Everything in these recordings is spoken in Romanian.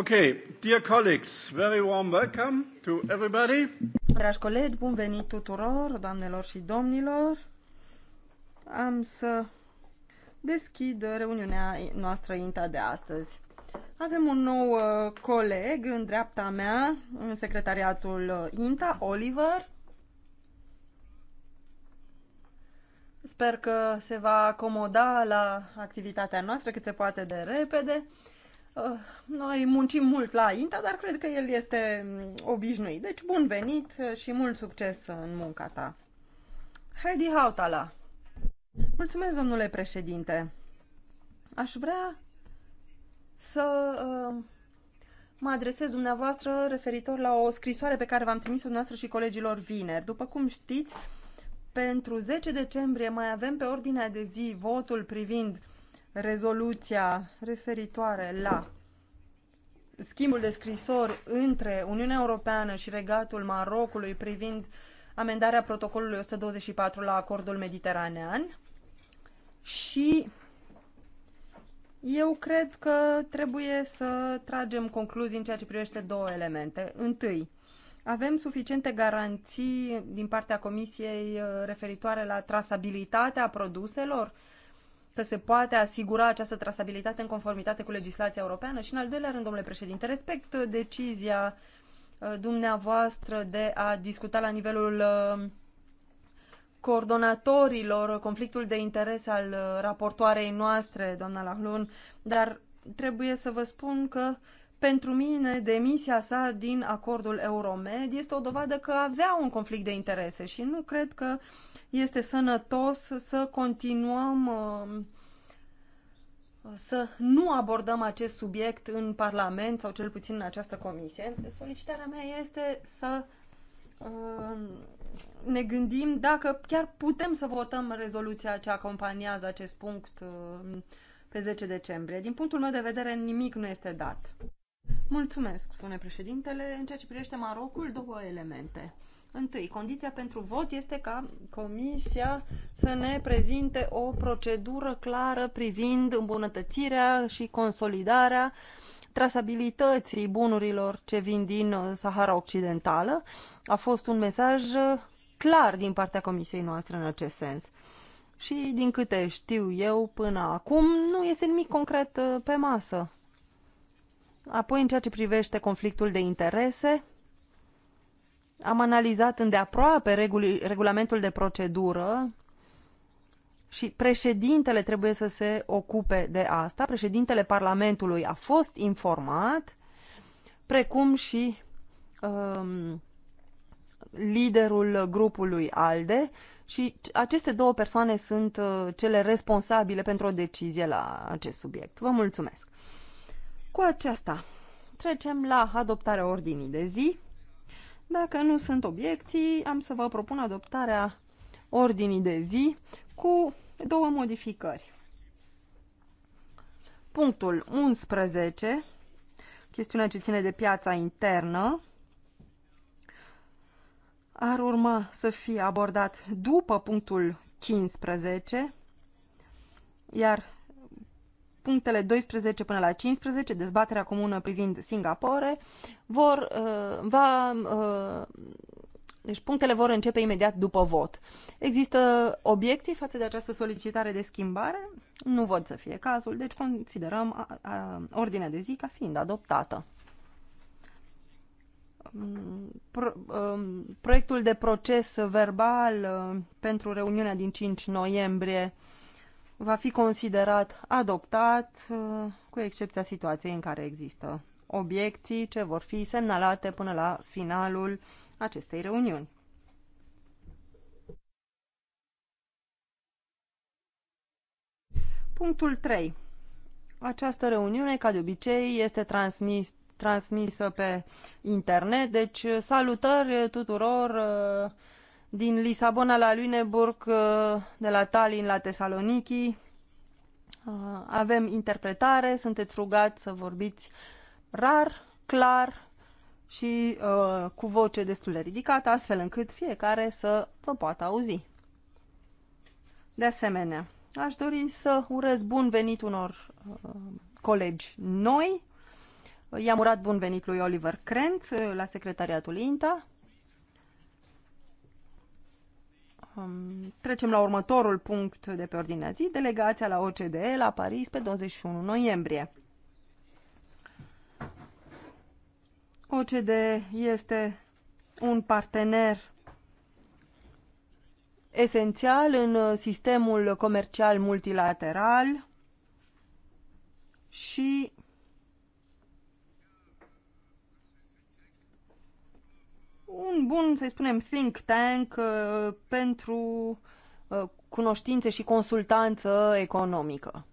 Okay, dear colleagues, very warm welcome to everybody. Dragi colegi, bun venit tuturor, doamnelor și domnilor. Am să deschid reuniunea noastră INTA de astăzi. Avem un nou uh, coleg în dreapta mea, în secretariatul uh, INTA, Oliver. Sper că se va acomoda la activitatea noastră cât se poate de repede Uh, noi muncim mult la INTA, dar cred că el este mm, obișnuit. Deci bun venit și mult succes în munca ta. Heidi Hautala. Mulțumesc, domnule președinte. Aș vrea să uh, mă adresez dumneavoastră referitor la o scrisoare pe care v-am trimis-o dumneavoastră și colegilor vineri. După cum știți, pentru 10 decembrie mai avem pe ordinea de zi votul privind rezoluția referitoare la schimbul de scrisori între Uniunea Europeană și Regatul Marocului privind amendarea protocolului 124 la acordul mediteranean și eu cred că trebuie să tragem concluzii în ceea ce privește două elemente. Întâi, avem suficiente garanții din partea Comisiei uh, referitoare la trasabilitatea produselor? că se poate asigura această trasabilitate în conformitate cu legislația europeană? Și în al doilea rând, domnule președinte, respect uh, decizia uh, dumneavoastră de a discuta la nivelul uh, coordonatorilor conflictul de interes al raportoarei noastre, doamna Lahlun, dar trebuie să vă spun că pentru mine demisia sa din acordul Euromed este o dovadă că avea un conflict de interese și nu cred că uh, este sănătos să continuăm uh, să nu abordăm acest subiect în Parlament sau cel puțin în această comisie. Solicitarea mea este să uh, ne gândim dacă chiar putem să votăm rezoluția ce acompaniază acest punct uh, pe 10 decembrie. Din punctul meu de vedere, nimic nu este dat. Mulțumesc, spune președintele. În ceea ce privește Marocul, două elemente. Întâi, condiția pentru vot este ca Comisia să ne prezinte o procedură clară privind îmbunătățirea și consolidarea trasabilității bunurilor ce vin din uh, Sahara Occidentală. A fost un mesaj uh, clar din partea Comisiei noastre în acest sens. Și din câte știu eu până acum, nu este nimic concret uh, pe masă. Apoi, în ceea ce privește conflictul de interese, am analizat îndeaproape regulamentul de procedură și președintele trebuie să se ocupe de asta. Președintele Parlamentului a fost informat, precum și um, liderul grupului ALDE și aceste două persoane sunt uh, cele responsabile pentru o decizie la acest subiect. Vă mulțumesc! Cu aceasta trecem la adoptarea ordinii de zi. Dacă nu sunt obiecții, am să vă propun adoptarea ordinii de zi cu două modificări. Punctul 11, chestiunea ce ține de piața internă, ar urma să fie abordat după punctul 15, iar punctele 12 până la 15, dezbaterea comună privind Singapore, vor, uh, va, uh, deci punctele vor începe imediat după vot. Există obiecții față de această solicitare de schimbare? Nu văd să fie cazul, deci considerăm a, a, ordinea de zi ca fiind adoptată. Mm, pro, um, proiectul de proces verbal uh, pentru reuniunea din 5 noiembrie va fi considerat adoptat, uh, cu excepția situației în care există obiecții ce vor fi semnalate până la finalul acestei reuniuni. Punctul 3. Această reuniune, ca de obicei, este transmis, transmisă pe internet, deci uh, salutări tuturor uh, din Lisabona la Lüneburg, uh, de la Tallinn la Tesaloniki. Uh, avem interpretare, sunteți rugați să vorbiți rar, clar și uh, cu voce destul de ridicată, astfel încât fiecare să vă poată auzi. De asemenea, aș dori să urez bun venit unor colegi noi. I-am urat bun venit lui Oliver Krenz la secretariatul INTA Um, trecem la următorul punct de pe ordinea zi, delegația la OCDE la Paris pe 21 noiembrie. OCDE este un partener esențial în uh, sistemul comercial multilateral și un bun, să spunem, think tank uh, pentru uh, cunoștințe și consultanță economică.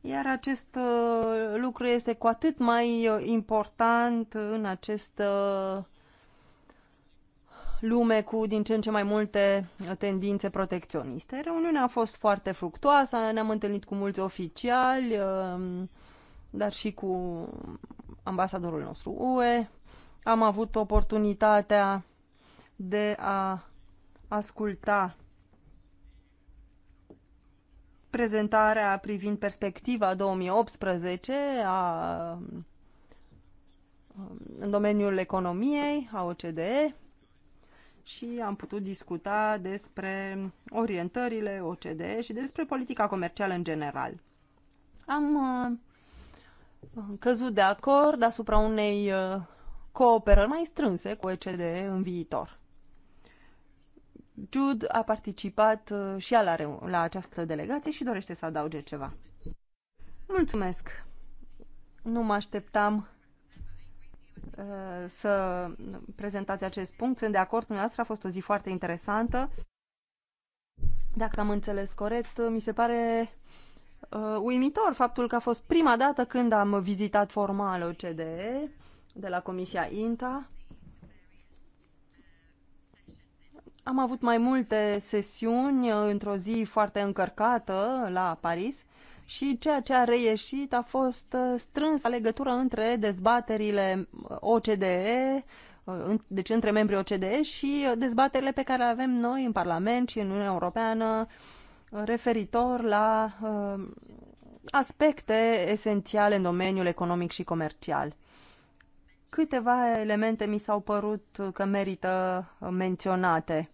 Iar acest uh, lucru este cu atât mai uh, important în acest uh, lume cu din ce în ce mai multe uh, tendințe protecționiste. Reuniunea a fost foarte fructoasă, ne-am întâlnit cu mulți oficiali, um, dar și cu ambasadorul nostru UE, am avut oportunitatea de a asculta prezentarea privind perspectiva 2018 a, în domeniul economiei a OCDE și am putut discuta despre orientările OCDE și despre politica comercială în general. Am uh, căzut de acord asupra unei uh, cooperări mai strânse cu OECD în viitor. Jude a participat uh, și ea la, la această delegație și dorește să adauge ceva. Mulțumesc! Nu mă așteptam uh, să prezentați acest punct. Sunt de acord cu noastră, a fost o zi foarte interesantă. Dacă am înțeles corect, mi se pare uh, uimitor faptul că a fost prima dată când am vizitat formal OCDE de la Comisia INTA. Am avut mai multe sesiuni uh, într-o zi foarte încărcată la Paris și ceea ce a reieșit a fost uh, strânsă legătură între dezbaterile uh, OCDE, deci între membrii OCDE și dezbaterile pe care le avem noi în Parlament și în Uniunea Europeană referitor la aspecte esențiale în domeniul economic și comercial. Câteva elemente mi s-au părut că merită menționate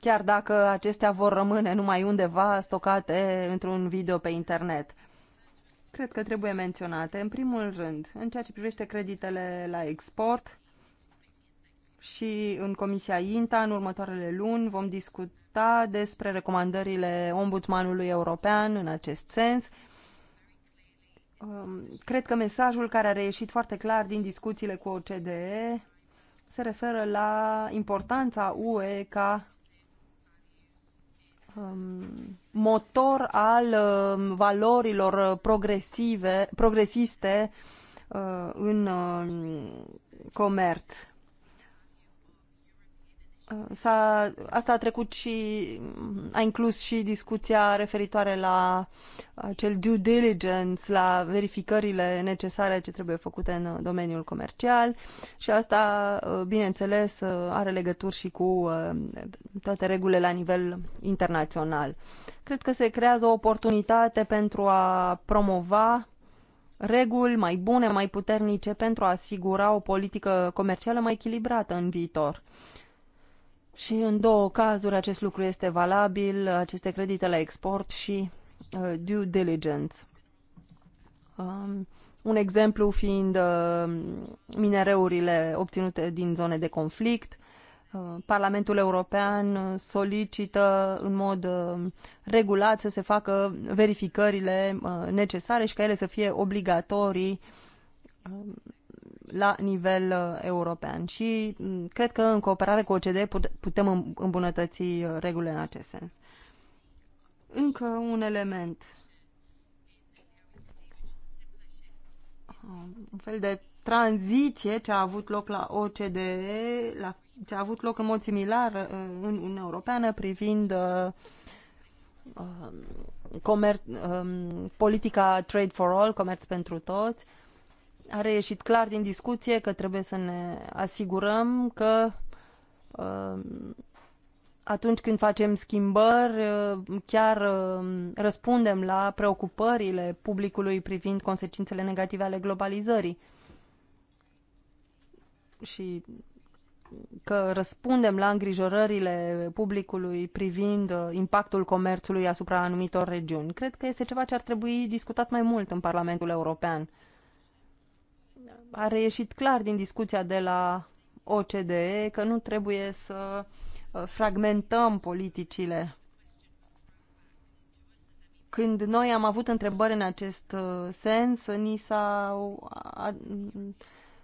chiar dacă acestea vor rămâne numai undeva stocate într-un video pe internet. Cred că trebuie menționate, în primul rând, în ceea ce privește creditele la export și în Comisia INTA, în următoarele luni, vom discuta despre recomandările Ombudsmanului European în acest sens Um, cred că mesajul care a reieșit foarte clar din discuțiile cu OCDE se referă la importanța UE ca um, motor al um, valorilor progresive, progresiste uh, în comerț. Uh, a asta a trecut și a inclus și discuția referitoare la acel uh, due diligence, la verificările necesare ce trebuie făcute în uh, domeniul comercial și asta, bineînțeles, are legături și cu toate regulile la nivel internațional. Cred că se creează o oportunitate pentru a promova reguli mai bune, mai puternice pentru a asigura o politică comercială mai echilibrată în viitor. Și în două cazuri acest lucru este valabil, aceste credite la export și uh, due diligence. Um, un exemplu fiind uh, minereurile obținute din zone de conflict. Uh, Parlamentul European solicită în mod uh, regulat să se facă verificările uh, necesare și ca ele să fie obligatorii um, la nivel uh, european și mm, cred că în cooperare cu OCDE putem îmbunătăți uh, regulile în acest sens. Încă un element. Um, un fel de tranziție ce a avut loc la OCDE, la, ce a avut loc în mod similar uh, în Uniunea Europeană privind uh, um, comer, um, politica Trade for All, comerț pentru toți, a reieșit clar din discuție că trebuie să ne asigurăm că uh, atunci când facem schimbări, uh, chiar uh, răspundem la preocupările publicului privind consecințele negative ale globalizării. Și că răspundem la îngrijorările publicului privind impactul comerțului asupra anumitor regiuni. Cred că este ceva ce ar trebui discutat mai mult în Parlamentul European a reieșit clar din discuția de la OCDE că nu trebuie să uh, fragmentăm politicile. Când noi am avut întrebări în acest uh, sens, ni s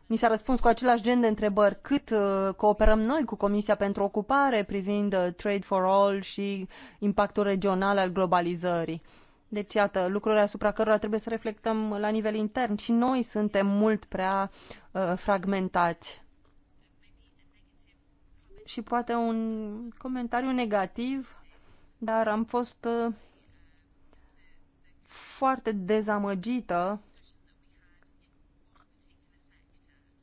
Ni s-a răspuns cu același gen de întrebări cât uh, cooperăm noi cu Comisia pentru Ocupare privind Trade for All și impactul regional al globalizării. Deci, iată, lucrurile asupra cărora trebuie să reflectăm la nivel intern și noi suntem mult prea uh, fragmentați. Și poate un comentariu negativ, dar am fost uh, foarte dezamăgită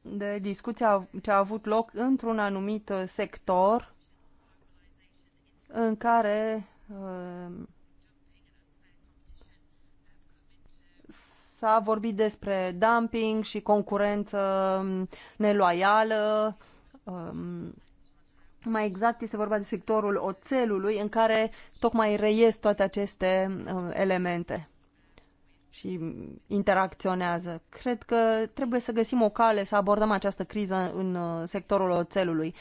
de discuția ce a avut loc într-un anumit uh, sector în care uh, S-a vorbit despre dumping și concurență um, neloială. Um, mai exact este vorba de sectorul oțelului în care tocmai reies toate aceste um, elemente și interacționează. Cred că trebuie să găsim o cale să abordăm această criză în uh, sectorul oțelului.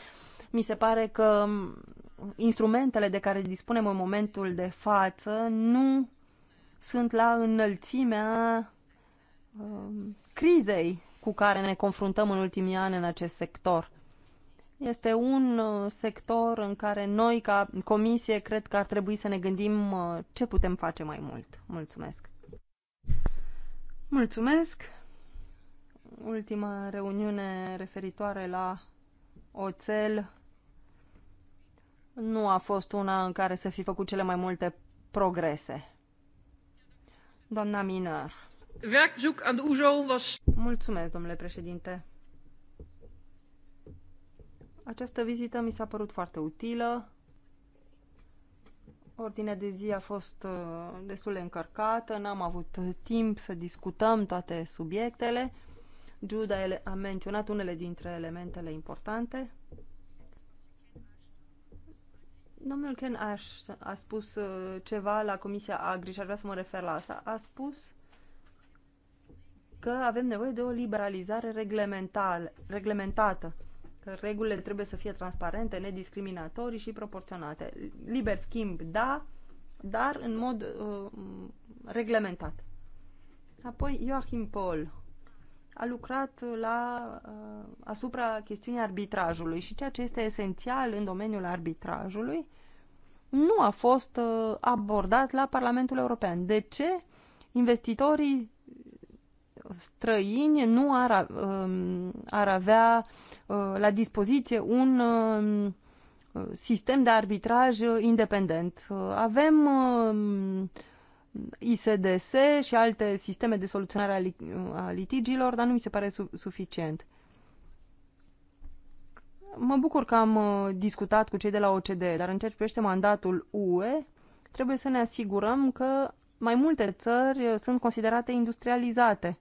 Mi se pare că instrumentele de care dispunem în momentul de față nu sunt la înălțimea crizei cu care ne confruntăm în ultimii ani în acest sector. Este un uh, sector în care noi, ca comisie, cred că ar trebui să ne gândim uh, ce putem face mai mult. Mulțumesc! Mulțumesc! Ultima reuniune referitoare la oțel nu a fost una în care să fi făcut cele mai multe progrese. Doamna Minar. Werkzoek aan de OESO was... Mulțumesc, domnule președinte. Această vizită mi s-a părut foarte utilă. Ordinea de zi a fost uh, destul de încărcată, n-am avut uh, timp să discutăm toate subiectele. Juda a menționat unele dintre elementele importante. Domnul Ken Ash a spus uh, ceva la Comisia Agri și aș vrea să mă refer la asta. A spus că avem nevoie de o liberalizare reglementată, că regulile trebuie să fie transparente, nediscriminatorii și proporționate. Liber schimb, da, dar în mod uh, reglementat. Apoi Joachim Paul a lucrat la, uh, asupra chestiunii arbitrajului și ceea ce este esențial în domeniul arbitrajului nu a fost uh, abordat la Parlamentul European. De ce investitorii străini nu ar, um, ar avea uh, la dispoziție un um, sistem de arbitraj uh, independent. Uh, avem um, ISDS și alte sisteme de soluționare a litigiilor, dar nu mi se pare su suficient. Mă bucur că am discutat cu cei de la OCDE, dar în ceea ce privește mandatul UE, trebuie să ne asigurăm că mai multe țări sunt considerate industrializate.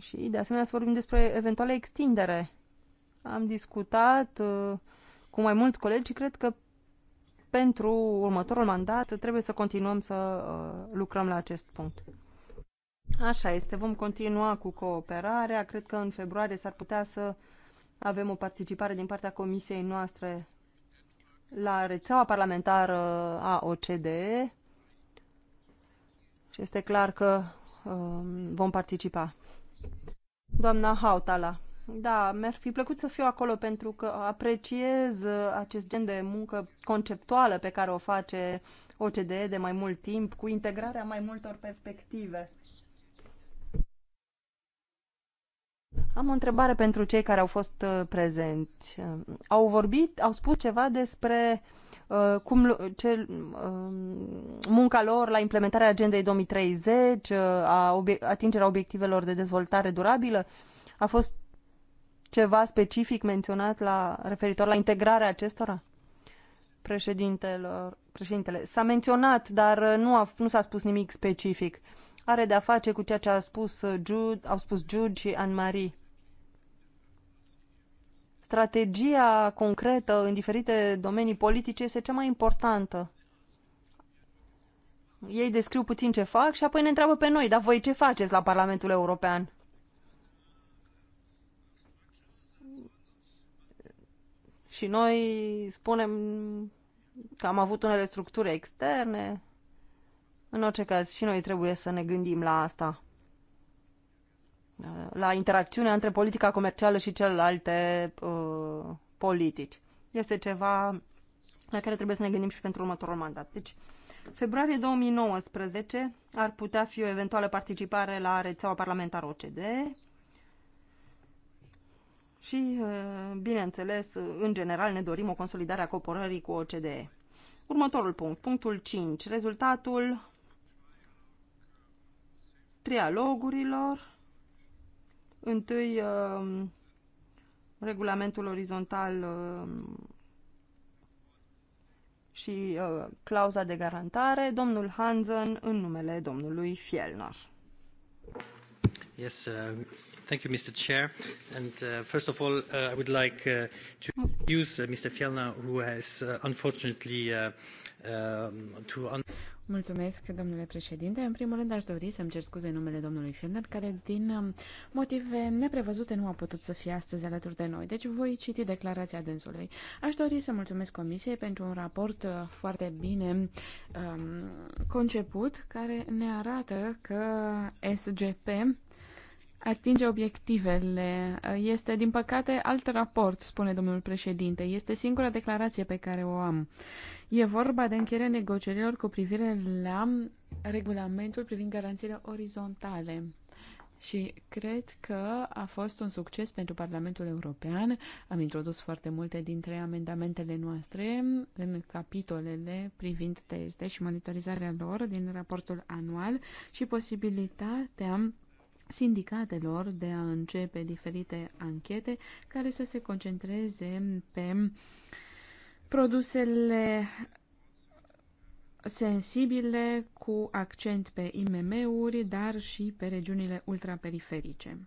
Și de asemenea să vorbim despre eventuale extindere. Am discutat uh, cu mai mulți colegi și cred că pentru următorul mandat trebuie să continuăm să uh, lucrăm la acest punct. Așa este, vom continua cu cooperarea. Cred că în februarie s-ar putea să avem o participare din partea comisiei noastre la rețeaua parlamentară a OCDE. Și este clar că um, vom participa. Doamna Hautala. Da, mi-ar fi plăcut să fiu acolo pentru că apreciez acest gen de muncă conceptuală pe care o face OCDE de mai mult timp, cu integrarea mai multor perspective. Am o întrebare pentru cei care au fost uh, prezenți. Au vorbit, au spus ceva despre uh, Uh, cum, ce, um, munca lor la implementarea agendei 2030, uh, a obie, atingerea obiectivelor de dezvoltare durabilă. A fost ceva specific menționat la, referitor la integrarea acestora? Președintelor, președintele, s-a menționat, dar uh, nu, a, nu s-a spus nimic specific. Are de-a face cu ceea ce a spus Jude, au spus Jude și Anne-Marie strategia concretă în diferite domenii politice este cea mai importantă. Ei descriu puțin ce fac și apoi ne întreabă pe noi, dar voi ce faceți la Parlamentul European? Și noi spunem că am avut unele structuri externe. În orice caz, și noi trebuie să ne gândim la asta. Uh, la interacțiunea între politica comercială și celelalte uh, politici. Este ceva la care trebuie să ne gândim și pentru următorul mandat. Deci, februarie 2019 ar putea fi o eventuală participare la rețeaua parlamentară OCDE și, uh, bineînțeles, în general ne dorim o consolidare a cooperării cu OCDE. Următorul punct, punctul 5, rezultatul trialogurilor Întâi, um, regulamentul orizontal um, și uh, clauza de garantare, domnul Hansen în numele domnului Fielnor. Yes, uh, thank you, Mr. Chair. And uh, first of all, uh, I would like uh, to excuse uh, Mr. Fjellner, who has uh, unfortunately uh, um, to. Un Mulțumesc, domnule președinte. În primul rând, aș dori să-mi cer scuze în numele domnului Filner, care din um, motive neprevăzute nu a putut să fie astăzi alături de noi, deci voi citi declarația dânsului. Aș dori să mulțumesc Comisiei pentru un raport uh, foarte bine um, conceput, care ne arată că SGP atinge obiectivele. Este, din păcate, alt raport, spune domnul președinte. Este singura declarație pe care o am. E vorba de încheierea negocierilor cu privire la regulamentul privind garanțiile orizontale. Și cred că a fost un succes pentru Parlamentul European. Am introdus foarte multe dintre amendamentele noastre în capitolele privind teste și monitorizarea lor din raportul anual și posibilitatea sindicatelor de a începe diferite anchete care să se concentreze pe produsele sensibile cu accent pe IMM-uri, dar și pe regiunile ultraperiferice.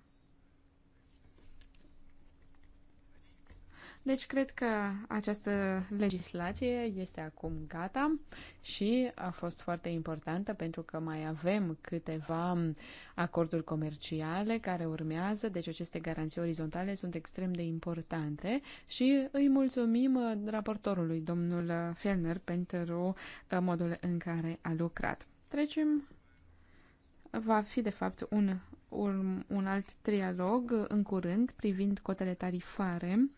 Deci cred că această legislație este acum gata și a fost foarte importantă pentru că mai avem câteva acorduri comerciale care urmează, deci aceste garanții orizontale sunt extrem de importante și îi mulțumim uh, raportorului, domnul uh, Fellner, pentru uh, modul în care a lucrat. Trecem va fi de fapt un, un, un alt trialog în curând privind cotele tarifare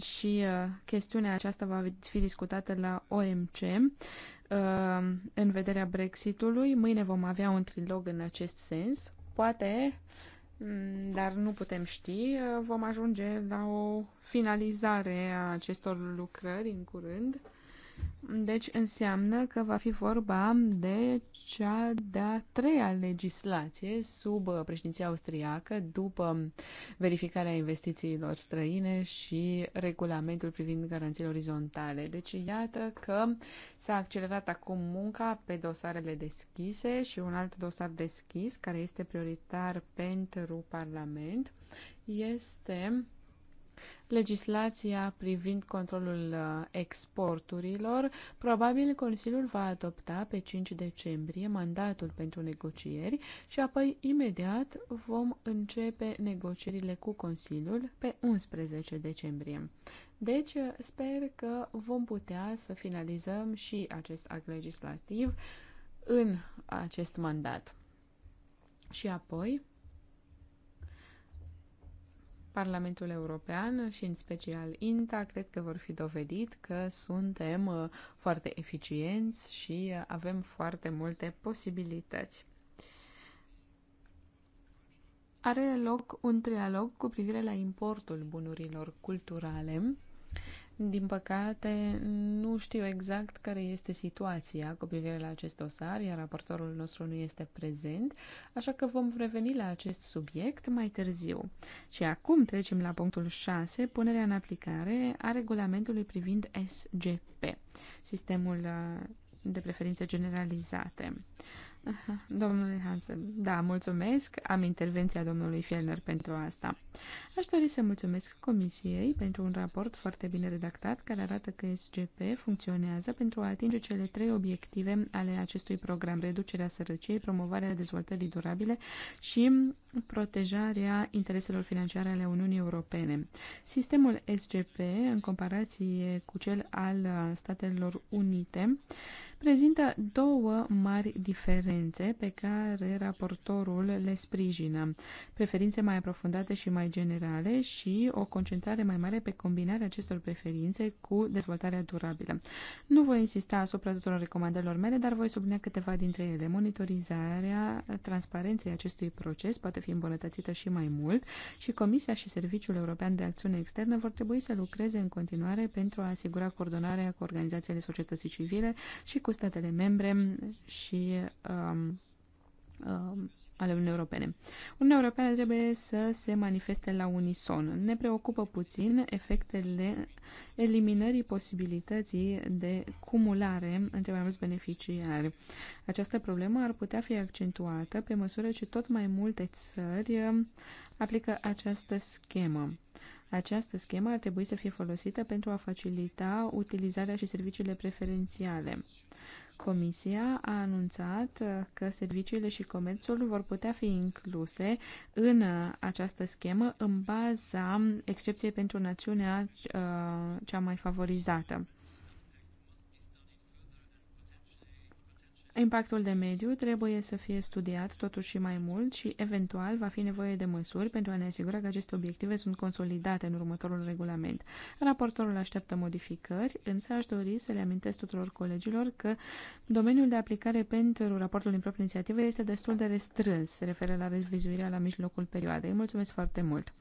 și uh, chestiunea aceasta va fi discutată la OMC uh, în vederea Brexitului. Mâine vom avea un trilog în acest sens. Poate, mm, dar nu putem ști, uh, vom ajunge la o finalizare a acestor lucrări în curând. Deci înseamnă că va fi vorba de cea de-a treia legislație sub președinția austriacă după verificarea investițiilor străine și regulamentul privind garanțiile orizontale. Deci iată că s-a accelerat acum munca pe dosarele deschise și un alt dosar deschis care este prioritar pentru Parlament este legislația privind controlul uh, exporturilor, probabil Consiliul va adopta pe 5 decembrie mandatul pentru negocieri și apoi imediat vom începe negocierile cu Consiliul pe 11 decembrie. Deci, uh, sper că vom putea să finalizăm și acest act legislativ în acest mandat. Și apoi, Parlamentul European și în special INTA cred că vor fi dovedit că suntem uh, foarte eficienți și uh, avem foarte multe posibilități. Are loc un trialog cu privire la importul bunurilor culturale din păcate, nu știu exact care este situația cu privire la acest dosar, iar raportorul nostru nu este prezent, așa că vom reveni la acest subiect mai târziu. Și acum trecem la punctul 6, punerea în aplicare a regulamentului privind SGP, sistemul uh, de preferințe generalizate. Domnule Hansen, da, mulțumesc. Am intervenția domnului Fielner pentru asta. Aș dori să mulțumesc Comisiei pentru un raport foarte bine redactat care arată că SGP funcționează pentru a atinge cele trei obiective ale acestui program. Reducerea sărăciei, promovarea dezvoltării durabile și protejarea intereselor financiare ale Uniunii Europene. Sistemul SGP, în comparație cu cel al Statelor Unite, prezintă două mari diferențe pe care raportorul le sprijină. Preferințe mai aprofundate și mai generale și o concentrare mai mare pe combinarea acestor preferințe cu dezvoltarea durabilă. Nu voi insista asupra tuturor recomandărilor mele, dar voi sublinia câteva dintre ele. Monitorizarea transparenței acestui proces poate fi îmbunătățită și mai mult și Comisia și Serviciul European de Acțiune Externă vor trebui să lucreze în continuare pentru a asigura coordonarea cu organizațiile societății civile și cu cu statele membre și um, um, ale Uniunii Europene. Uniunea Europeană trebuie să se manifeste la unison. Ne preocupă puțin efectele eliminării posibilității de cumulare între mai mulți beneficiari. Această problemă ar putea fi accentuată pe măsură ce tot mai multe țări um, aplică această schemă. Această schemă ar trebui să fie folosită pentru a facilita utilizarea și serviciile preferențiale. Comisia a anunțat că serviciile și comerțul vor putea fi incluse în această schemă în baza excepției pentru națiunea uh, cea mai favorizată. Impactul de mediu trebuie să fie studiat totuși și mai mult și eventual va fi nevoie de măsuri pentru a ne asigura că aceste obiective sunt consolidate în următorul regulament. Raportorul așteaptă modificări, însă aș dori să le amintesc tuturor colegilor că domeniul de aplicare pentru raportul din proprie inițiativă este destul de restrâns, se referă la revizuirea la mijlocul perioadei. Mulțumesc foarte mult!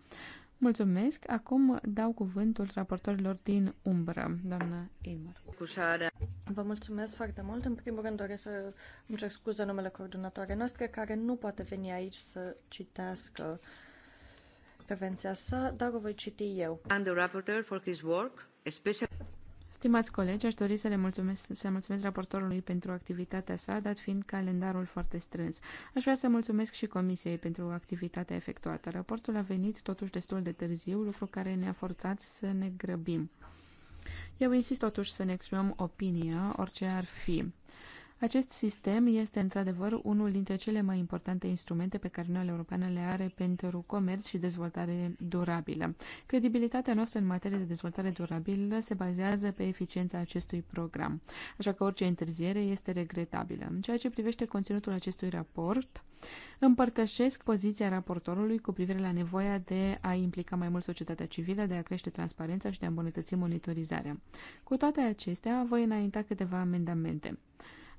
Mulțumesc. Acum dau cuvântul raportorilor din umbră, doamna Ilmar. Vă mulțumesc foarte mult. În primul rând doresc să îmi cer scuze numele coordonatoare noastre, care nu poate veni aici să citească prevenția sa, dar o voi citi eu. And the rapporteur for his work, especially... Stimați colegi, aș dori să le mulțumesc, să mulțumesc raportorului pentru activitatea sa, dat fiind calendarul foarte strâns. Aș vrea să mulțumesc și comisiei pentru activitatea efectuată. Raportul a venit totuși destul de târziu, lucru care ne-a forțat să ne grăbim. Eu insist totuși să ne exprimăm opinia, orice ar fi. Acest sistem este într-adevăr unul dintre cele mai importante instrumente pe care Uniunea Europeană le are pentru comerț și dezvoltare durabilă. Credibilitatea noastră în materie de dezvoltare durabilă se bazează pe eficiența acestui program, așa că orice întârziere este regretabilă. În ceea ce privește conținutul acestui raport, Împărtășesc poziția raportorului cu privire la nevoia de a implica mai mult societatea civilă, de a crește transparența și de a îmbunătăți monitorizarea. Cu toate acestea, voi înainta câteva amendamente.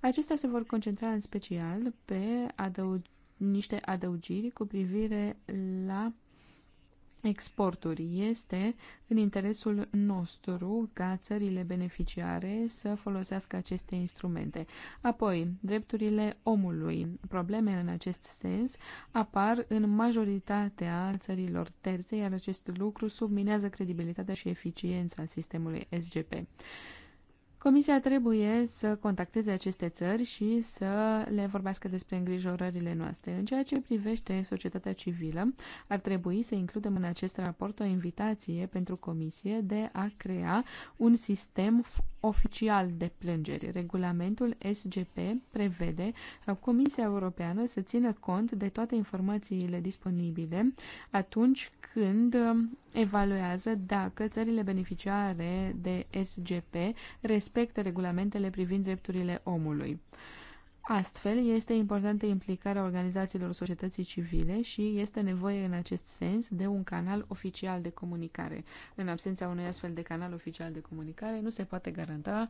Acestea se vor concentra în special pe adău- niște adăugiri cu privire la exporturi. Este în interesul nostru ca țările beneficiare să folosească aceste instrumente. Apoi, drepturile omului. Probleme în acest sens apar în majoritatea țărilor terțe, iar acest lucru subminează credibilitatea și eficiența sistemului SGP. Comisia trebuie să contacteze aceste țări și să le vorbească despre îngrijorările noastre. În ceea ce privește societatea civilă, ar trebui să includem în acest raport o invitație pentru Comisie de a crea un sistem oficial de plângeri. Regulamentul SGP prevede ca Comisia Europeană să țină cont de toate informațiile disponibile atunci când um, evaluează dacă țările beneficiare de SGP respectă regulamentele privind drepturile omului. Astfel, este importantă implicarea organizațiilor societății civile și este nevoie în acest sens de un canal oficial de comunicare. În absența unui astfel de canal oficial de comunicare, nu se poate garanta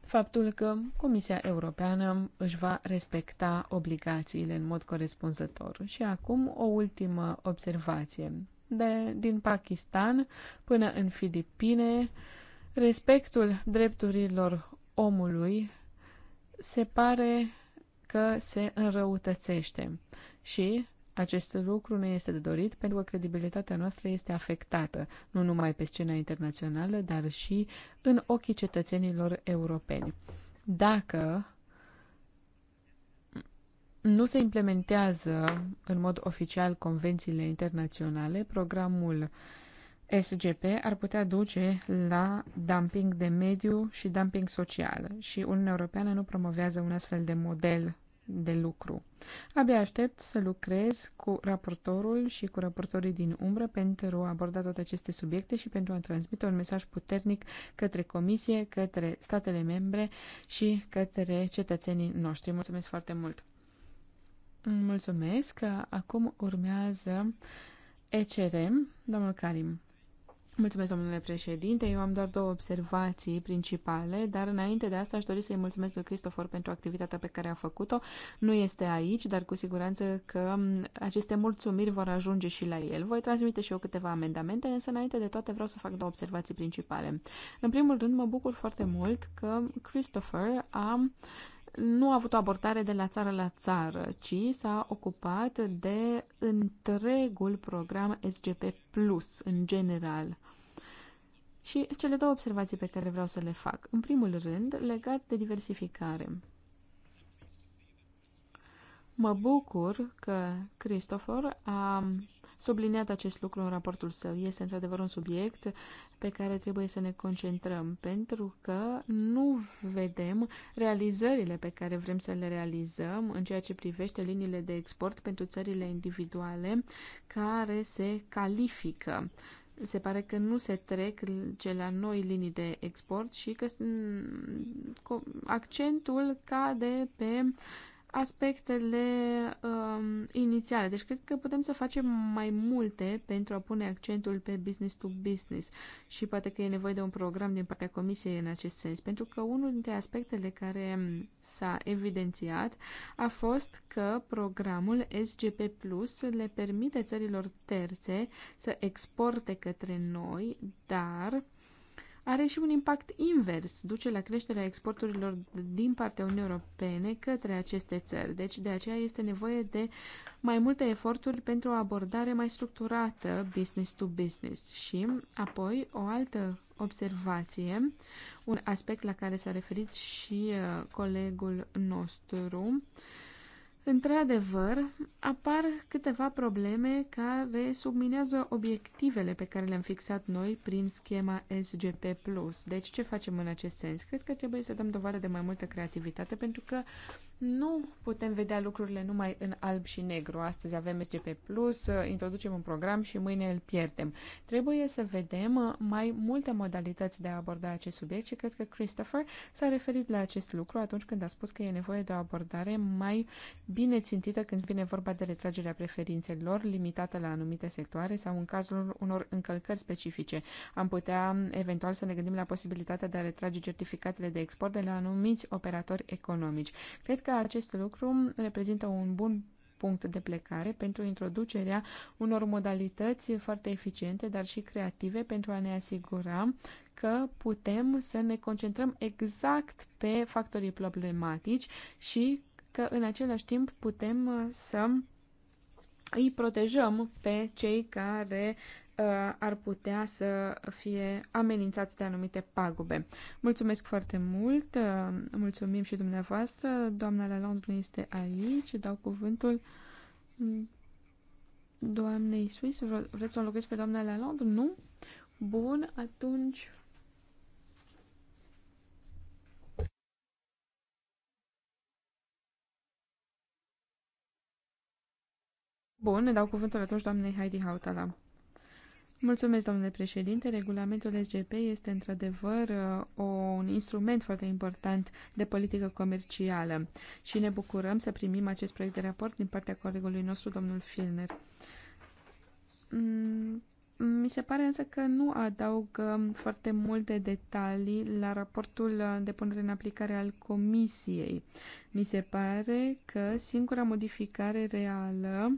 faptul că Comisia Europeană își va respecta obligațiile în mod corespunzător. Și acum o ultimă observație. De, din Pakistan până în Filipine, respectul drepturilor omului se pare că se înrăutățește și acest lucru nu este de dorit pentru că credibilitatea noastră este afectată, nu numai pe scena internațională, dar și în ochii cetățenilor europeni. Dacă nu se implementează în mod oficial convențiile internaționale, programul uh, SGP ar putea duce la dumping de mediu și dumping social și Uniunea Europeană nu promovează un astfel de model de lucru. Abia aștept să lucrez cu raportorul și cu raportorii din umbră pentru a aborda toate aceste subiecte și pentru a transmite un mesaj puternic către Comisie, către statele membre și către cetățenii noștri. Mulțumesc foarte mult! Mulțumesc! Acum urmează ECRM, domnul Karim. Mulțumesc, domnule președinte. Eu am doar două observații principale, dar înainte de asta aș dori să-i mulțumesc lui Cristofor pentru activitatea pe care a făcut-o. Nu este aici, dar cu siguranță că aceste mulțumiri vor ajunge și la el. Voi transmite și eu câteva amendamente, însă înainte de toate vreau să fac două observații principale. În primul rând, mă bucur foarte mult că Christopher a nu a avut o abordare de la țară la țară, ci s-a ocupat de întregul program SGP Plus în general. Și cele două observații pe care vreau să le fac. În primul rând, legat de diversificare. Mă bucur că Christopher a subliniat acest lucru în raportul său. Este într-adevăr un subiect pe care trebuie să ne concentrăm, pentru că nu vedem realizările pe care vrem să le realizăm în ceea ce privește liniile de export pentru țările individuale care se califică se pare că nu se trec cele noi linii de export și că accentul cade pe aspectele um, inițiale. Deci cred că putem să facem mai multe pentru a pune accentul pe business to business și poate că e nevoie de un program din partea Comisiei în acest sens, pentru că unul dintre aspectele care um, s-a evidențiat a fost că programul SGP Plus le permite țărilor terțe să exporte către noi, dar are și un impact invers, duce la creșterea exporturilor din partea Uniunii Europene către aceste țări. Deci de aceea este nevoie de mai multe eforturi pentru o abordare mai structurată business to business. Și apoi o altă observație, un aspect la care s-a referit și uh, colegul nostru, uh, Într-adevăr, apar câteva probleme care subminează obiectivele pe care le-am fixat noi prin schema SGP+. Deci, ce facem în acest sens? Cred că trebuie să dăm dovadă de mai multă creativitate, pentru că nu putem vedea lucrurile numai în alb și negru. Astăzi avem SGP+, introducem un program și mâine îl pierdem. Trebuie să vedem mai multe modalități de a aborda acest subiect și cred că Christopher s-a referit la acest lucru atunci când a spus că e nevoie de o abordare mai bine țintită când vine vorba de retragerea preferințelor limitată la anumite sectoare sau în cazul unor încălcări specifice. Am putea eventual să ne gândim la posibilitatea de a retrage certificatele de export de la anumiți operatori economici. Cred că acest lucru reprezintă un bun punct de plecare pentru introducerea unor modalități foarte eficiente, dar și creative pentru a ne asigura că putem să ne concentrăm exact pe factorii problematici și că în același timp putem uh, să îi protejăm pe cei care uh, ar putea să fie amenințați de anumite pagube. Mulțumesc foarte mult, uh, mulțumim și dumneavoastră, doamna Lalonde nu este aici, dau cuvântul doamnei Swiss, vreți să o înlocuiți pe doamna Lalonde? Nu? Bun, atunci Bun, ne dau cuvântul atunci doamnei Heidi Hautala. Mulțumesc, domnule președinte. Regulamentul SGP este într-adevăr uh, un instrument foarte important de politică comercială și ne bucurăm să primim acest proiect de raport din partea colegului nostru, domnul Filner. Mm, mi se pare însă că nu adaugă foarte multe detalii la raportul de punere în aplicare al Comisiei. Mi se pare că singura modificare reală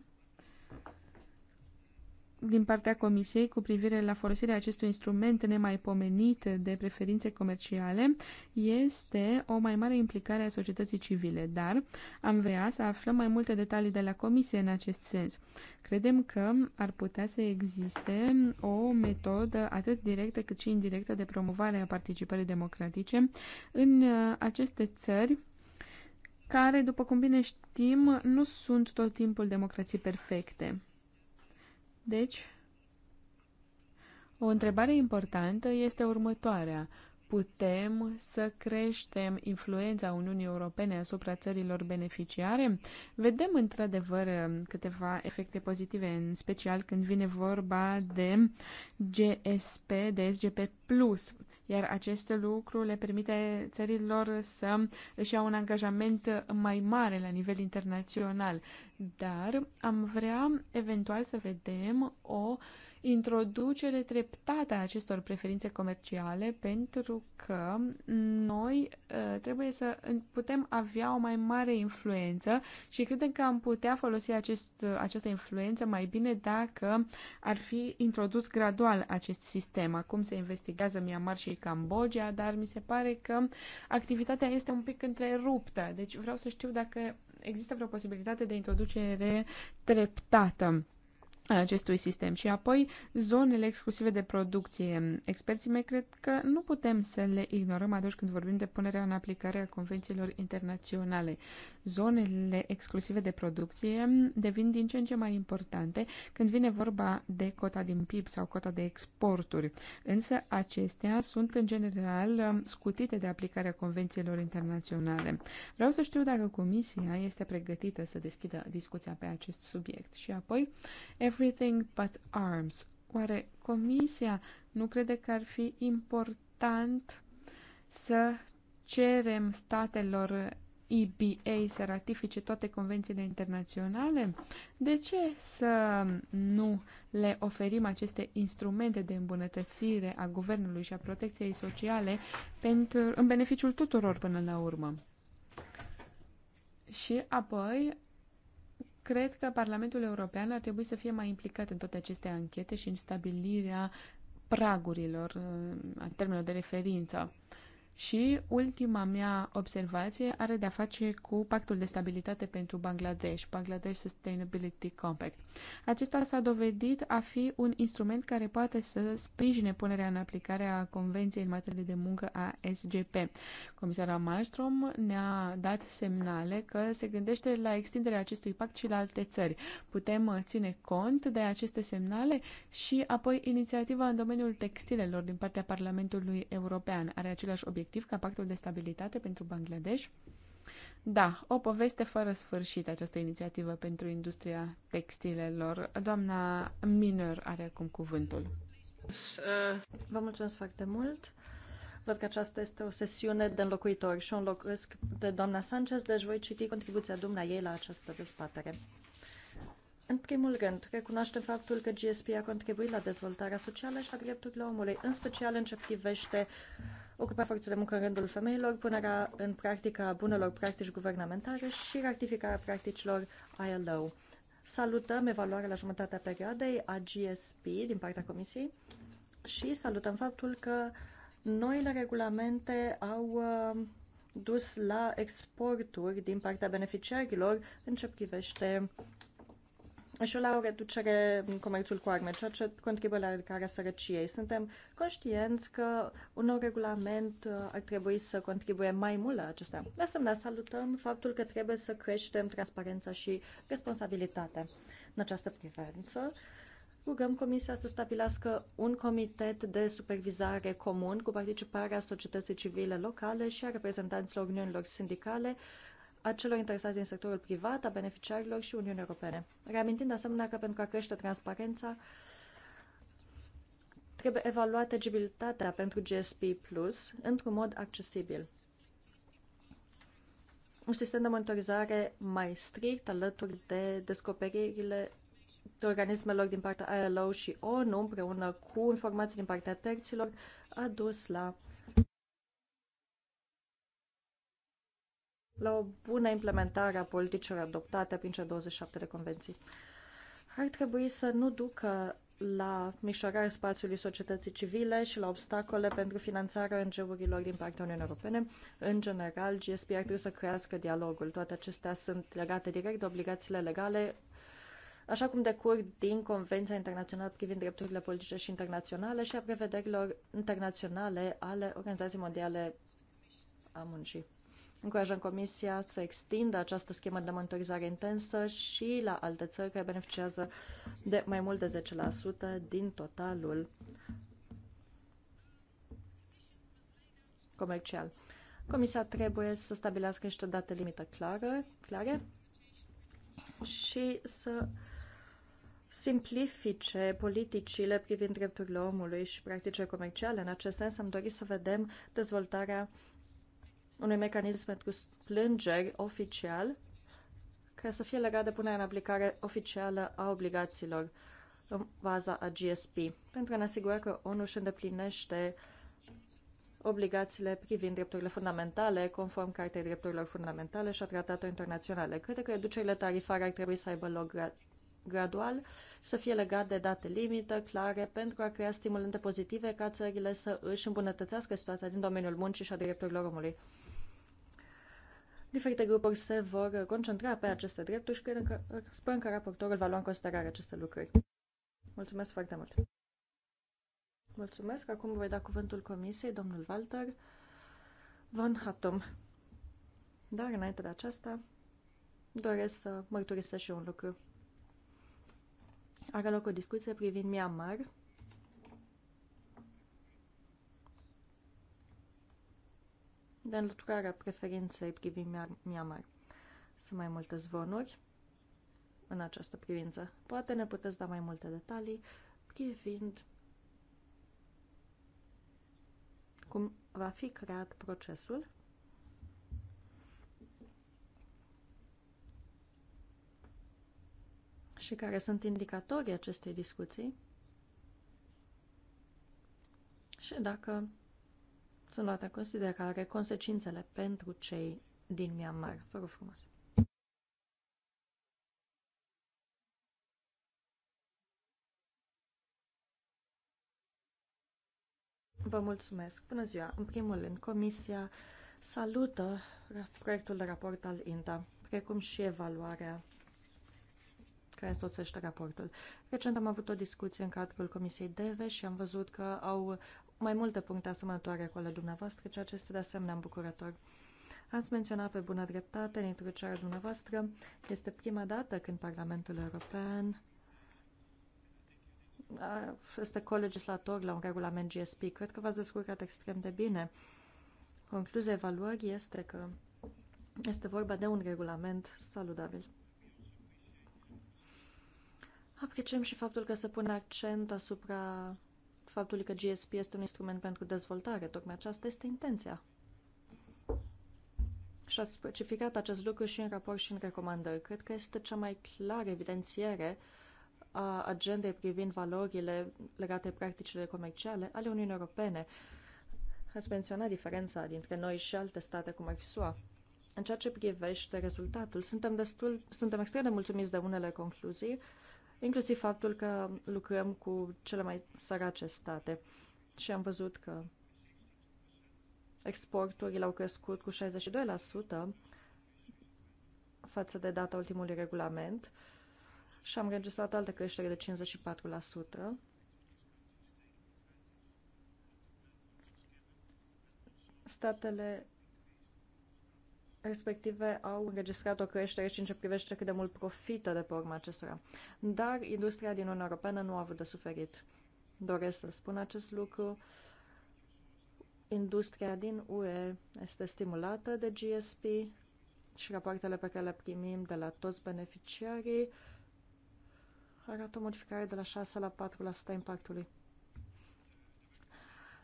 din partea Comisiei cu privire la folosirea acestui instrument nemaipomenit de preferințe comerciale este o mai mare implicare a societății civile, dar am vrea să aflăm mai multe detalii de la Comisie în acest sens. Credem că ar putea să existe o metodă atât directă cât și indirectă de promovare a participării democratice în uh, aceste țări care, după cum bine știm, nu sunt tot timpul democrații perfecte. Deci, o întrebare importantă este următoarea. Putem să creștem influența Uniunii Europene asupra țărilor beneficiare? Vedem într-adevăr câteva efecte pozitive, în special când vine vorba de GSP, de SGP+ iar acest lucru le permite țărilor să își iau un angajament mai mare la nivel internațional. Dar am vrea eventual să vedem o introducere treptată a acestor preferințe comerciale pentru că noi ă, trebuie să putem avea o mai mare influență și credem că am putea folosi acest, această influență mai bine dacă ar fi introdus gradual acest sistem. Acum se investigează Myanmar și Cambodgia, dar mi se pare că activitatea este un pic întreruptă. Deci vreau să știu dacă există vreo posibilitate de introducere treptată acestui sistem. Și apoi, zonele exclusive de producție. Experții mei cred că nu putem să le ignorăm atunci când vorbim de punerea în aplicare a convențiilor internaționale. Zonele exclusive de producție devin din ce în ce mai importante când vine vorba de cota din PIB sau cota de exporturi. Însă acestea sunt în general scutite de aplicarea convențiilor internaționale. Vreau să știu dacă Comisia este pregătită să deschidă discuția pe acest subiect. Și apoi, Everything But Arms. Oare Comisia nu crede că ar fi important să cerem statelor EBA să ratifice toate convențiile internaționale? De ce să nu le oferim aceste instrumente de îmbunătățire a guvernului și a protecției sociale pentru, în beneficiul tuturor până la urmă? Și apoi Cred că Parlamentul European ar trebui să fie mai implicat în toate aceste anchete și în stabilirea pragurilor, a termenilor de referință. Și ultima mea observație are de-a face cu Pactul de Stabilitate pentru Bangladesh, Bangladesh Sustainability Compact. Acesta s-a dovedit a fi un instrument care poate să sprijine punerea în aplicare a Convenției în materie de muncă a SGP. Comisara Malmström ne-a dat semnale că se gândește la extinderea acestui pact și la alte țări. Putem ține cont de aceste semnale și apoi inițiativa în domeniul textilelor din partea Parlamentului European are același obiectiv respectiv ca pactul de stabilitate pentru Bangladesh? Da, o poveste fără sfârșit această inițiativă pentru industria textilelor. Doamna Miner are acum cuvântul. Vă mulțumesc foarte mult. Văd că aceasta este o sesiune de înlocuitori și o înlocuiesc de doamna Sanchez, deci voi citi contribuția dumna ei la această dezbatere. În primul rând, recunoaștem faptul că GSP a contribuit la dezvoltarea socială și a drepturilor omului, în special în ce privește ocupa forțele de muncă în rândul femeilor, punerea în practică a bunelor practici guvernamentare și rectificarea practicilor ILO. Salutăm evaluarea la jumătatea perioadei a GSP din partea Comisiei și salutăm faptul că noile regulamente au uh, dus la exporturi din partea beneficiarilor în ce privește și la o reducere în comerțul cu arme, ceea ce contribuie la ridicarea sărăciei. Suntem conștienți că un nou regulament uh, ar trebui să contribuie mai mult la acestea. De asemenea, salutăm faptul că trebuie să creștem transparența și responsabilitatea în această privință. Rugăm Comisia să stabilească un comitet de supervizare comun cu participarea societății civile locale și a reprezentanților uniunilor sindicale, uh, a celor interesați din sectorul privat, a beneficiarilor și Uniunii Europene. Reamintind de asemenea că pentru a crește transparența, trebuie evaluată egibilitatea pentru GSP Plus într-un mod accesibil. Un sistem de monitorizare mai strict alături de descoperirile de organismelor din partea ILO și ONU împreună cu informații din partea terților a dus la la o bună implementare a politicilor adoptate prin cele 27 de convenții. Ar trebui să nu ducă la mișorarea spațiului societății civile și la obstacole pentru finanțarea ONG-urilor din partea Uniunii Europene. În general, GSP ar trebui să crească dialogul. Toate acestea sunt legate direct de obligațiile legale, așa cum decurg din Convenția Internațională privind drepturile politice și internaționale și a prevederilor internaționale ale Organizației Mondiale a Muncii încurajăm Comisia să extindă această schemă de monitorizare intensă și la alte țări care beneficiază de mai mult de 10% din totalul comercial. Comisia trebuie să stabilească niște date limită clară, clare și să simplifice politicile privind drepturile omului și practicile comerciale. În acest sens am dorit să vedem dezvoltarea unui mecanism pentru plângeri oficial care să fie legat de punerea în aplicare oficială a obligațiilor în baza a GSP, pentru a ne asigura că ONU își îndeplinește obligațiile privind drepturile fundamentale, conform Cartei Drepturilor Fundamentale și a tratatelor internaționale. Cred că reducerile tarifare ar trebui să aibă loc gra- gradual și să fie legat de date limită, clare, pentru a crea stimulente pozitive ca țările să își îmbunătățească situația din domeniul muncii și a drepturilor omului. Diferite grupuri se vor concentra pe aceste drepturi și cred că, sperăm că raportorul va lua în considerare aceste lucruri. Mulțumesc foarte mult! Mulțumesc! Acum voi da cuvântul comisiei, domnul Walter von Hattum. Dar înainte de aceasta, doresc să mărturisesc și un lucru. Are loc o discuție privind Myanmar de înlăturarea preferinței privind Myanmar. Sunt mai multe zvonuri în această privință. Poate ne puteți da mai multe detalii privind cum va fi creat procesul și care sunt indicatorii acestei discuții și dacă sunt luate în considerare consecințele pentru cei din Myanmar. Vă rog frumos. Vă mulțumesc. Bună ziua. În primul rând, Comisia salută proiectul de raport al INTA, precum și evaluarea care însoțește raportul. Recent am avut o discuție în cadrul Comisiei DEVE și am văzut că au mai multe puncte asemănătoare cu ale dumneavoastră, ceea ce este de asemenea îmbucurător. Ați menționat pe bună dreptate în introducerea dumneavoastră, este prima dată când Parlamentul European este colegislator la un regulament GSP. Cred că v-ați descurcat extrem de bine. Concluzia evaluării este că este vorba de un regulament saludabil. Apreciem și faptul că se pune accent asupra faptului că GSP este un instrument pentru dezvoltare. Tocmai aceasta este intenția. Și a specificat acest lucru și în raport și în recomandări. Cred că este cea mai clară evidențiere a agendei privind valorile legate practicile comerciale ale Uniunii Europene. Ați menționat diferența dintre noi și alte state, cum ar fi SUA. În ceea ce privește rezultatul, suntem, destul, suntem extrem de mulțumiți de unele concluzii, uh, inclusiv faptul că lucrăm cu cele mai sărace state. Și am văzut că exporturile au crescut cu 62% față de data ultimului regulament și am registrat altă creștere de 54%. Statele respective au înregistrat o creștere și în ce privește cât de mult profită de pe urma acestora. Dar industria din Uniunea Europeană nu a avut de suferit. Doresc să spun acest lucru. Industria din UE este stimulată de GSP și rapoartele pe care le primim de la toți beneficiarii arată o modificare de la 6 la 4% impactului.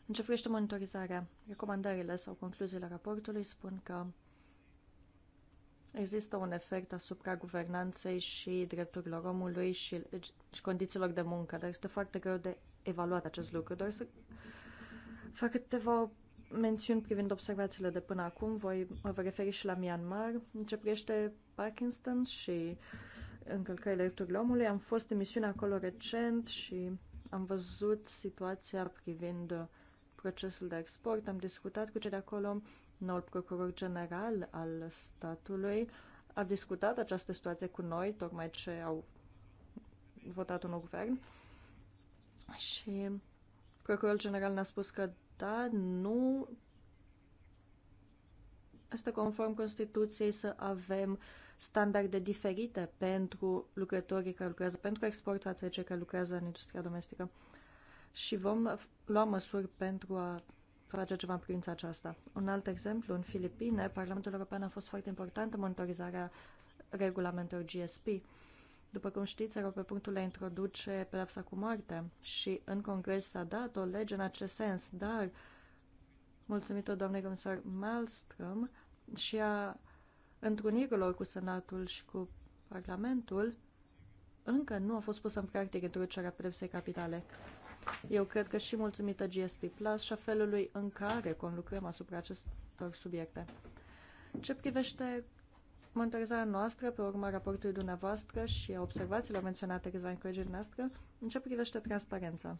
În ce privește monitorizarea, recomandările sau concluziile raportului spun că Există un efect asupra guvernanței și drepturilor omului și, și condițiilor de muncă, dar este foarte greu de evaluat acest lucru. Doar să fac câteva mențiuni privind observațiile de până acum. Voi mă voi referi și la Myanmar. În ce privește Parkinson și încălcările drepturilor omului, am fost în misiune acolo recent și am văzut situația privind procesul de export, am discutat cu cei de acolo, noul procuror general al statului a discutat această situație cu noi, tocmai ce au votat un guvern și procurorul general ne-a spus că da, nu este conform Constituției să avem standarde diferite pentru lucrătorii care lucrează pentru export față de cei care lucrează în industria domestică și vom lua măsuri pentru a face ceva în privința aceasta. Un alt exemplu, în Filipine, Parlamentul European a fost foarte important în monitorizarea regulamentelor GSP. După cum știți, erau pe punctul de a introduce pedepsa cu moarte și în Congres s-a dat o lege în acest sens, dar, mulțumită doamnei comisar Malmström și a întrunirilor cu Senatul și cu Parlamentul, încă nu a fost pusă în practică introducerea pedepsei capitale. Eu cred că și mulțumită GSP Plus și a felului în care conlucrăm asupra acestor subiecte. Ce privește monitorizarea noastră, pe urma raportului dumneavoastră și a observațiilor menționate câțiva în colegii noastre, în ce privește transparența.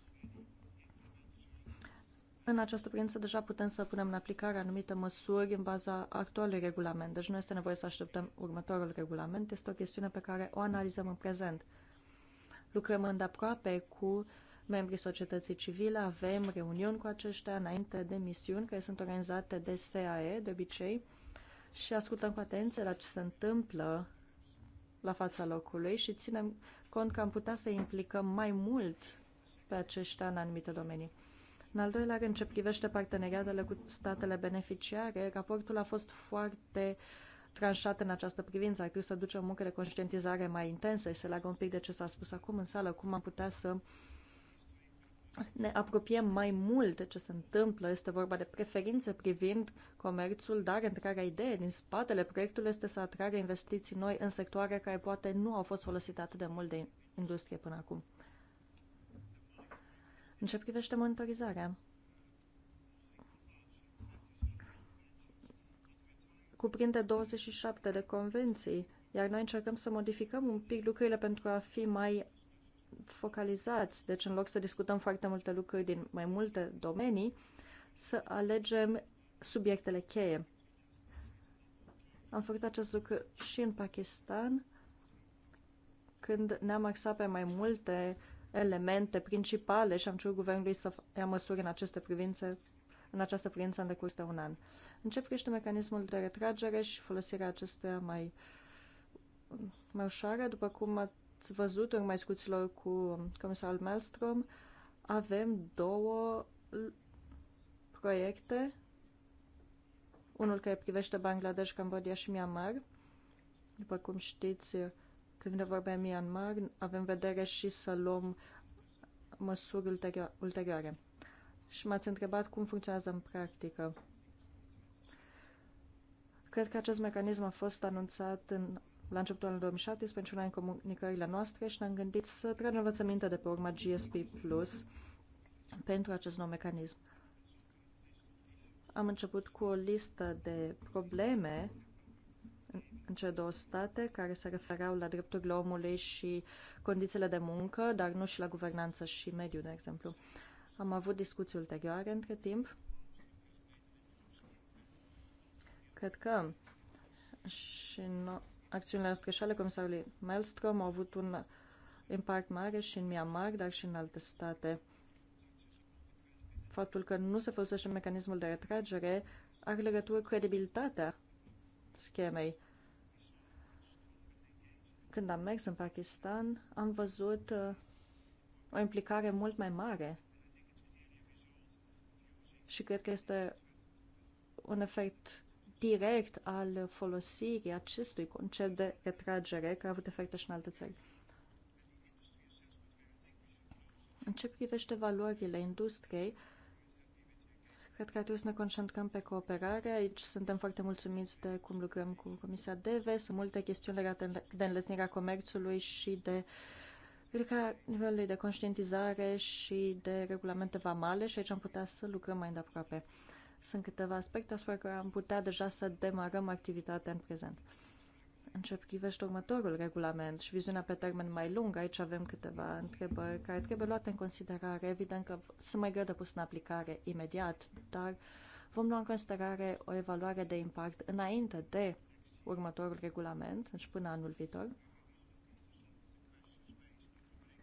În această privință deja putem să punem în aplicare anumite măsuri în baza actualului regulament, deci nu este nevoie să așteptăm următorul regulament, este o chestiune pe care o analizăm în prezent. Lucrăm îndeaproape cu membrii societății civile, avem reuniuni cu aceștia înainte de misiuni care sunt organizate de SAE de obicei și ascultăm cu atenție la ce se întâmplă la fața locului și ținem cont că am putea să implicăm mai mult pe aceștia în anumite domenii. În al doilea rând, ce privește parteneriatele cu statele beneficiare, raportul a fost foarte tranșat în această privință. Ar trebui să ducem muncă de conștientizare mai intensă și să leagă un pic de ce s-a spus acum în sală, cum am putea să uh, ne apropiem mai mult de ce se întâmplă. Este vorba de preferințe privind comerțul, dar întreaga idee din spatele proiectului este să atragă investiții noi în sectoare care poate nu au fost folosite atât de mult de industrie până acum. În ce privește monitorizarea? Cuprinde 27 de convenții, iar noi încercăm să modificăm un pic lucrurile pentru a fi mai focalizați, deci în loc să discutăm foarte multe lucruri din mai multe domenii, să alegem subiectele cheie. Am făcut acest lucru și în Pakistan, când ne-am axat pe mai multe elemente principale și am cerut guvernului să ia măsuri în aceste privințe în această privință în decurs de un an. În ce privește mecanismul de retragere și folosirea acestuia mai, mai ușoară, după cum ați văzut în mai scuților cu comisarul Maelstrom, avem două proiecte, unul care privește Bangladesh, Cambodia și Myanmar. După cum știți, când ne vorbim Myanmar, avem vedere și să luăm măsuri ulterioare. Și m-ați întrebat cum funcționează în practică. Cred că acest mecanism a fost anunțat în la începutul anului 2017, una în comunicările noastre și ne-am gândit să tragem învățăminte de pe urma GSP Plus pentru acest nou mecanism. Am început cu o listă de probleme în cele două state care se referau la drepturile omului și condițiile de muncă, dar nu și la guvernanță și mediu, de exemplu. Am avut discuții ulterioare între timp. Cred că și no- Acțiunile noastre și ale comisarului Maelstrom au avut un impact mare și în Myanmar, dar și în alte state. Faptul că nu se folosește mecanismul de retragere are legătură cu credibilitatea schemei. Când am mers în Pakistan, am văzut uh, o implicare mult mai mare și cred că este un efect direct al folosirii acestui concept de retragere care a avut efecte și în alte țări. În ce privește valorile industriei, cred că trebuie să ne concentrăm pe cooperare. Aici suntem foarte mulțumiți de cum lucrăm cu Comisia DEVE. Sunt multe chestiuni legate de înlesnirea comerțului și de ridicarea nivelului de conștientizare și de regulamente vamale și aici am putea să lucrăm mai îndeaproape. aproape. Sunt câteva aspecte asupra care am putea deja să demarăm activitatea în prezent. În ce privește următorul regulament și viziunea pe termen mai lung, aici avem câteva întrebări care trebuie luate în considerare. Evident că sunt mai greu de pus în aplicare imediat, dar vom lua în considerare o evaluare de impact înainte de următorul regulament, deci până anul viitor.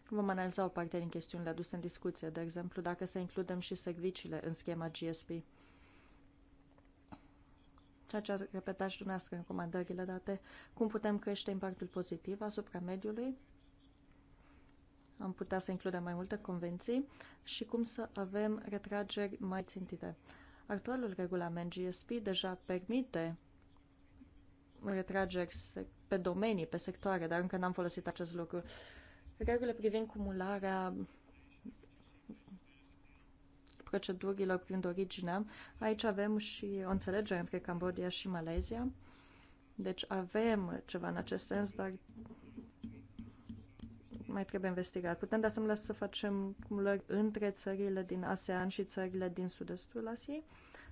Vom analiza o parte din chestiunile aduse în discuție, de exemplu, dacă să includem și serviciile în schema GSP ceea ce ați repetat și dumneavoastră în comandările date, cum putem crește impactul pozitiv asupra mediului, am putea să includem mai multe convenții și cum să avem retrageri mai țintite. Actualul regulament GSP deja permite retrageri pe domenii, pe sectoare, dar încă n-am folosit acest lucru. Regulile privind cumularea procedurilor privind originea. Aici avem și o înțelegere între Cambodia și Malezia. Deci avem ceva în acest sens, dar mai trebuie investigat. Putem de asemenea să facem cumulări între țările din ASEAN și țările din sud-estul Asiei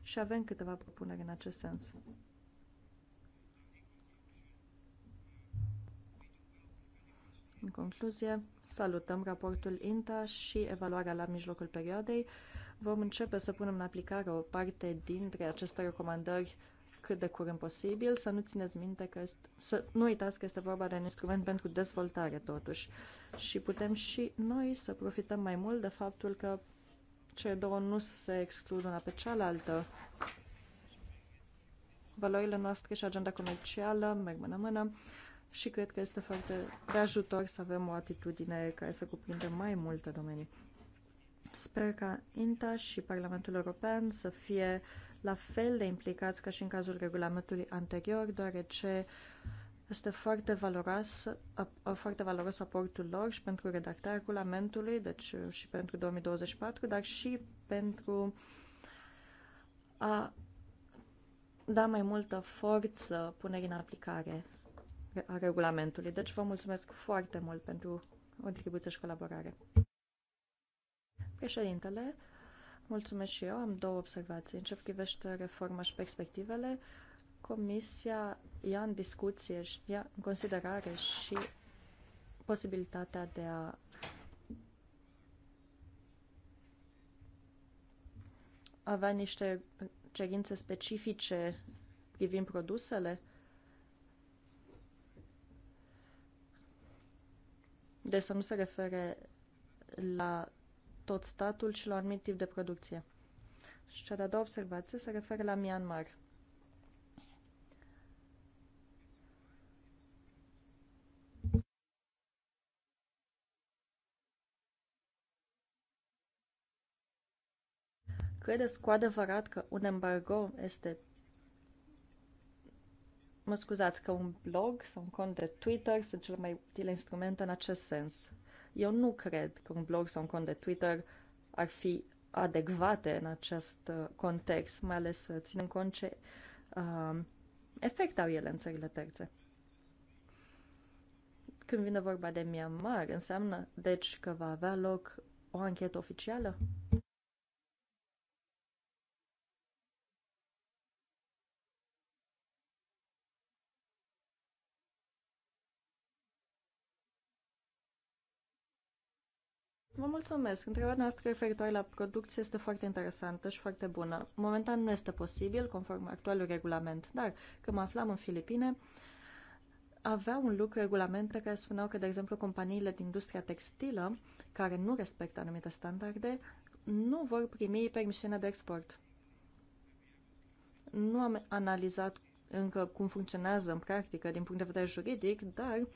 și avem câteva propuneri în acest sens. În concluzie, salutăm raportul INTA și evaluarea la mijlocul perioadei. Vom începe să punem în aplicare o parte dintre aceste recomandări cât de curând posibil, să nu țineți minte că este, să nu uitați că este vorba de un instrument pentru dezvoltare totuși și putem și noi să profităm mai mult de faptul că cele două nu se exclud una pe cealaltă. Valorile noastre și agenda comercială merg mână mână și cred că este foarte de ajutor să avem o atitudine care să cuprinde mai multe domenii. Sper ca INTA și Parlamentul European să fie la fel de implicați ca și în cazul regulamentului anterior, deoarece este foarte valoros, foarte valoros aportul lor și pentru redactarea regulamentului, deci și pentru 2024, dar și pentru a da mai multă forță punerii în aplicare a regulamentului. Deci vă mulțumesc foarte mult pentru contribuție și colaborare. Președintele, mulțumesc și eu, am două observații. În ce privește reforma și perspectivele, Comisia ia în discuție și ia în considerare și posibilitatea de a avea niște cerințe specifice privind produsele? Deci să nu se refere la tot statul și la un anumit tip de producție. Și cea de-a doua observație se referă la Myanmar. Credeți cu adevărat că un embargo este mă scuzați, că un blog sau un cont de Twitter sunt cele mai utile instrumente în acest sens. Eu nu cred că un blog sau un cont de Twitter ar fi adecvate în acest uh, context, mai ales uh, ținem cont ce uh, efect au ele în țările terțe. Când vine vorba de Myanmar, înseamnă deci că va avea loc o anchetă oficială? Mulțumesc! Întrebarea noastră referitoare la producție este foarte interesantă și foarte bună. Momentan nu este posibil, conform actualului regulament, dar când mă aflam în Filipine, avea un lucru regulamente care spuneau că, de exemplu, companiile din industria textilă, care nu respectă anumite standarde, nu vor primi permisiunea de export. Nu am analizat încă cum funcționează în practică din punct de vedere juridic, dar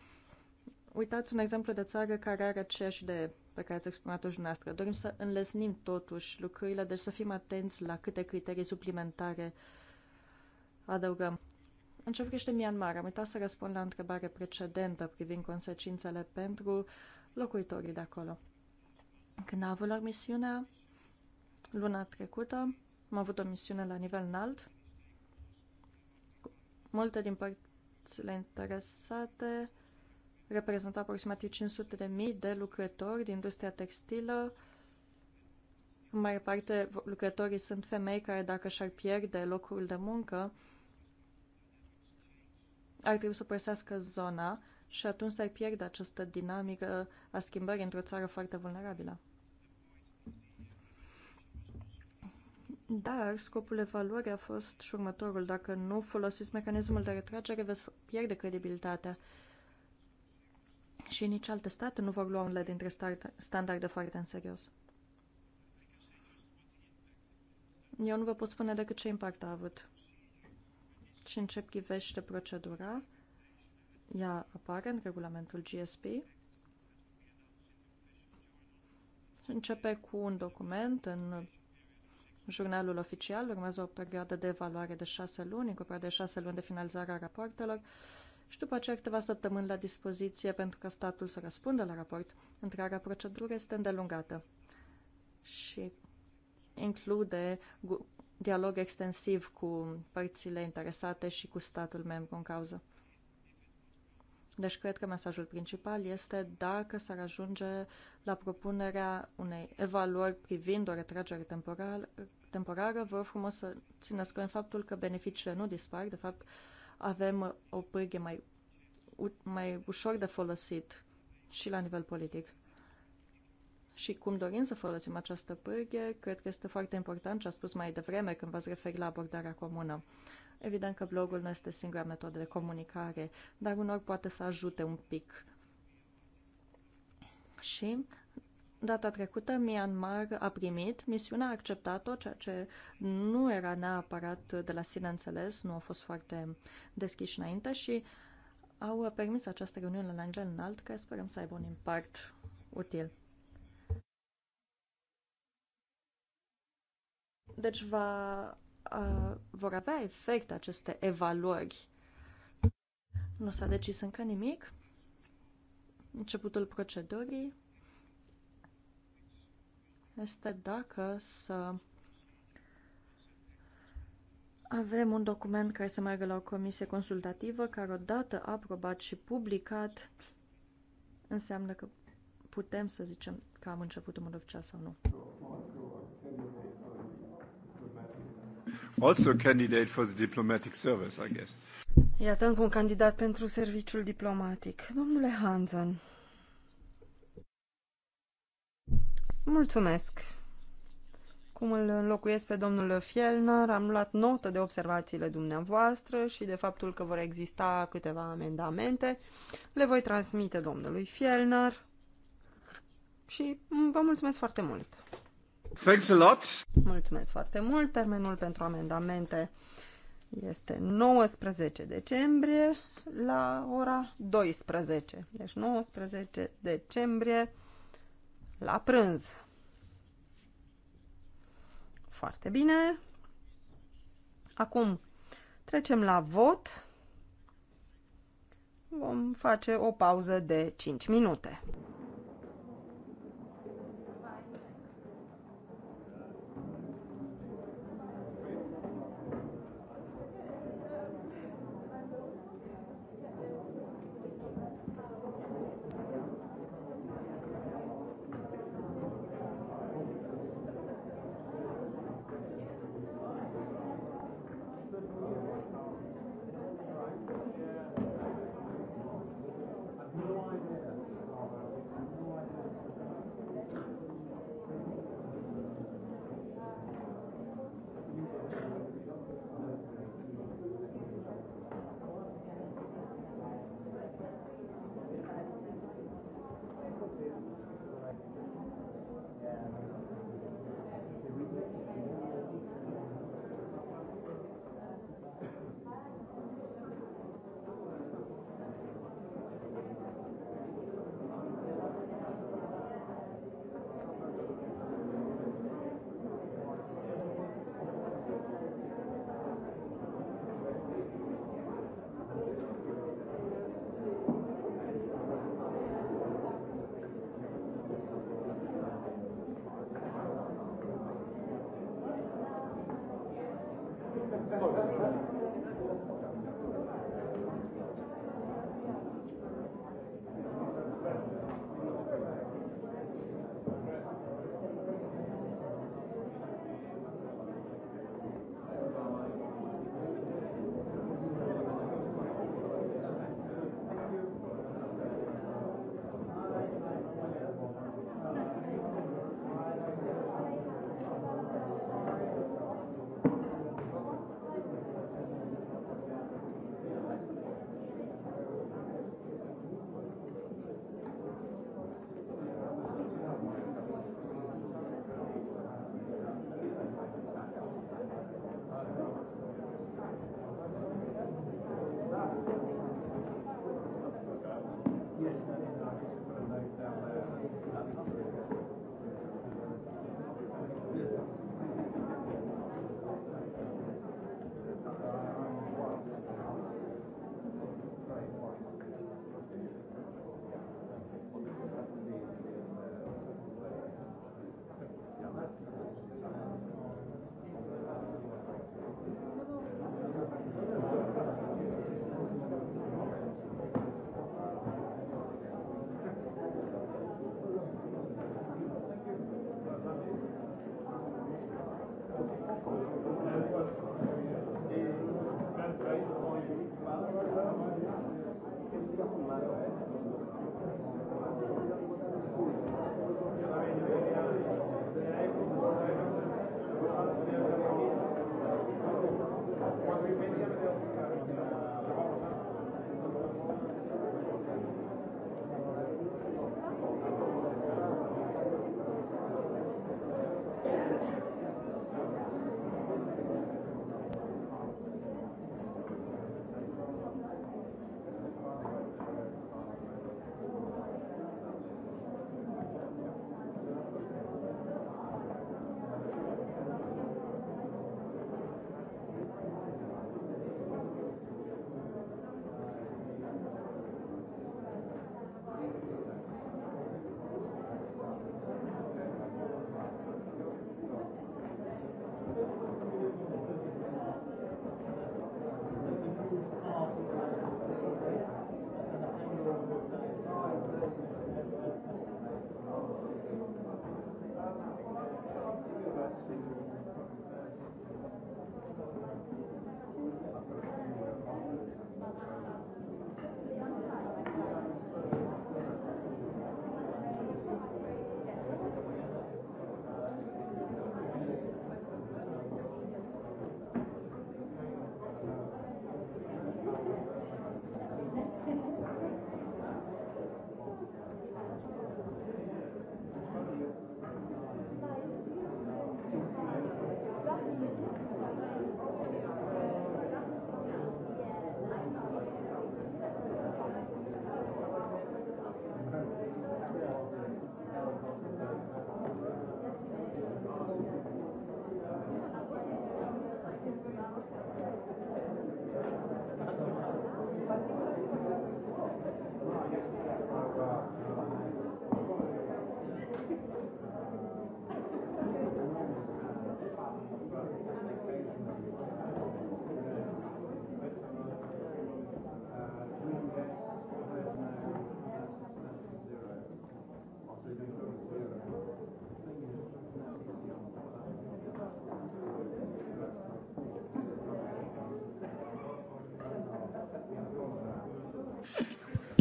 uitați un exemplu de țară care are aceeași de pe care ați exprimat-o și Dorim să înlesnim totuși lucrurile, deci să fim atenți la câte criterii suplimentare adăugăm. În ce privește Myanmar, am uitat să răspund la întrebare precedentă privind consecințele pentru locuitorii de acolo. Când a avut loc misiunea, luna trecută, am avut o misiune la nivel înalt. Multe din părțile interesate Reprezintă aproximativ 500.000 de de lucrători din industria textilă. În mare parte, lucrătorii sunt femei care, dacă și-ar pierde locul de muncă, ar trebui să părăsească zona și atunci s-ar pierde această dinamică a schimbării într-o țară foarte vulnerabilă. Dar scopul evaluării a fost și următorul. Dacă nu folosiți mecanismul de retragere, veți pierde credibilitatea și nici alte state nu vor lua unele dintre standarde foarte în serios. Eu nu vă pot spune decât ce impact a avut. Și în ce privește procedura, ea apare în regulamentul GSP. Începe cu un document în jurnalul oficial, urmează o perioadă de evaluare de șase luni, cu o perioadă de șase luni de finalizare a rapoartelor și după aceea câteva săptămâni la dispoziție pentru ca statul să răspundă la raport. Întreaga procedură este îndelungată și include dialog extensiv cu părțile interesate și cu statul membru în cauză. Deci cred că mesajul principal este dacă s-ar ajunge la propunerea unei evaluări privind o retragere temporar, temporară, vă rog frumos să țineți cont faptul că beneficiile nu dispar, de fapt avem uh, o pârghie mai, mai ușor de folosit și la nivel politic. Și cum dorim să folosim această pârghie, cred că este foarte important ce a spus mai devreme când v-ați referit la abordarea comună. Evident că blogul nu este singura metodă de comunicare, dar unor poate să ajute un pic. Și Data trecută, Myanmar a primit, misiunea a acceptat-o, ceea ce nu era neapărat de la sine înțeles, nu a fost foarte deschiși înainte și au permis această reuniune la nivel înalt, care sperăm să aibă un impact util. Deci va, uh, vor avea efect aceste evaluări. Nu s-a decis încă nimic. Începutul procedurii este dacă să avem un document care să meargă la o comisie consultativă, care odată aprobat și publicat, înseamnă că putem să zicem că am început în mod oficial sau nu. Also a candidate for the diplomatic service, I guess. Iată încă un candidat pentru serviciul diplomatic. Domnule Hansen, Mulțumesc! Cum îl înlocuiesc pe domnul Fielner, am luat notă de observațiile dumneavoastră și de faptul că vor exista câteva amendamente. Le voi transmite domnului Fielner și vă mulțumesc foarte mult! Thanks a lot! Mulțumesc foarte mult! Termenul pentru amendamente este 19 decembrie la ora 12. Deci 19 decembrie la prânz. Foarte bine. Acum trecem la vot. Vom face o pauză de 5 minute.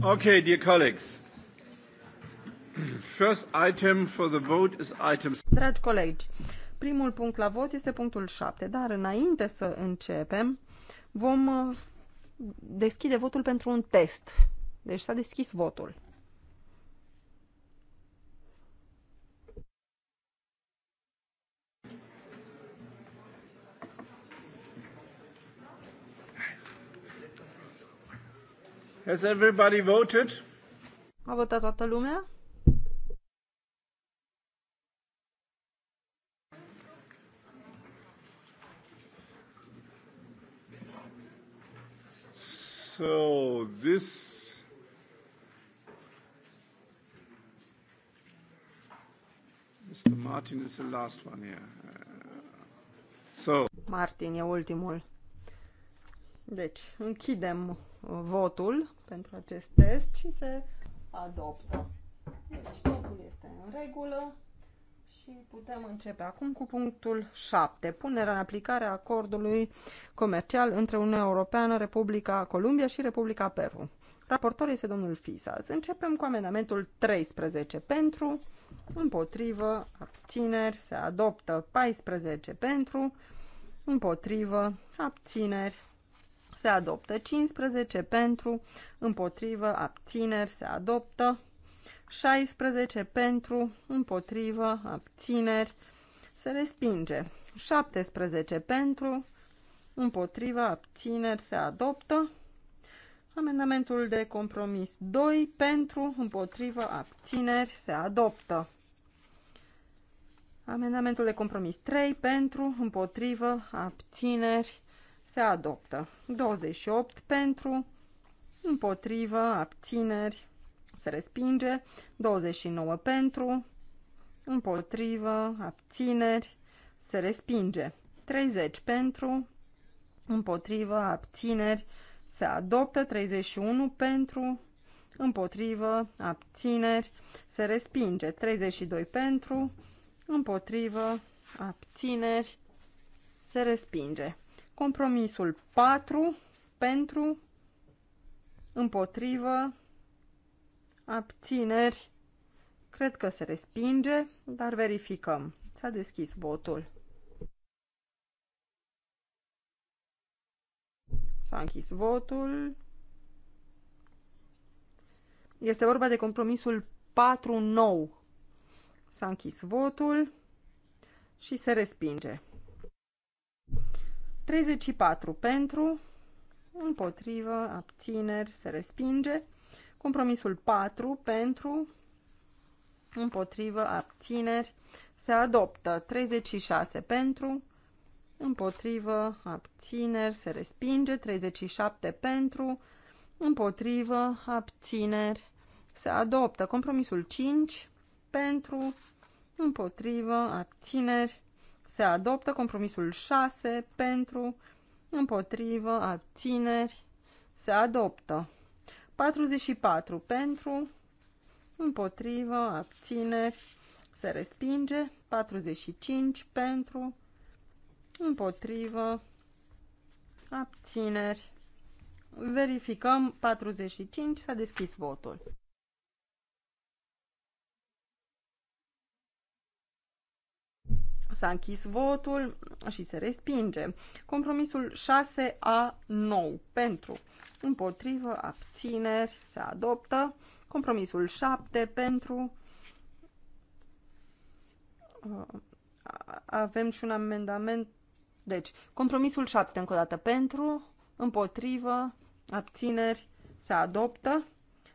Okay, dear colleagues. First item for the vote is item... Dragi colegi, primul punct la vot este punctul 7, dar înainte să începem, vom uh, deschide votul pentru un test. Deci s-a deschis votul. Has everybody voted? A votat toată lumea? So this Mr. Martin is the last one here. Uh, So Martin e ultimul. Deci, închidem votul pentru acest test și se adoptă. Deci totul este în regulă și putem începe acum cu punctul 7. Punerea în aplicare a acordului comercial între Uniunea Europeană, Republica Columbia și Republica Peru. Raportor este domnul Fisas. Începem cu amendamentul 13 pentru, împotrivă, abțineri, se adoptă 14 pentru, împotrivă, abțineri, se adoptă 15 pentru, împotrivă, abțineri, se adoptă 16 pentru, împotrivă, abțineri, se respinge 17 pentru, împotrivă, abțineri, se adoptă amendamentul de compromis 2 pentru, împotrivă, abțineri, se adoptă amendamentul de compromis 3 pentru, împotrivă, abțineri, se adoptă. 28 pentru, împotrivă, abțineri, se respinge. 29 pentru, împotrivă, abțineri, se respinge. 30 pentru, împotrivă, abțineri, se adoptă. 31 pentru, împotrivă, abțineri, se respinge. 32 pentru, împotrivă, abțineri, se respinge. Compromisul 4 pentru, împotrivă, abțineri. Cred că se respinge, dar verificăm. S-a deschis votul. S-a închis votul. Este vorba de compromisul 4-9. S-a închis votul și se respinge. 34 pentru, împotrivă, abțineri, se respinge. Compromisul 4 pentru, împotrivă, abțineri, se adoptă. 36 pentru, împotrivă, abțineri, se respinge. 37 pentru, împotrivă, abțineri, se adoptă. Compromisul 5 pentru, împotrivă, abțineri, se adoptă. Compromisul 6 pentru, împotrivă, abțineri, se adoptă. 44 pentru, împotrivă, abțineri, se respinge. 45 pentru, împotrivă, abțineri. Verificăm 45, s-a deschis votul. S-a închis votul și se respinge. Compromisul 6A9 pentru, împotrivă, abțineri, se adoptă. Compromisul 7 pentru, uh, avem și un amendament. Deci, compromisul 7 încă o dată pentru, împotrivă, abțineri, se adoptă.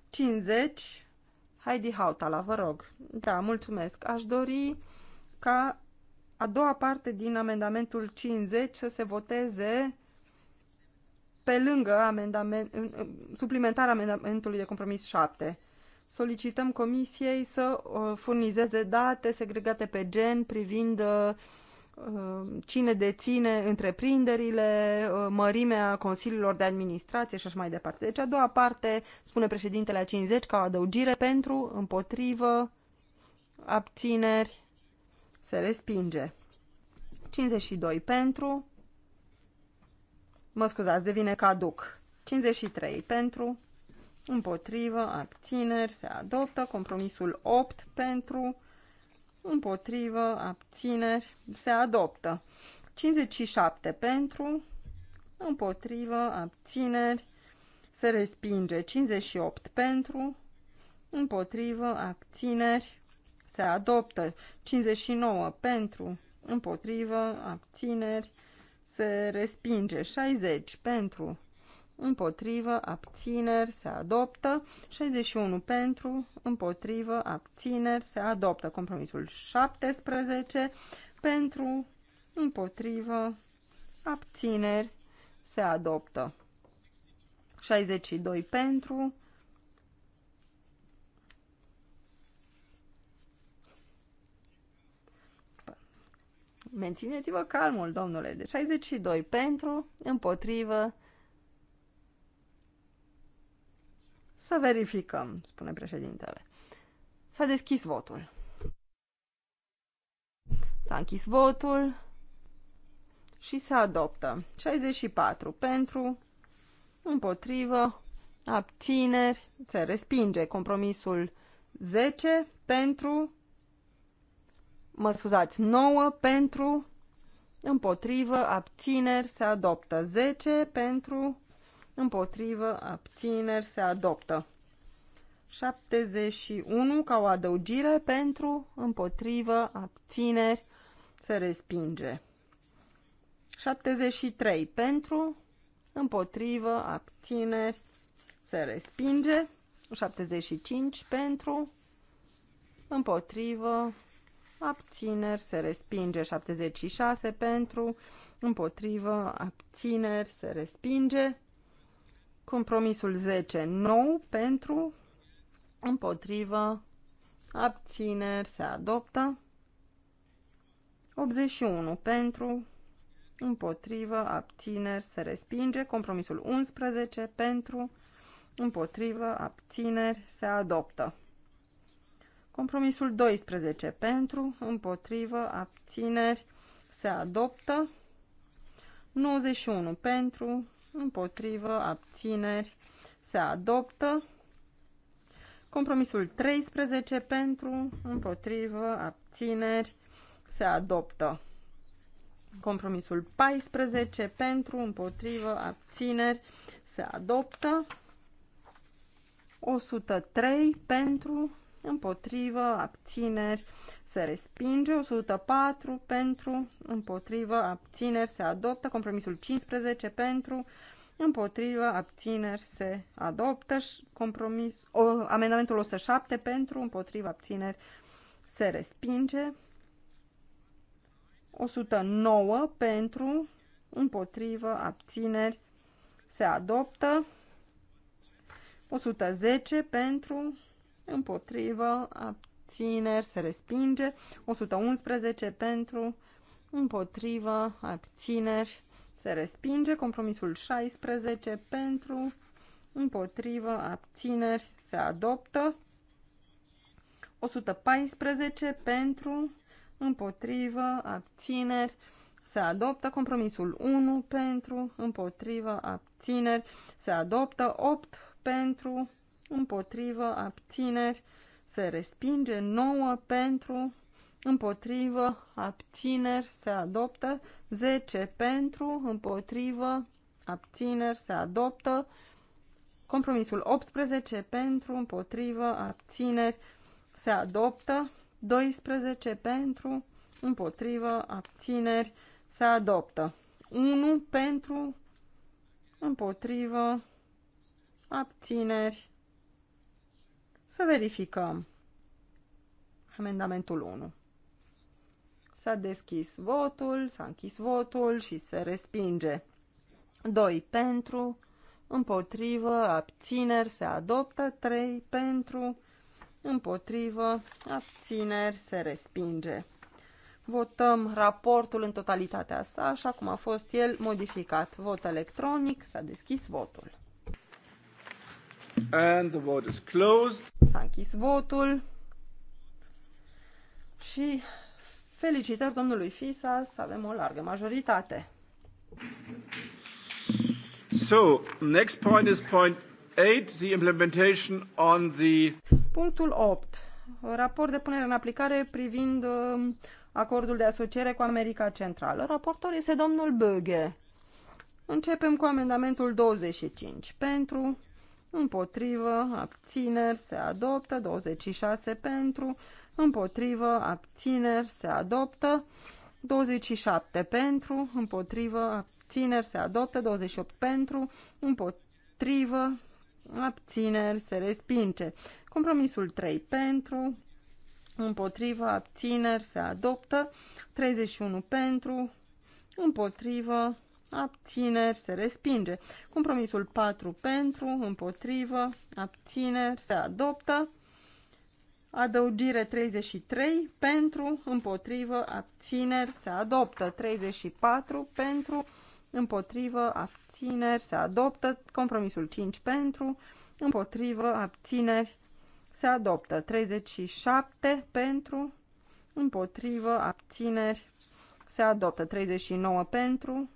50, Heidi Hautala, vă rog. Da, mulțumesc. Aș dori ca a doua parte din amendamentul 50 să se voteze pe lângă amendament, suplimentar amendamentului de compromis 7. Solicităm comisiei să uh, furnizeze date segregate pe gen privind uh, uh, cine deține întreprinderile, mărimea consiliilor de administrație și așa mai departe. Deci a doua parte, spune președintele a 50 ca o adăugire pentru, împotrivă, abțineri, se respinge. 52 pentru. Mă scuzați, devine caduc. 53 pentru. Împotrivă, abțineri, se adoptă. Compromisul 8 pentru. Împotrivă, abțineri, se adoptă. 57 pentru. Împotrivă, abțineri, se respinge. 58 pentru. Împotrivă, abțineri, se adoptă. 59 pentru, împotrivă, abțineri, se respinge. 60 pentru, împotrivă, abțineri, se adoptă. 61 pentru, împotrivă, abțineri, se adoptă. Compromisul 17 pentru, împotrivă, abțineri, se adoptă. 62 pentru, Mențineți-vă calmul, domnule. De 62 pentru, împotrivă. Să verificăm, spune președintele. S-a deschis votul. S-a închis votul și se adoptă. 64 pentru, împotrivă, abțineri, se respinge. Compromisul 10 pentru, mă scuzați, 9 pentru, împotrivă, abțineri, se adoptă. 10 pentru, împotrivă, abțineri, se adoptă. 71 ca o adăugire pentru, împotrivă, abțineri, se respinge. 73 pentru, împotrivă, abțineri, se respinge. 75 pentru, împotrivă, abțineri, se respinge 76 pentru, împotrivă, abțineri, se respinge. Compromisul 10, nou pentru, împotrivă, abțineri, se adoptă. 81 pentru, împotrivă, abțineri, se respinge. Compromisul 11 pentru, împotrivă, abțineri, se adoptă. Compromisul 12 pentru, împotrivă, abțineri, se adoptă. 91 pentru, împotrivă, abțineri, se adoptă. Compromisul 13 pentru, împotrivă, abțineri, se adoptă. Compromisul 14 pentru, împotrivă, abțineri, se adoptă. 103 pentru, împotrivă, abțineri, se respinge, 104 pentru, împotrivă, abțineri, se adoptă, compromisul 15 pentru, împotrivă, abțineri, se adoptă, compromis, o, amendamentul 107 pentru, împotrivă, abțineri, se respinge, 109 pentru, împotrivă, abțineri, se adoptă, 110 pentru, împotrivă, abțineri, se respinge, 111 pentru, împotrivă, abțineri, se respinge, compromisul 16 pentru, împotrivă, abțineri, se adoptă, 114 pentru, împotrivă, abțineri, se adoptă compromisul 1 pentru, împotrivă, abțineri, se adoptă 8 pentru, împotrivă, abțineri, se respinge, nouă, pentru, împotrivă, abțineri, se adoptă, 10 pentru, împotrivă, abțineri, se adoptă, compromisul 18 pentru, împotrivă, abțineri, se adoptă, 12 pentru, împotrivă, abțineri, se adoptă, 1 pentru, împotrivă, abțineri, să verificăm. Amendamentul 1. S-a deschis votul, s-a închis votul și se respinge. 2 pentru, împotrivă, abțineri, se adoptă. 3 pentru, împotrivă, abțineri, se respinge. Votăm raportul în totalitatea sa, așa cum a fost el modificat. Vot electronic, s-a deschis votul. And the vote is closed. S-a închis votul. Și felicitări domnului Fisa să avem o largă majoritate. So, next point is point 8, the implementation on the... Punctul 8. Raport de punere în aplicare privind um, acordul de asociere cu America Centrală. Raportor este domnul Böge. Începem cu amendamentul 25. Pentru, împotrivă, abțineri, se adoptă, 26 pentru, împotrivă, abțineri, se adoptă, 27 pentru, împotrivă, abțineri, se adoptă, 28 pentru, împotrivă, abțineri, se respinge. Compromisul 3 pentru, împotrivă, abțineri, se adoptă, 31 pentru, împotrivă, abțineri, se respinge. Compromisul 4 pentru, împotrivă, abțineri, se adoptă. Adăugire 33 pentru, împotrivă, abțineri, se adoptă. 34 pentru, împotrivă, abțineri, se adoptă. Compromisul 5 pentru, împotrivă, abțineri, se adoptă. 37 pentru, împotrivă, abțineri, se adoptă. 39 pentru,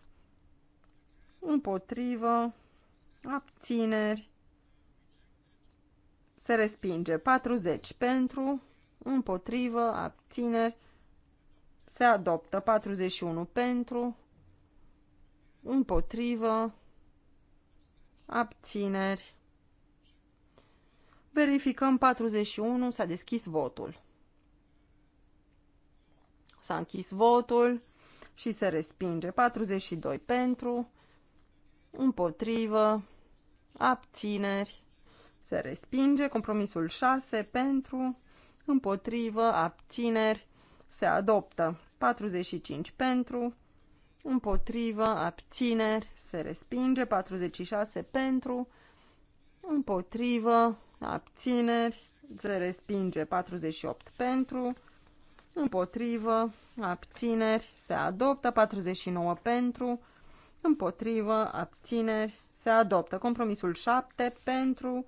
împotrivă, abțineri, se respinge. 40 pentru, împotrivă, abțineri, se adoptă. 41 pentru, împotrivă, abțineri. Verificăm 41, s-a deschis votul. S-a închis votul și se respinge 42 pentru, împotrivă, abțineri, se respinge. Compromisul 6 pentru, împotrivă, abțineri, se adoptă. 45 pentru, împotrivă, abțineri, se respinge. 46 pentru, împotrivă, abțineri, se respinge. 48 pentru, împotrivă, abțineri, se adoptă. 49 pentru, împotrivă, abțineri, se adoptă. Compromisul 7 pentru,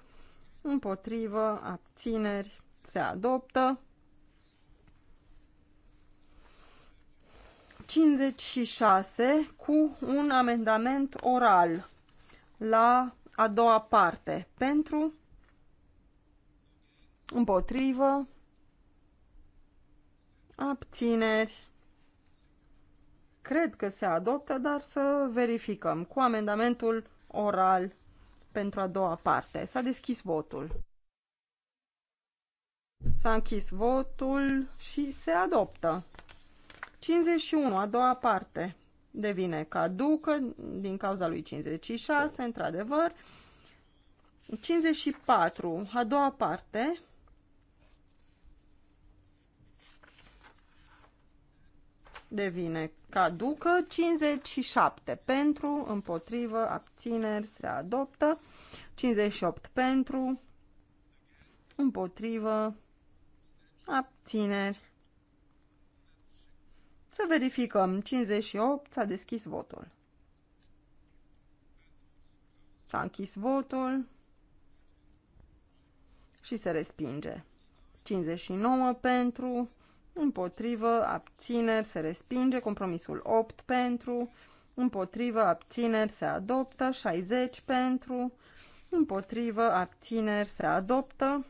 împotrivă, abțineri, se adoptă. 56 cu un amendament oral la a doua parte pentru, împotrivă, abțineri, Cred că se adoptă, dar să verificăm cu amendamentul oral pentru a doua parte. S-a deschis votul. S-a închis votul și se adoptă. 51, a doua parte, devine caducă din cauza lui 56, într-adevăr. 54, a doua parte, devine caducă, 57 pentru, împotrivă, abțineri, se adoptă, 58 pentru, împotrivă, abțineri. Să verificăm, 58 s-a deschis votul. S-a închis votul și se respinge. 59 pentru, împotrivă, abțineri, se respinge, compromisul 8 pentru, împotrivă, abțineri, se adoptă, 60 pentru, împotrivă, abțineri, se adoptă,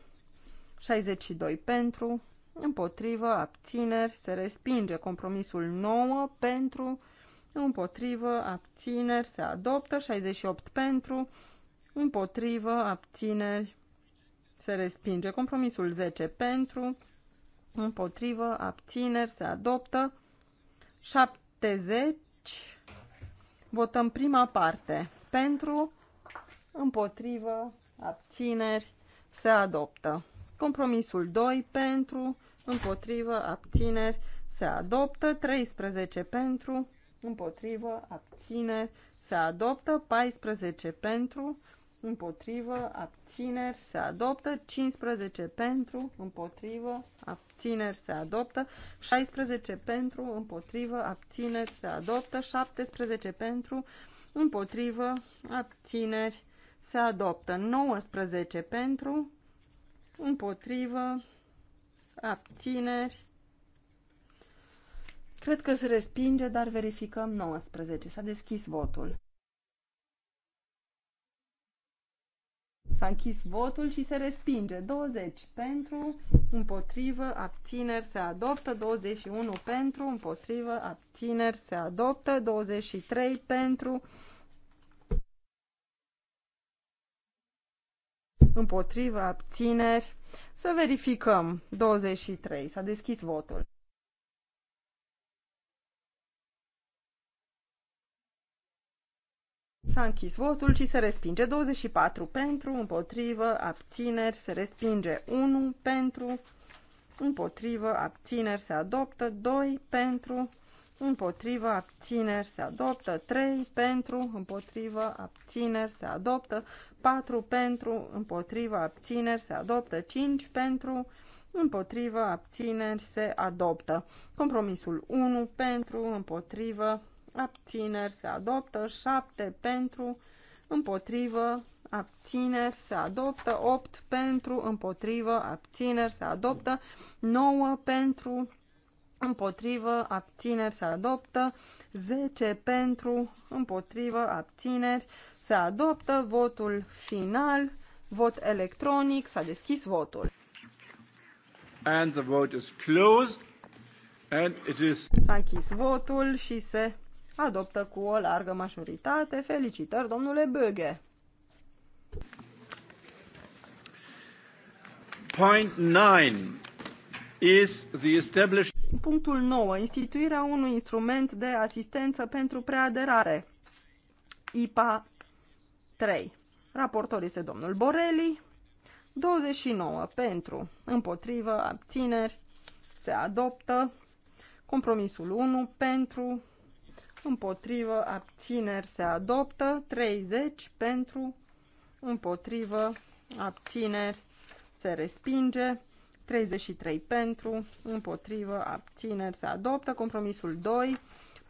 62 pentru, împotrivă, abțineri, se respinge, compromisul 9 pentru, împotrivă, abțineri, se adoptă, 68 pentru, împotrivă, abțineri, se respinge, compromisul 10 pentru, împotrivă, abțineri, se adoptă. 70, votăm prima parte, pentru, împotrivă, abțineri, se adoptă. Compromisul 2, pentru, împotrivă, abțineri, se adoptă. 13 pentru, împotrivă, abțineri, se adoptă. 14 pentru, împotrivă, abțineri, se adoptă, 15 pentru, împotrivă, abțineri, se adoptă, 16 pentru, împotrivă, abțineri, se adoptă, 17 pentru, împotrivă, abțineri, se adoptă, 19 pentru, împotrivă, abțineri, Cred că se respinge, dar verificăm 19. S-a deschis votul. S-a închis votul și se respinge. 20 pentru, împotrivă, abțineri se adoptă. 21 pentru, împotrivă, abțineri se adoptă. 23 pentru, împotrivă, abțineri. Să verificăm. 23. S-a deschis votul. S-a închis votul și se respinge 24 pentru, împotrivă, abțineri, se respinge 1 pentru, împotrivă, abțineri, se adoptă 2 pentru, împotrivă, abțineri, se adoptă 3 pentru, împotrivă, abțineri, se adoptă 4 pentru, împotrivă, abțineri, se adoptă 5 pentru, împotrivă, abțineri, se adoptă. Compromisul 1 pentru, împotrivă, abțineri se adoptă, 7 pentru, împotrivă, abțineri se adoptă, 8 pentru, împotrivă, abțineri se adoptă, 9 pentru, împotrivă, abțineri se adoptă, 10 pentru, împotrivă, abțineri se adoptă, votul final, vot electronic, s-a deschis votul. And the vote is closed. And it is... S-a închis votul și se adoptă cu o largă majoritate. Felicitări, domnule Böge! Point 9 is the establishment Punctul 9. Instituirea unui instrument de asistență pentru preaderare. IPA 3. Raportor este domnul Borelli. 29 pentru, împotrivă, abțineri, se adoptă. Compromisul 1 pentru, împotrivă, abțineri se adoptă, 30 pentru, împotrivă, abțineri se respinge, 33 pentru, împotrivă, abțineri se adoptă, compromisul 2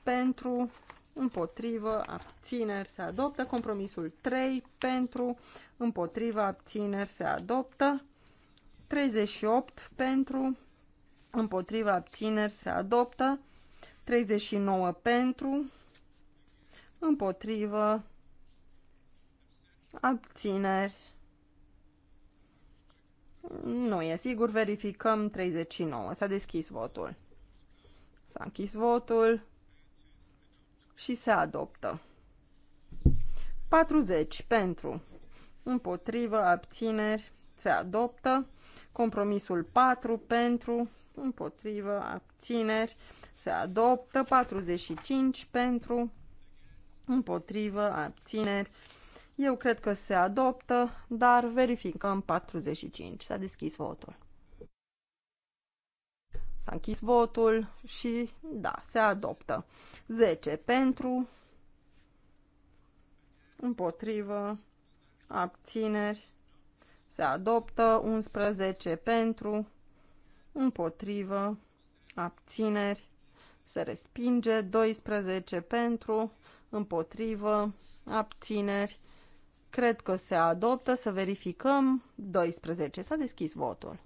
pentru, împotrivă, abțineri se adoptă, compromisul 3 pentru, împotrivă, abțineri se adoptă, 38 pentru, împotrivă, abțineri se adoptă, 39 pentru, împotrivă, abțineri. Nu e sigur, verificăm 39. S-a deschis votul. S-a închis votul și se adoptă. 40 pentru, împotrivă, abțineri, se adoptă. Compromisul 4 pentru, împotrivă, abțineri, se adoptă, 45 pentru, împotrivă, abțineri. Eu cred că se adoptă, dar verificăm 45. S-a deschis votul. S-a închis votul și, da, se adoptă. 10 pentru, împotrivă, abțineri, se adoptă, 11 pentru, împotrivă, abțineri, se respinge, 12 pentru, împotrivă, abțineri, cred că se adoptă, să verificăm, 12, s-a deschis votul.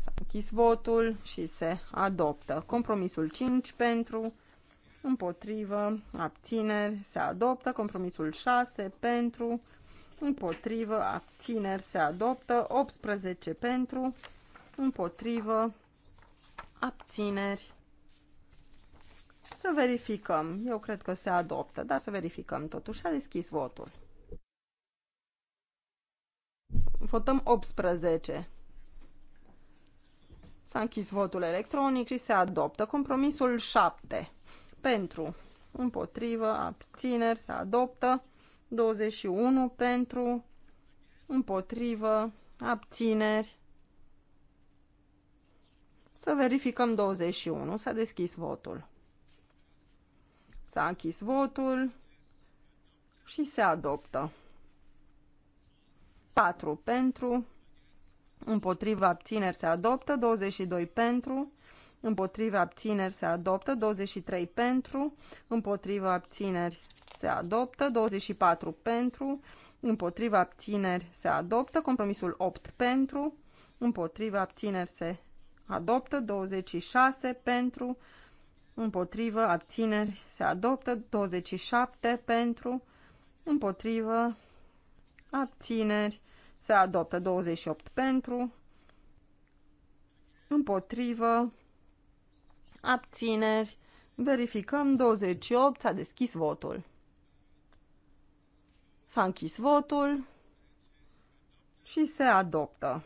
S-a închis votul și se adoptă. Compromisul 5 pentru, împotrivă, abțineri, se adoptă. Compromisul 6 pentru, împotrivă, abțineri, se adoptă. 18 pentru, împotrivă, abțineri. Să verificăm. Eu cred că se adoptă, dar să verificăm totuși. S-a deschis votul. Votăm 18. S-a închis votul electronic și se adoptă compromisul 7. Pentru, împotrivă, abțineri, se adoptă 21 pentru, împotrivă, abțineri, să verificăm 21. S-a deschis votul. S-a închis votul și se adoptă. 4 pentru, împotriva abțineri se adoptă, 22 pentru, împotriva abțineri se adoptă, 23 pentru, împotriva abțineri se adoptă, 24 pentru, împotriva abțineri se adoptă, compromisul 8 pentru, împotriva abțineri se adoptă, 26 pentru, împotrivă, abțineri, se adoptă, 27 pentru, împotrivă, abțineri, se adoptă, 28 pentru, împotrivă, abțineri, verificăm, 28, s-a deschis votul. S-a închis votul și se adoptă.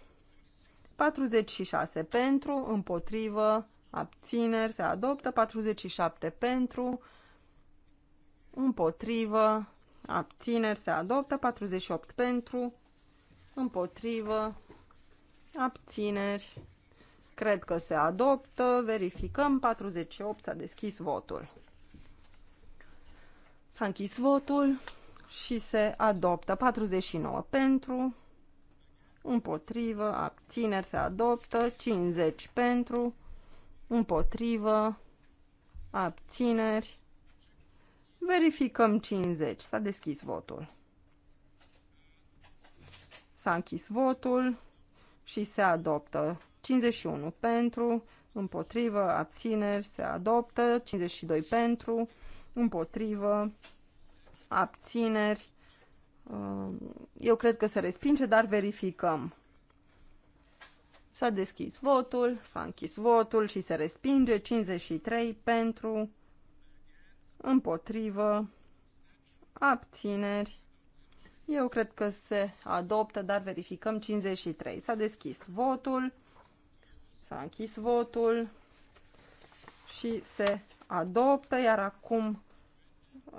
46 pentru, împotrivă, abțineri, se adoptă. 47 pentru, împotrivă, abțineri, se adoptă. 48 pentru, împotrivă, abțineri. Cred că se adoptă. Verificăm. 48 s-a deschis votul. S-a închis votul și se adoptă. 49 pentru, împotrivă, abțineri se adoptă, 50 pentru, împotrivă, abțineri. Verificăm 50. S-a deschis votul. S-a închis votul și se adoptă 51 pentru, împotrivă, abțineri, se adoptă, 52 pentru, împotrivă, abțineri, Uh, eu cred că se respinge, dar verificăm. S-a deschis votul, s-a închis votul și se respinge 53 pentru, împotrivă, abțineri. Eu cred că se adoptă, dar verificăm 53. S-a deschis votul, s-a închis votul și se adoptă, iar acum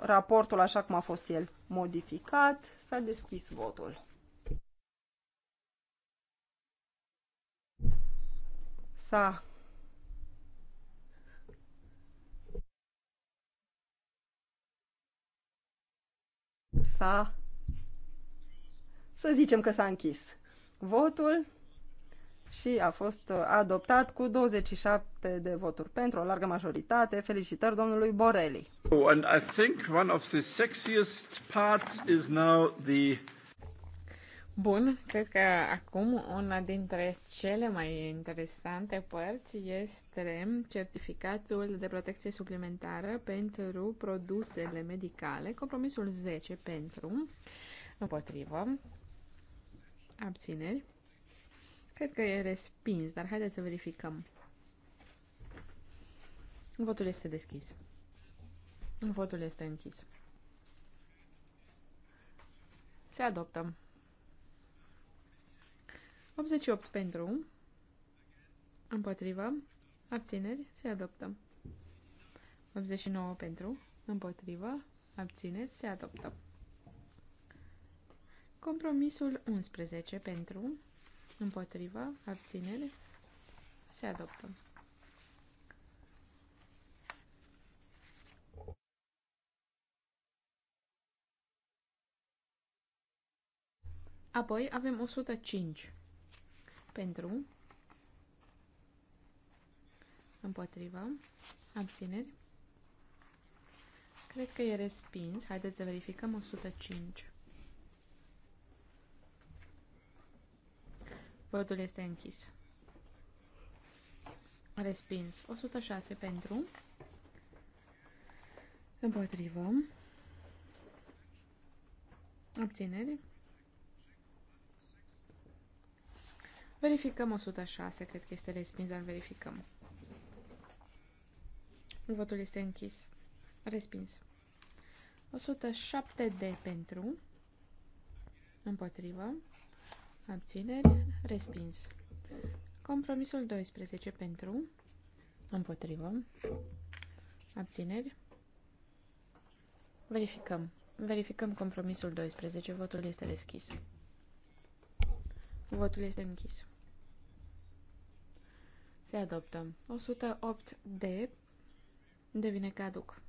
raportul așa cum a fost el modificat. S-a deschis votul. S-a S-a să zicem că s-a închis. Votul și a fost uh, adoptat cu 27 de voturi pentru o largă majoritate. Felicitări domnului Borelli. Oh, and I think one of the sexiest parts is now the Bun, cred că acum una dintre cele mai interesante părți este certificatul de protecție suplimentară pentru produsele medicale, compromisul 10 pentru, împotrivă, abțineri Cred că e respins, dar haideți să verificăm. Votul este deschis. Votul este închis. Se adoptă. 88 pentru, împotrivă, abțineri, se adoptă. 89 pentru, împotrivă, abțineri, se adoptă. Compromisul 11 pentru, împotriva, abținere, se adoptă. Apoi avem 105 pentru, împotriva, abțineri. Cred că e respins. Haideți să verificăm 105. Votul este închis. Respins. 106 pentru. Împotrivă. Obținere. Verificăm 106. Cred că este respins, dar verificăm. Votul este închis. Respins. 107 de pentru. Împotrivă. Abțineri. Respins. Compromisul 12 pentru. Împotrivă. Abțineri. Verificăm. Verificăm compromisul 12. Votul este deschis. Votul este închis. Se adoptă. 108D devine caduc.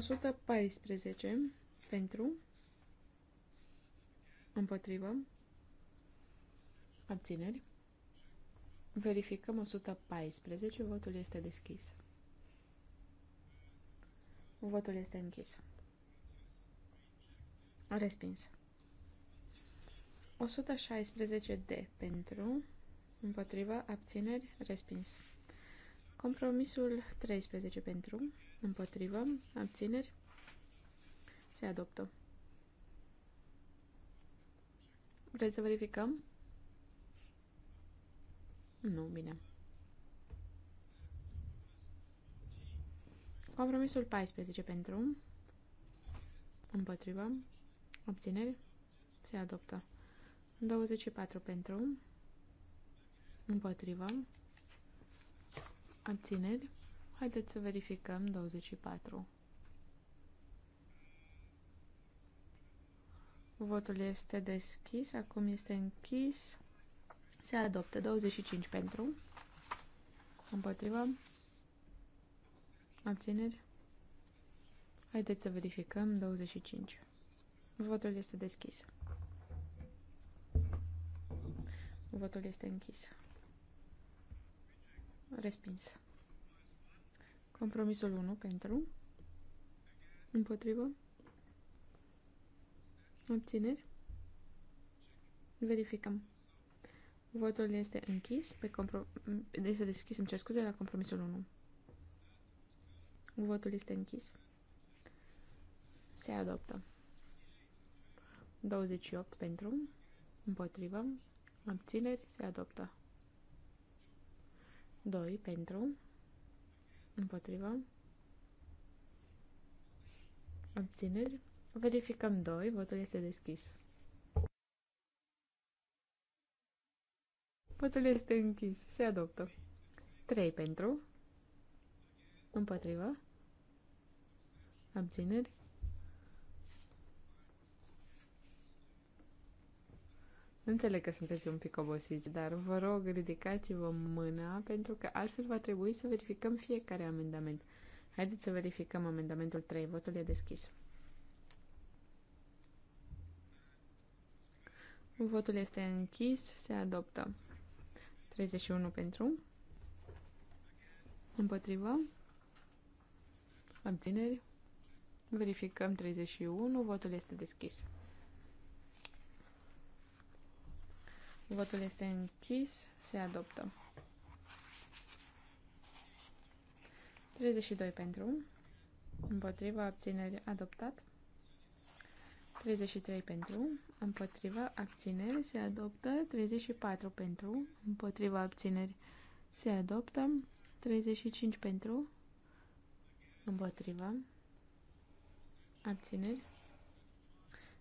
114 pentru, împotrivă, abțineri. Verificăm 114, votul este deschis. Votul este închis. Respins. 116 de pentru, împotriva, abțineri, respins. Compromisul 13 pentru, Împotrivă. Abțineri. Se adoptă. Vreți să verificăm? Nu, bine. Compromisul 14 pentru. Împotrivă. Obțineri. Se adoptă. 24 pentru. Împotrivă. Abțineri. Haideți să verificăm 24. Votul este deschis, acum este închis. Se adoptă 25 pentru, Împotrivă. abțineri. Haideți să verificăm 25. Votul este deschis. Votul este închis. Respins. Compromisul 1 pentru. Împotrivă. Obțineri. Verificăm. Votul este închis pe este deschis, îmi cer scuze, la compromisul 1. Votul este închis. Se adoptă. 28 pentru, împotrivă, abțineri, se adoptă. 2 pentru, Împotriva. Abțineri. Verificăm 2. Votul este deschis. Votul este închis. Se adoptă. 3 pentru. Împotrivă. Abțineri. Înțeleg că sunteți un pic obosiți, dar vă rog, ridicați-vă mâna, pentru că altfel va trebui să verificăm fiecare amendament. Haideți să verificăm amendamentul 3. Votul e deschis. Votul este închis. Se adoptă. 31 pentru. Împotrivă. Abțineri. Verificăm 31. Votul este deschis. Votul este închis. Se adoptă. 32 pentru. Împotriva abțineri adoptat. 33 pentru. Împotriva abțineri se adoptă. 34 pentru. Împotriva abțineri se adoptă. 35 pentru. Împotriva. Abțineri.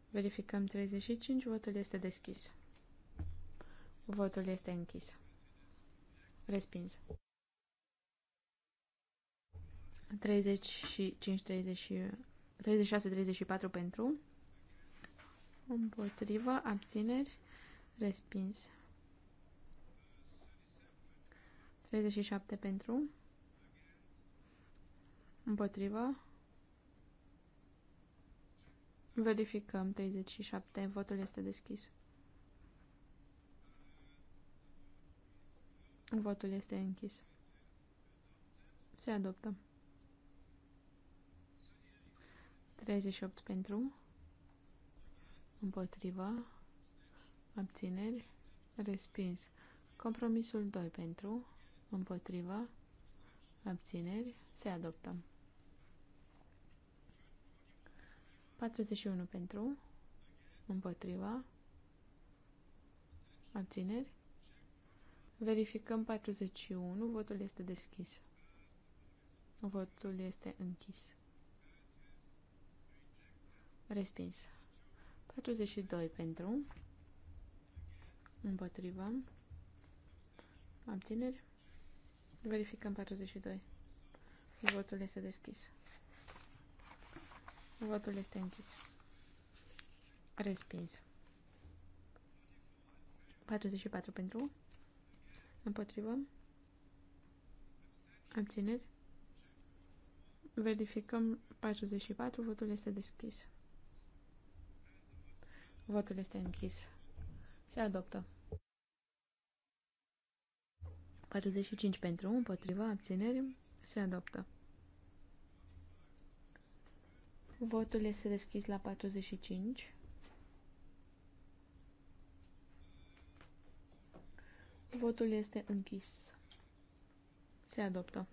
Verificăm 35. Votul este deschis. Votul este închis. Respins. 35, 30, 36, 34 pentru. Împotrivă, abțineri, respins. 37 pentru. Împotrivă. Verificăm 37. Votul este deschis. Votul este închis. Se adoptă. 38 pentru. Împotriva. Abțineri. Respins. Compromisul 2 pentru. Împotriva. Abțineri. Se adoptă. 41 pentru. Împotriva. Abțineri. Verificăm 41. Votul este deschis. Votul este închis. Respins. 42 pentru. Împotriva. Abțineri. Verificăm 42. Votul este deschis. Votul este închis. Respins. 44 pentru. Împotrivă? Abțineri? Verificăm 44. Votul este deschis. Votul este închis. Se adoptă. 45 pentru, împotrivă, abțineri, se adoptă. Votul este deschis la 45. Votul este închis. Se adoptă.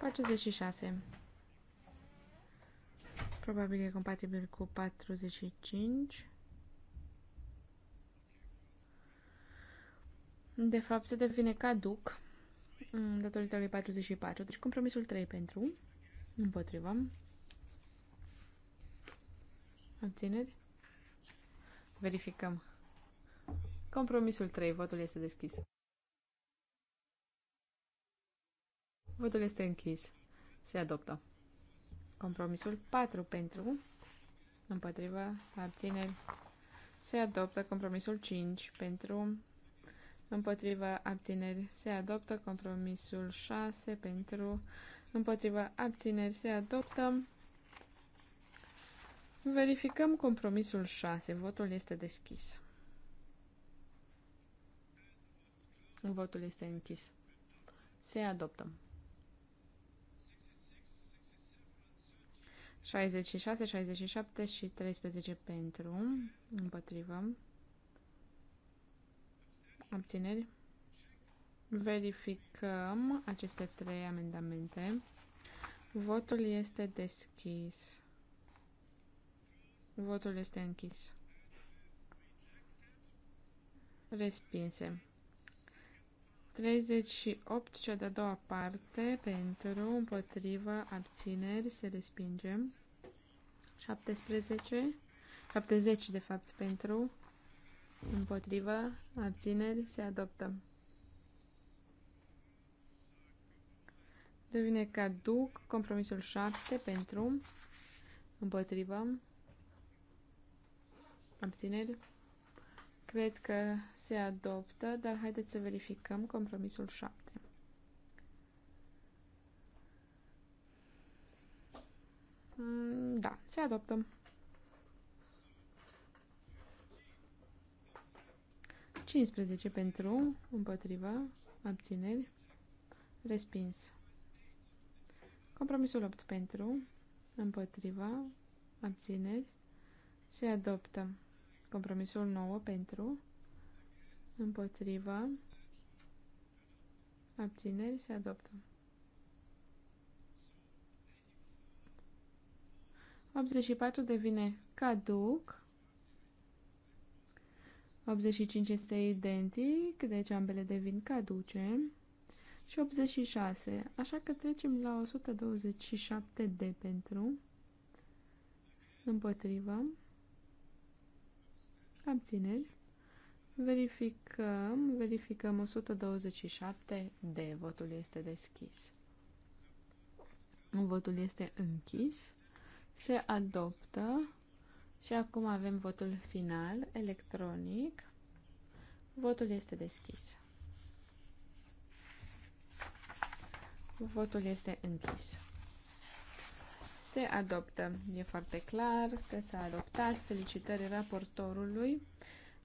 Patruzeci și Probabil e compatibil cu 45. De fapt, devine caduc mm, datorită lui 44. Deci compromisul 3 pentru, împotriva, abțineri, Verificăm. Compromisul 3. Votul este deschis. Votul este închis. Se adoptă. Compromisul 4 pentru, împotriva, abțineri. Se adoptă compromisul 5 pentru, împotriva, abțineri. Se adoptă compromisul 6 pentru, împotriva, abțineri. Se adoptă Verificăm compromisul 6. Votul este deschis. Votul este închis. Se adoptă. 66, 67 și 13 pentru, împotrivă, abțineri. Verificăm aceste trei amendamente. Votul este deschis. Votul este închis. Respinse. 38, cea de-a doua parte, pentru, împotrivă, abțineri, se respinge. 17, 70 de fapt, pentru, împotrivă, abțineri, se adoptă. Devine caduc compromisul 7 pentru, împotrivă, Abțineri? Cred că se adoptă, dar haideți să verificăm compromisul 7. Mm, da, se adoptă. Cincisprezece pentru, împotriva, abțineri, respins. Compromisul 8 pentru, împotriva, abțineri, se adoptă. Compromisul 9 pentru, împotriva, abțineri se adoptă. 84 devine caduc. 85 este identic, deci ambele devin caduce. Și 86, așa că trecem la 127 de pentru, împotriva, abțineri. Verificăm, verificăm 127 de votul este deschis. Votul este închis, se adoptă și acum avem votul final electronic. Votul este deschis. Votul este închis. Se adoptă. E foarte clar că s-a adoptat. Felicitări raportorului.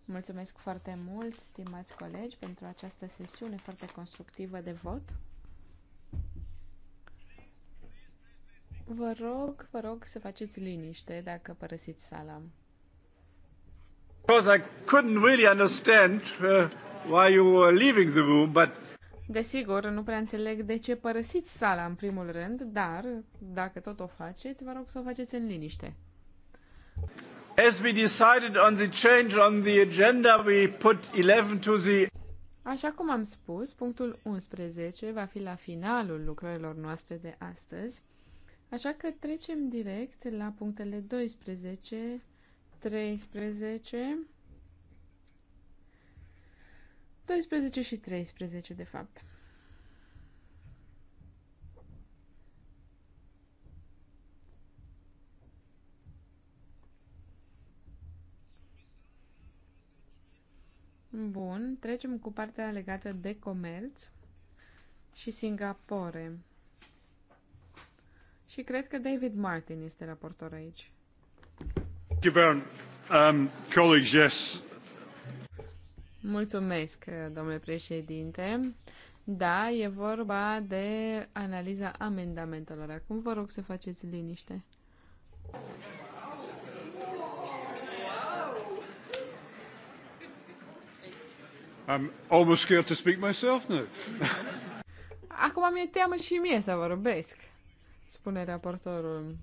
Mulțumesc foarte mult, stimați colegi, pentru această sesiune foarte constructivă de vot. Vă rog, vă rog să faceți liniște dacă părăsiți sala. Because I couldn't really understand uh, why you were leaving the room, but Desigur, nu prea înțeleg de ce părăsiți sala în primul rând, dar dacă tot o faceți, vă rog să o faceți în liniște. As we decided on the change on the agenda, we put 11 to the Așa cum am spus, punctul 11 va fi la finalul lucrărilor noastre de astăzi, așa că trecem direct la punctele 12, 13, 12 și 13, de fapt. Bun, trecem cu partea legată de comerț și Singapore. Și cred că David Martin este raportor aici. Thank you, Baron. Um, colleagues, yes, Mulțumesc, domnule președinte. Da, e vorba de analiza amendamentelor. Acum vă rog să faceți liniște. I'm almost scared to speak myself now. Acum mi-e teamă și mie să vorbesc, spune raportorul.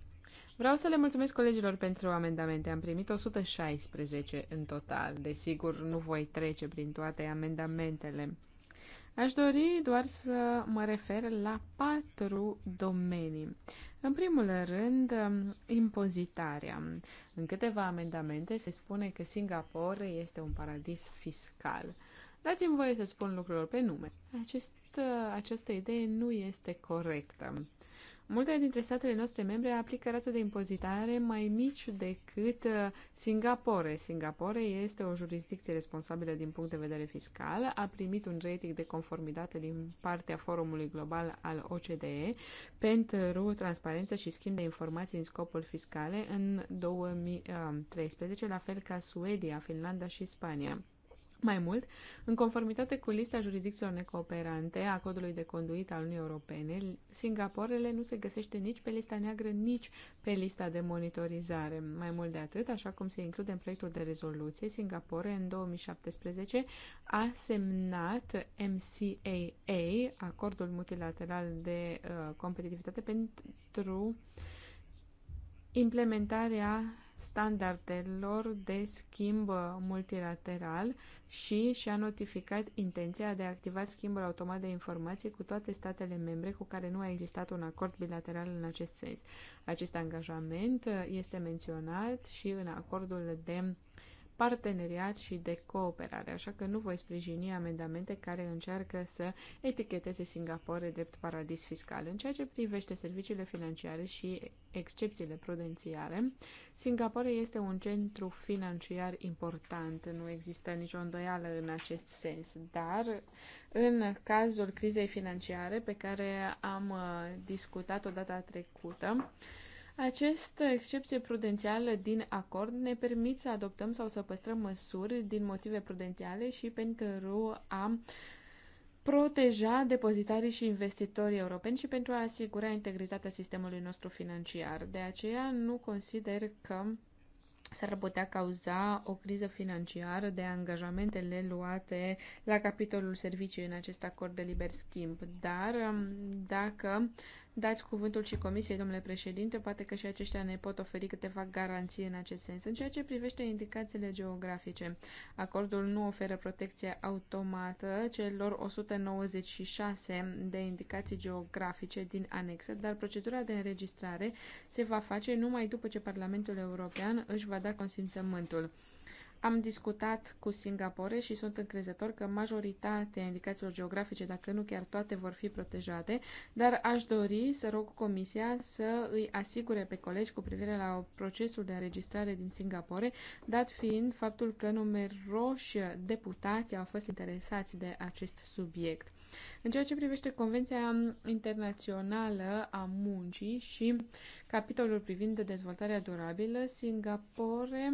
Vreau să le mulțumesc colegilor pentru amendamente. Am primit 116 în total. Desigur, nu voi trece prin toate amendamentele. Aș dori doar să mă refer la patru domenii. În primul rând, impozitarea. În câteva amendamente se spune că Singapore este un paradis fiscal. Dați-mi voie să spun lucrurilor pe nume. Acest, această idee nu este corectă. Multe dintre statele noastre membre aplică rate de impozitare mai mici decât uh, Singapore. Singapore este o jurisdicție responsabilă din punct de vedere fiscal, a primit un rating de conformitate din partea Forumului Global al OCDE pentru transparență și schimb de informații în scopul fiscale în 2013, uh, la fel ca Suedia, Finlanda și Spania. Mai mult, în conformitate cu lista jurisdicțiilor necooperante a codului de conduit al Uniunii Europene, Singaporele nu se găsește nici pe lista neagră, nici pe lista de monitorizare. Mai mult de atât, așa cum se include în proiectul de rezoluție, Singapore în 2017 a semnat MCAA, acordul multilateral de uh, competitivitate pentru implementarea standardelor de schimb multilateral și și-a notificat intenția de a activa schimbul automat de informații cu toate statele membre cu care nu a existat un acord bilateral în acest sens. Acest angajament este menționat și în acordul de parteneriat și de cooperare, așa că nu voi sprijini amendamente care încearcă să eticheteze Singapore drept paradis fiscal. În ceea ce privește serviciile financiare și excepțiile prudențiale, Singapore este un centru financiar important, nu există nicio îndoială în acest sens, dar în cazul crizei financiare pe care am uh, discutat-o data trecută, această excepție prudențială din acord ne permit să adoptăm sau să păstrăm măsuri din motive prudențiale și pentru a proteja depozitarii și investitorii europeni și pentru a asigura integritatea sistemului nostru financiar. De aceea nu consider că s-ar putea cauza o criză financiară de angajamentele luate la capitolul servicii în acest acord de liber schimb. Dar um, dacă Dați cuvântul și Comisiei, domnule președinte, poate că și aceștia ne pot oferi câteva garanții în acest sens. În ceea ce privește indicațiile geografice, acordul nu oferă protecție automată celor 196 de indicații geografice din anexă, dar procedura de înregistrare se va face numai după ce Parlamentul European își va da consimțământul. Am discutat cu Singapore și sunt încrezător că majoritatea indicațiilor geografice, dacă nu chiar toate, vor fi protejate, dar aș dori să rog Comisia să îi asigure pe colegi cu privire la procesul de înregistrare din Singapore, dat fiind faptul că numeroși deputați au fost interesați de acest subiect. În ceea ce privește Convenția Internațională a Muncii și capitolul privind dezvoltarea durabilă, Singapore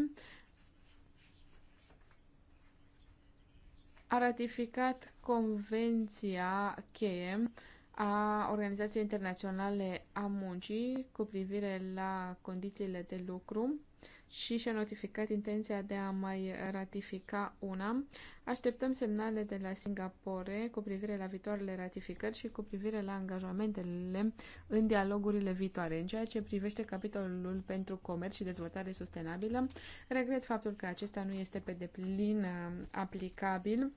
a ratificat Convenția cheie a Organizației Internaționale a Muncii cu privire la condițiile de lucru și și-a notificat intenția de a mai ratifica una. Așteptăm semnale de la Singapore cu privire la viitoarele ratificări și cu privire la angajamentele în dialogurile viitoare. În ceea ce privește capitolul pentru comerț și dezvoltare sustenabilă, regret faptul că acesta nu este pe deplin uh, aplicabil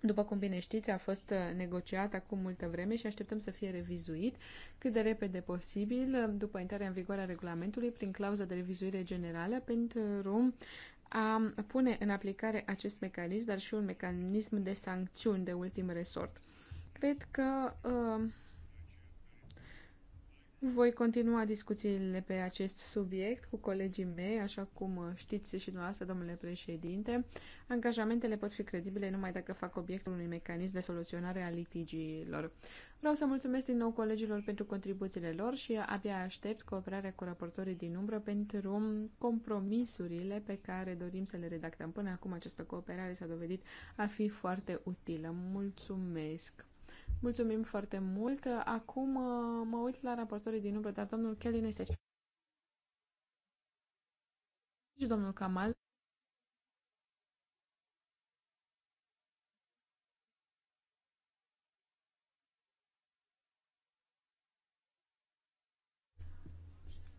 după cum bine știți, a fost uh, negociat acum multă vreme și așteptăm să fie revizuit cât de repede posibil uh, după intrarea în vigoare a regulamentului prin clauza de revizuire generală pentru a pune în aplicare acest mecanism, dar și un mecanism de sancțiuni de ultim resort. Cred că uh, voi continua discuțiile pe acest subiect cu colegii mei, așa cum știți și dumneavoastră, domnule președinte. Angajamentele pot fi credibile numai dacă fac obiectul unui mecanism de soluționare a litigiilor. Vreau să mulțumesc din nou colegilor pentru contribuțiile lor și abia aștept cooperarea cu raportorii din umbră pentru compromisurile pe care dorim să le redactăm. Până acum această cooperare s-a dovedit a fi foarte utilă. Mulțumesc! Mulțumim foarte mult. Acum uh, mă uit la raportorii din umbră, dar domnul Kelly nu este și domnul Kamal.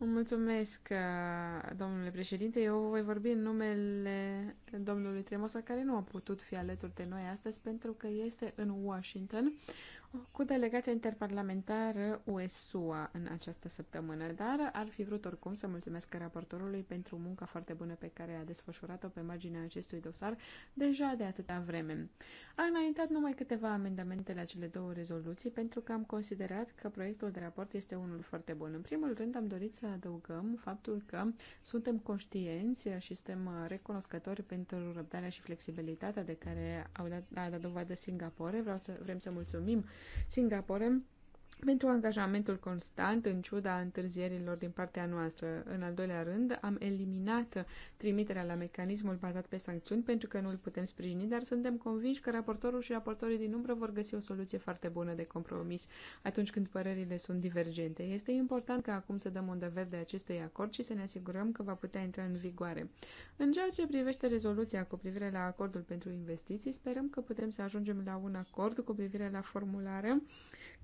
Mulțumesc, uh, domnule președinte. Eu voi vorbi în numele domnului Tremosa, care nu a putut fi alături de noi astăzi pentru că este în Washington cu delegația interparlamentară USUA în această săptămână, dar ar fi vrut oricum să mulțumesc raportorului pentru munca foarte bună pe care a desfășurat-o pe marginea acestui dosar deja de atâta vreme. A înaintat numai câteva amendamente la cele două rezoluții pentru că am considerat că proiectul de raport este unul foarte bun. În primul rând am dorit să adăugăm faptul că suntem conștienți și suntem recunoscători pentru răbdarea și flexibilitatea de care au dat, a dat dovadă Singapore. Vreau să, vrem să mulțumim Singapore pentru angajamentul constant, în ciuda întârzierilor din partea noastră. În al doilea rând, am eliminat trimiterea la mecanismul bazat pe sancțiuni pentru că nu îl putem sprijini, dar suntem convinși că raportorul și raportorii din umbră vor găsi o soluție foarte bună de compromis atunci când părerile sunt divergente. Este important ca acum să dăm undă verde acestui acord și să ne asigurăm că va putea intra în vigoare. În ceea ce privește rezoluția cu privire la acordul pentru investiții, sperăm că putem să ajungem la un acord cu privire la formulare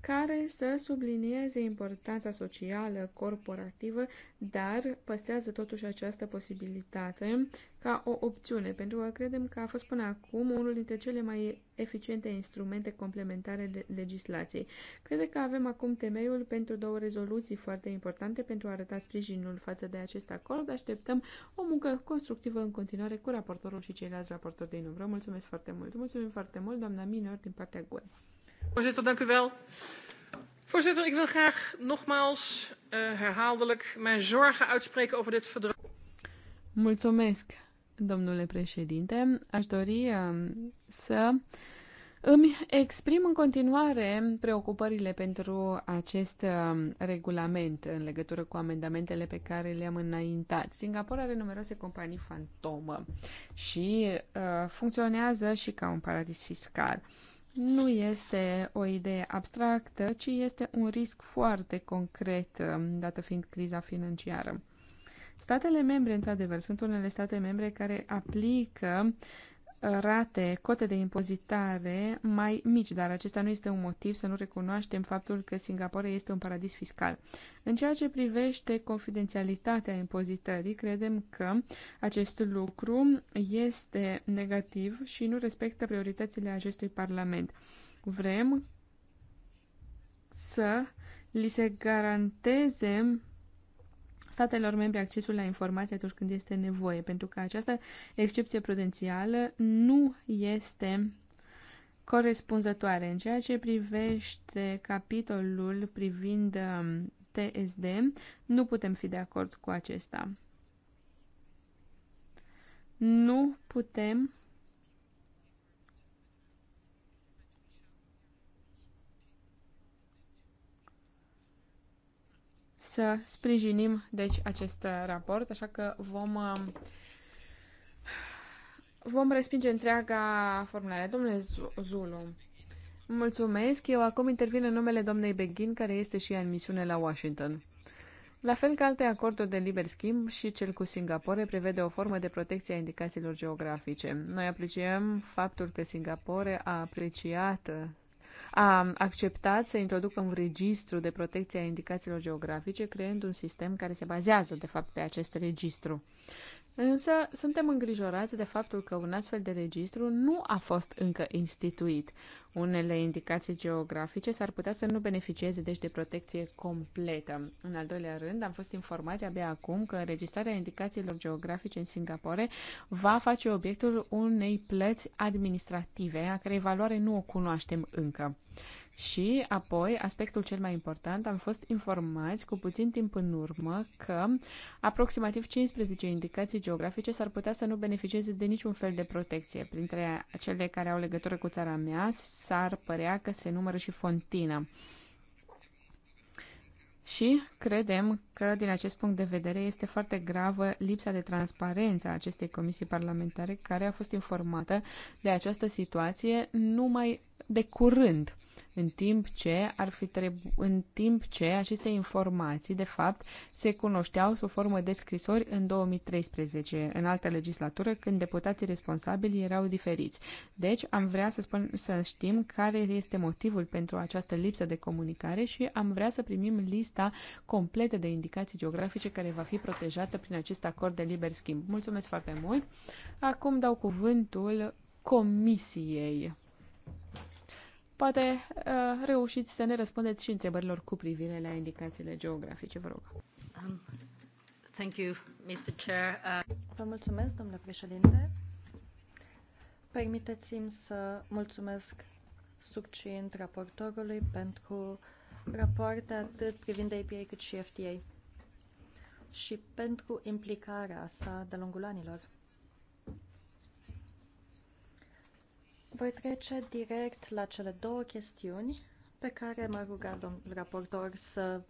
care să sublinieze importanța socială, corporativă, dar păstrează totuși această posibilitate ca o opțiune, pentru că credem că a fost până acum unul dintre cele mai eficiente instrumente complementare de legislației. Cred că avem acum temeiul pentru două rezoluții foarte importante pentru a arăta sprijinul față de acest acord. Așteptăm o muncă constructivă în continuare cu raportorul și ceilalți raportori din umbră. Mulțumesc foarte mult! Mulțumim foarte mult, doamna Minor, din partea GUE. Voorzitter, dank u wel. Voorzitter, ik wil graag nogmaals uh, herhaaldelijk mijn zorgen uitspreken over dit verdrag. Mulțumesc, domnule președinte. Aș dori uh, să îmi exprim în continuare preocupările pentru acest ehm, regulament în legătură cu amendamentele pe care le-am înaintat. Singapore are numeroase companii fantomă și uh, funcționează și ca un paradis fiscal. Uh, nu este o idee abstractă, ci este un risc foarte concret, um, dată fiind criza financiară. Statele membre, într-adevăr, sunt unele state membre care aplică rate, cote de impozitare mai mici, dar acesta nu este un motiv să nu recunoaștem faptul că Singapore este un paradis fiscal. În ceea ce privește confidențialitatea impozitării, credem că acest lucru este negativ și nu respectă prioritățile acestui Parlament. Vrem să li se garanteze statelor membre accesul la informații atunci când este nevoie, pentru că această excepție prudențială nu este corespunzătoare în ceea ce privește capitolul privind um, TSD, nu putem fi de acord cu acesta. Nu putem să sprijinim deci acest raport, așa că vom um, vom respinge întreaga formulare. Domnule Zulu, mulțumesc. Eu acum intervin în numele domnei Beghin, care este și ea în misiune la Washington. La fel ca alte acorduri de liber schimb și cel cu Singapore prevede o formă de protecție a indicațiilor geografice. Noi apreciem faptul că Singapore a apreciat a acceptat să introducă un registru de protecție a indicațiilor geografice, creând un sistem care se bazează, de fapt, pe acest registru. Însă suntem îngrijorați de faptul că un astfel de registru nu a fost încă instituit. Unele indicații geografice s-ar putea să nu beneficieze deci de protecție completă. În al doilea rând, am fost informați abia acum că înregistrarea indicațiilor geografice în Singapore va face obiectul unei plăți administrative, a cărei valoare nu o cunoaștem încă. Și apoi, aspectul cel mai important, am fost informați cu puțin timp în urmă că aproximativ 15 indicații geografice s-ar putea să nu beneficieze de niciun fel de protecție. Printre cele care au legătură cu țara mea, s-ar părea că se numără și Fontina. Și credem că, din acest punct de vedere, este foarte gravă lipsa de transparență a acestei comisii parlamentare care a fost informată de această situație numai de curând în timp ce, ar fi trebu- în timp ce aceste informații, de fapt, se cunoșteau sub formă de scrisori în 2013, în altă legislatură, când deputații responsabili erau diferiți. Deci, am vrea să, spun, să știm care este motivul pentru această lipsă de comunicare și am vrea să primim lista completă de indicații geografice care va fi protejată prin acest acord de liber schimb. Mulțumesc foarte mult! Acum dau cuvântul Comisiei. Poate uh, reușiți să ne răspundeți și întrebărilor cu privire la indicațiile geografice, vă rog. Um, thank you, Mr. Chair. Uh... Vă mulțumesc, domnule președinte. Permiteți-mi să mulțumesc succint raportorului pentru rapoarte atât privind APA cât și FTA și pentru implicarea sa de-a lungul anilor. Voi trece direct la cele două chestiuni pe care m-a rugat domnul raportor să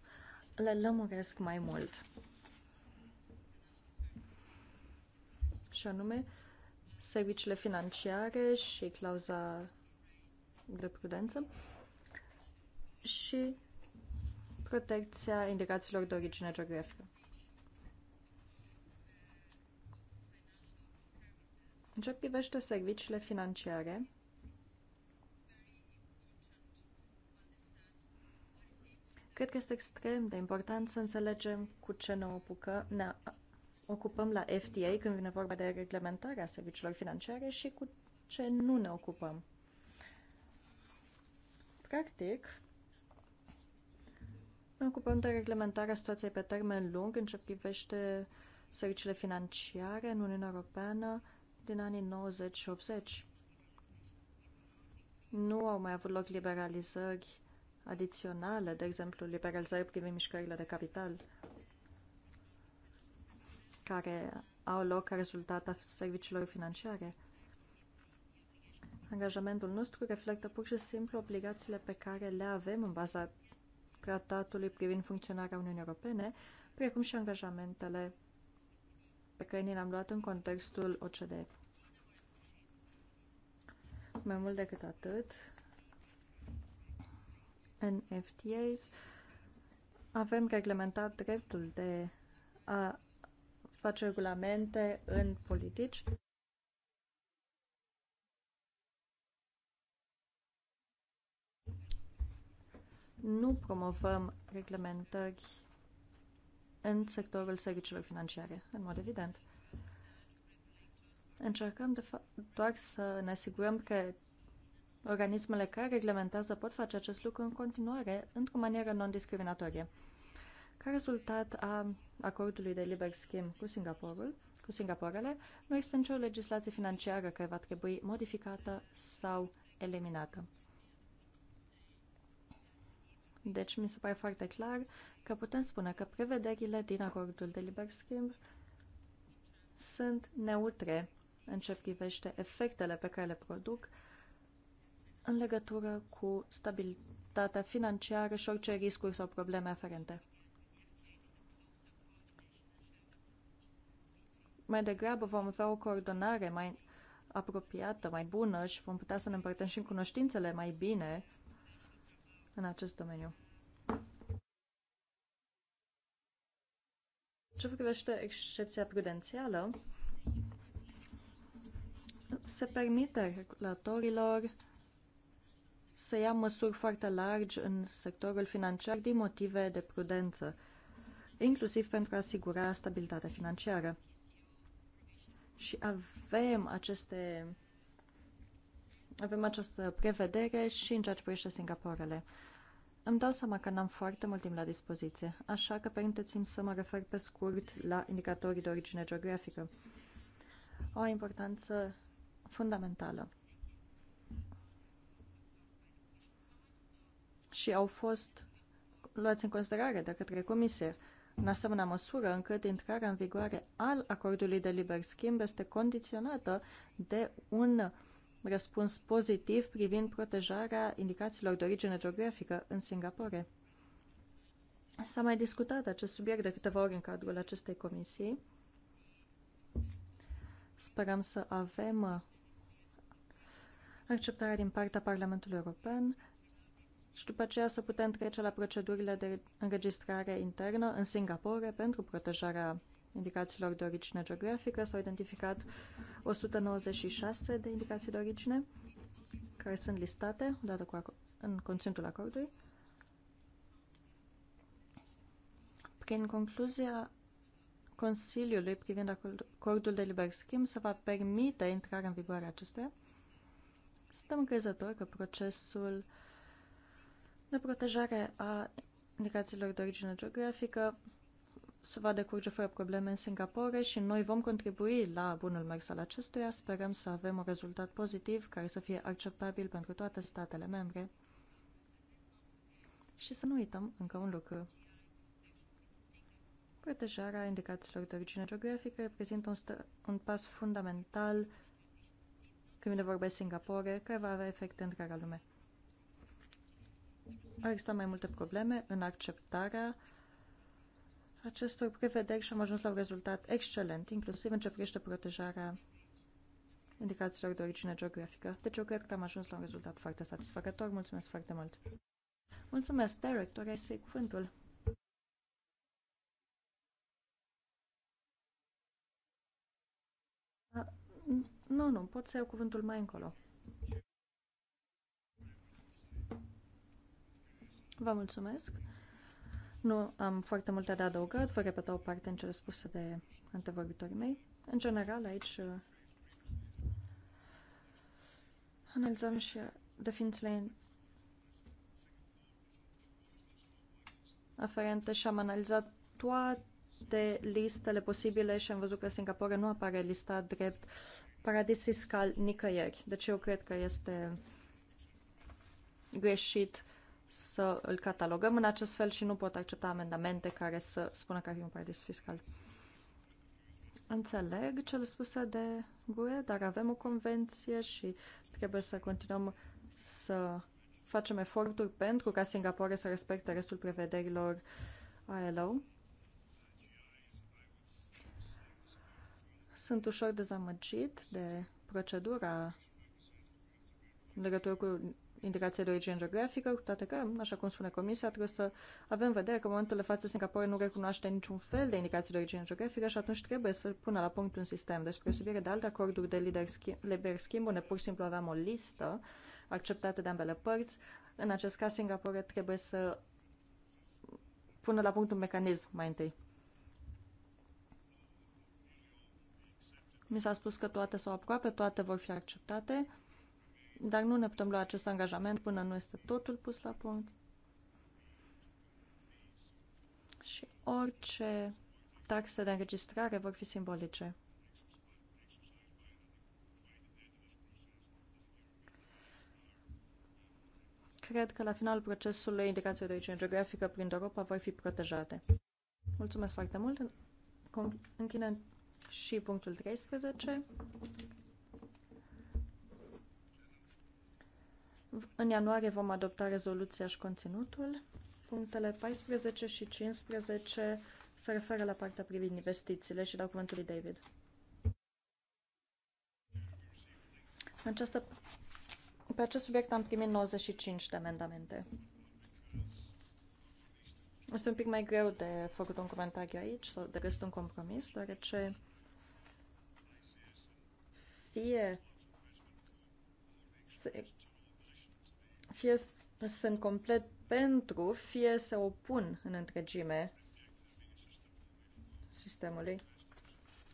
le lămuresc mai mult. Și anume, serviciile financiare și clauza de prudență și protecția indicațiilor de origine geografică. În ce privește serviciile financiare, Cred că este extrem de important să înțelegem cu ce ne, opucă, ne ocupăm la FTA când vine vorba de reglementarea serviciilor financiare și cu ce nu ne ocupăm. Practic, ne ocupăm de reglementarea situației pe termen lung în ce privește serviciile financiare în Uniunea Europeană din anii 90 și 80. Nu au mai avut loc liberalizări adiționale, de exemplu, liberalizări privind mișcările de capital, care au loc ca rezultat a serviciilor financiare. Angajamentul nostru reflectă pur și simplu obligațiile pe care le avem în baza tratatului privind funcționarea Uniunii Europene, precum și angajamentele pe care ni le-am luat în contextul OCDE. Mai mult decât atât, NFTAs, avem reglementat dreptul de a face regulamente în politici. Nu promovăm reglementări în sectorul serviciilor financiare, în mod evident. Încercăm de doar să ne asigurăm că Organismele care reglementează pot face acest lucru în continuare într-o manieră non-discriminatorie. Ca rezultat a acordului de liber schimb cu Singaporul, cu Singaporele, nu există nicio legislație financiară care va trebui modificată sau eliminată. Deci mi se pare foarte clar că putem spune că prevederile din acordul de liber schimb sunt neutre în ce privește efectele pe care le produc în legătură cu stabilitatea financiară și orice riscuri sau probleme aferente. Mai degrabă vom avea o coordonare mai apropiată, mai bună și vom putea să ne împărtășim cunoștințele mai bine în acest domeniu. Ce privește excepția prudențială, se permite regulatorilor să ia măsuri foarte largi în sectorul financiar din motive de prudență, inclusiv pentru a asigura stabilitatea financiară. Și avem aceste avem această prevedere și în ceea ce privește Singaporele. Îmi dau seama că n-am foarte mult timp la dispoziție, așa că permiteți-mi să mă refer pe scurt la indicatorii de origine geografică. O importanță fundamentală. și au fost luați în considerare de către Comisie, în asemenea măsură încât intrarea în vigoare al acordului de liber schimb este condiționată de un răspuns pozitiv privind protejarea indicațiilor de origine geografică în Singapore. S-a mai discutat acest subiect de câteva ori în cadrul acestei comisii. Sperăm să avem acceptarea din partea Parlamentului European și după aceea să putem trece la procedurile de înregistrare internă în Singapore pentru protejarea indicațiilor de origine geografică. S-au identificat 196 de indicații de origine care sunt listate odată cu în conținutul acordului. Prin concluzia Consiliului privind acordul de liber schimb se va permite intrarea în vigoare acestea. Suntem încrezători că procesul uh, de protejare a indicațiilor de origine geografică se va decurge fără probleme în Singapore și noi vom contribui la bunul mers al acestuia. Sperăm să avem un rezultat pozitiv care să fie acceptabil pentru toate statele membre. Și să nu uităm încă un lucru. Protejarea indicațiilor de origine geografică reprezintă un, un pas fundamental când vine vorba de Singapore, care va avea efecte în întreaga lume. Au existat mai multe probleme în acceptarea acestor prevederi și am ajuns la un rezultat excelent, inclusiv în ce privește protejarea indicațiilor de origine geografică. Deci eu cred că am ajuns la un rezultat foarte satisfăcător. Mulțumesc foarte mult! Mulțumesc, director, ai să cuvântul. Nu, nu, pot să iau cuvântul mai încolo. Vă mulțumesc. Nu am foarte multe de adăugat, Vă repeta o parte în cele spuse de antevorbitorii mei. În general, aici uh, analizăm și uh, definițiile aferente și am analizat toate listele posibile și am văzut că Singapore nu apare lista drept paradis fiscal nicăieri. Deci eu cred că este greșit uh, să îl catalogăm în acest fel și nu pot accepta amendamente care să spună că ar fi un paradis fiscal. Înțeleg a spuse de GUE, dar avem o convenție și trebuie să continuăm să facem eforturi pentru ca Singapore să respecte restul prevederilor ALO. Sunt ușor dezamăgit de procedura în legătură cu indicația de origine geografică, cu toate că, așa cum spune Comisia, trebuie să avem în vedere că în momentul de față Singapore nu recunoaște niciun fel de indicație de origine geografică și atunci trebuie să pună la punct un sistem. Despre deci, subire de alte acorduri de liber schimb, liber schimb, unde pur și simplu aveam o listă acceptată de ambele părți, în acest caz Singapore trebuie să pună la punct un mecanism mai întâi. Mi s-a spus că toate sau aproape toate vor fi acceptate. Dar nu ne putem lua acest angajament până nu este totul pus la punct. Și orice taxe de înregistrare vor fi simbolice. Cred că la finalul procesului indicații de origine geografică prin Europa vor fi protejate. Mulțumesc foarte mult! Închidem și punctul 13. În ianuarie vom adopta rezoluția și conținutul. Punctele 14 și 15 se referă la partea privind investițiile și lui David. Această, pe acest subiect am primit 95 de amendamente. Este un pic mai greu de făcut un comentariu aici sau de găsit un compromis, deoarece fie fie sunt complet pentru, fie se opun în întregime sistemului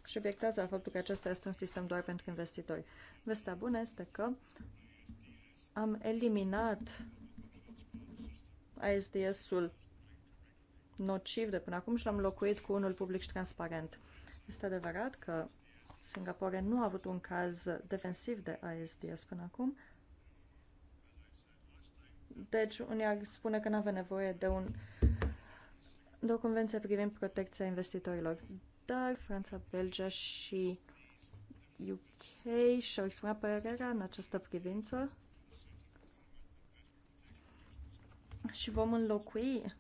și obiectează la faptul că acesta este un sistem doar pentru investitori. Vestea bună este că am eliminat ISDS-ul nociv de până acum și l-am locuit cu unul public și transparent. Este adevărat că Singapore nu a avut un caz defensiv de ISDS până acum, deci, unii spune că nu avem nevoie de, un, de o convenție privind protecția investitorilor. Dar Franța, Belgia și UK și-au exprimat părerea în această privință și vom înlocui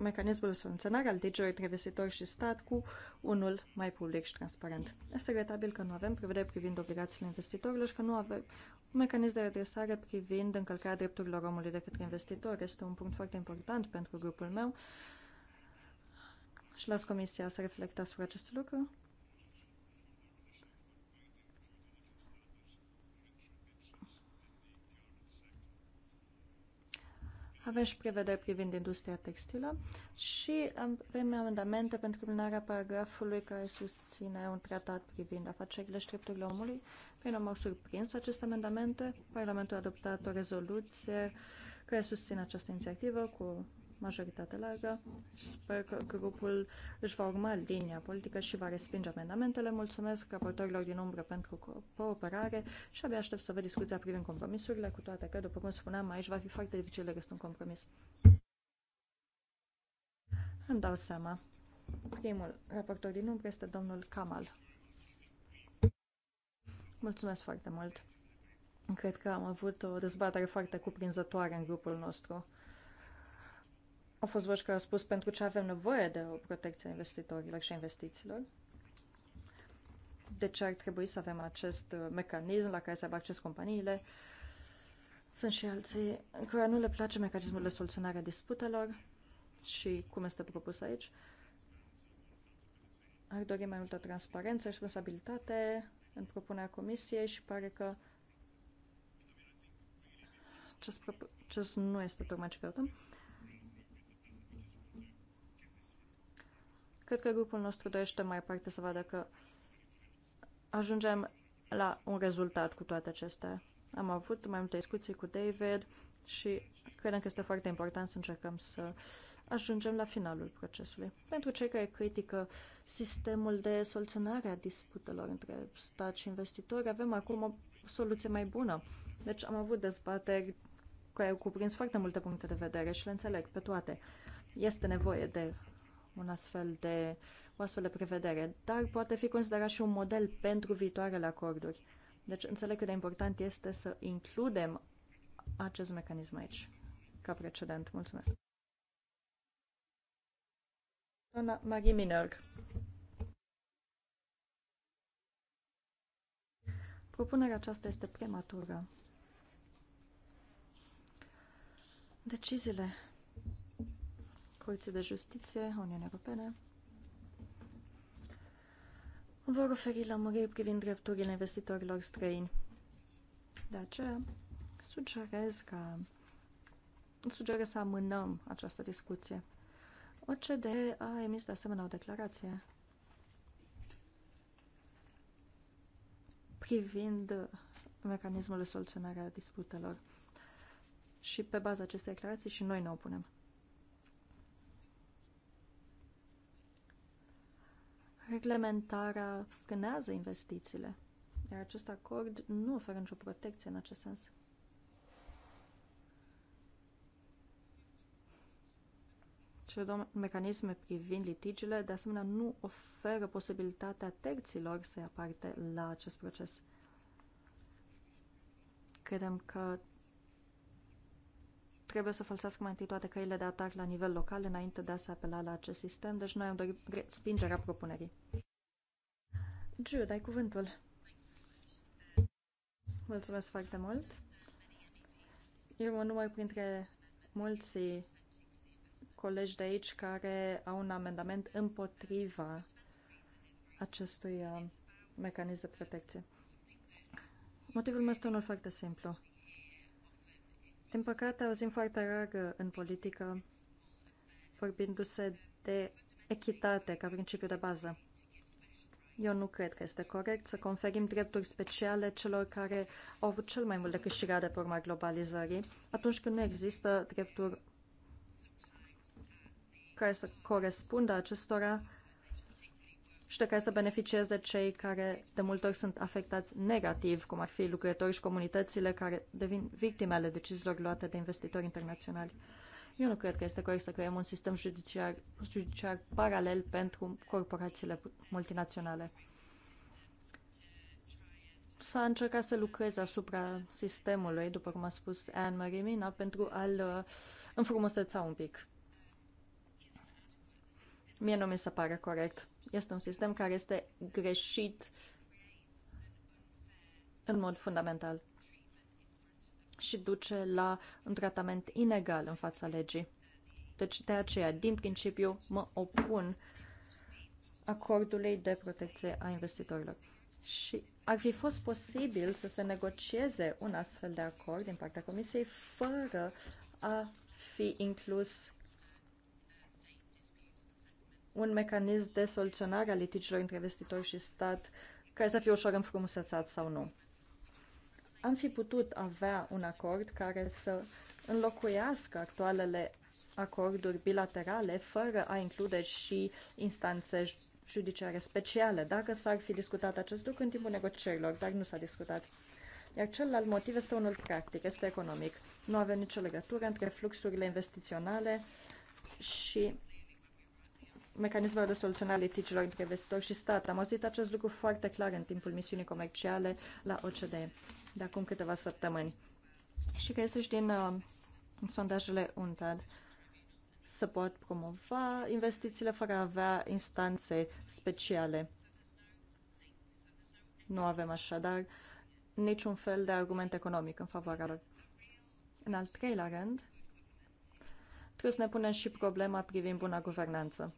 mecanismul de al litigiilor între investitori și stat cu unul mai public și transparent. Este regretabil că nu avem prevedere privind obligațiile investitorilor și că nu avem un mecanism de redresare privind încălcarea drepturilor omului de către investitori. Este un punct foarte important pentru grupul meu și las Comisia să reflecte asupra acest lucru Avem și prevederi privind industria textilă și avem amendamente pentru eliminarea paragrafului care susține un tratat privind afacerile și drepturile omului. Pe noi m-au surprins aceste amendamente. Parlamentul a adoptat o rezoluție care susține această inițiativă cu majoritate largă. Sper că grupul își va urma linia politică și va respinge amendamentele. Mulțumesc raportorilor din umbră pentru cooperare și abia aștept să vă discuția privind compromisurile, cu toate că, după cum spuneam, aici va fi foarte dificil de găsit un compromis. Îmi dau seama. Primul raportor din umbră este domnul Kamal. Mulțumesc foarte mult! Cred că am avut o dezbatere foarte cuprinzătoare în grupul nostru. Au fost voci care au spus pentru ce avem nevoie de o protecție a investitorilor și a investițiilor. De deci ce ar trebui să avem acest uh, mecanism la care să aibă acces companiile? Sunt și alții care nu le place mecanismul de soluționare a disputelor și cum este propus aici. Ar dori mai multă transparență, responsabilitate în propunerea comisiei și pare că acest, acest nu este tocmai ce căutăm. Cred că grupul nostru dorește mai departe să vadă că ajungem la un rezultat cu toate acestea. Am avut mai multe discuții cu David și credem că este foarte important să încercăm să ajungem la finalul procesului. Pentru cei care critică sistemul de soluționare a disputelor între stat și investitori, avem acum o soluție mai bună. Deci am avut dezbateri care au cuprins foarte multe puncte de vedere și le înțeleg pe toate. Este nevoie de un astfel de, o astfel de prevedere, dar poate fi considerat și un model pentru viitoarele acorduri. Deci înțeleg cât de important este să includem acest mecanism aici, ca precedent. Mulțumesc. Doamna Marie Minerg. Propunerea aceasta este prematură. Deciziile Curții de Justiție Uniunea Europene vor oferi lămuriri privind drepturile investitorilor străini. De aceea, sugerez ca sugerez să amânăm această discuție. OCD a emis de asemenea o declarație privind mecanismul de soluționare a disputelor. Și pe baza acestei declarații și noi ne opunem. reglementarea frânează investițiile, iar acest acord nu oferă nicio protecție în acest sens. Cele două mecanisme privind litigiile, de asemenea, nu oferă posibilitatea terților să ia parte la acest proces. Credem că trebuie să folosească mai întâi toate căile de atac la nivel local înainte de a se apela la acest sistem, deci noi am dorit respingerea propunerii. Jude, ai cuvântul. Mulțumesc foarte mult. Eu mă număr printre mulți colegi de aici care au un amendament împotriva acestui uh, mecanism de protecție. Motivul meu este unul foarte simplu. Din păcate, auzim foarte rar uh, în politică vorbindu-se de echitate ca principiu de bază. Eu nu cred că este corect să conferim drepturi speciale celor care au avut cel mai mult de câștigat de pe urma globalizării, atunci când nu există drepturi care să corespundă acestora și de care să beneficieze cei care de multe ori sunt afectați negativ, cum ar fi lucrătorii și comunitățile care devin victime ale deciziilor luate de investitori internaționali. Eu nu cred că este corect să creăm un sistem judiciar, judiciar paralel pentru corporațiile multinaționale. S-a încercat să lucreze asupra sistemului, după cum a spus Anne-Marie Mina, pentru a-l uh, înfrumuseța un pic. Mie nu mi se pare corect este un sistem care este greșit în mod fundamental și duce la un tratament inegal în fața legii. Deci, de aceea, din principiu, mă opun acordului de protecție a investitorilor. Și ar fi fost posibil să se negocieze un astfel de acord din partea Comisiei fără a fi inclus un mecanism de soluționare a litigiilor între investitori și stat care să fie ușor înfrumusețat sau nu. Am fi putut avea un acord care să înlocuiască actualele acorduri bilaterale fără a include și instanțe judiciare speciale, dacă s-ar fi discutat acest lucru în timpul negocierilor, dar nu s-a discutat. Iar celălalt motiv este unul practic, este economic. Nu avem nicio legătură între fluxurile investiționale și mecanismelor de soluționare litigilor între investitori și stat. Am auzit acest lucru foarte clar în timpul misiunii comerciale la OCDE de acum câteva săptămâni. Și să din uh, sondajele UNTAD să pot promova investițiile fără a avea instanțe speciale. Nu avem așadar niciun fel de argument economic în favoarea lor. În al treilea rând, trebuie să ne punem și problema privind buna guvernanță.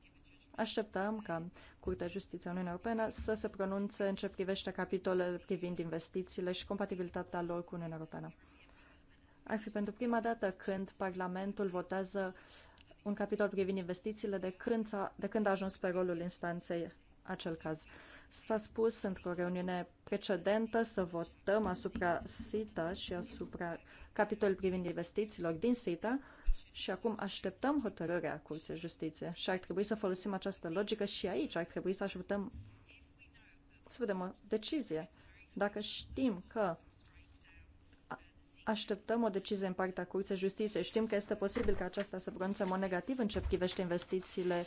Așteptăm ca Curtea Justiției Uniunii Europene să se pronunțe în ce privește capitolele privind investițiile și compatibilitatea lor cu Uniunea Europeană. Ar fi pentru prima dată când Parlamentul votează un capitol privind investițiile de când a, de când a ajuns pe rolul instanței acel caz. S-a spus într-o reuniune precedentă să votăm asupra SITA și asupra capitolului privind investițiilor din SITA, și acum așteptăm hotărârea Curții Justiție și ar trebui să folosim această logică și aici, ar trebui să așteptăm să vedem o decizie. Dacă știm că așteptăm o decizie în partea Curții justiție, știm că este posibil ca aceasta să pronunțe mod negativ în ce privește investițiile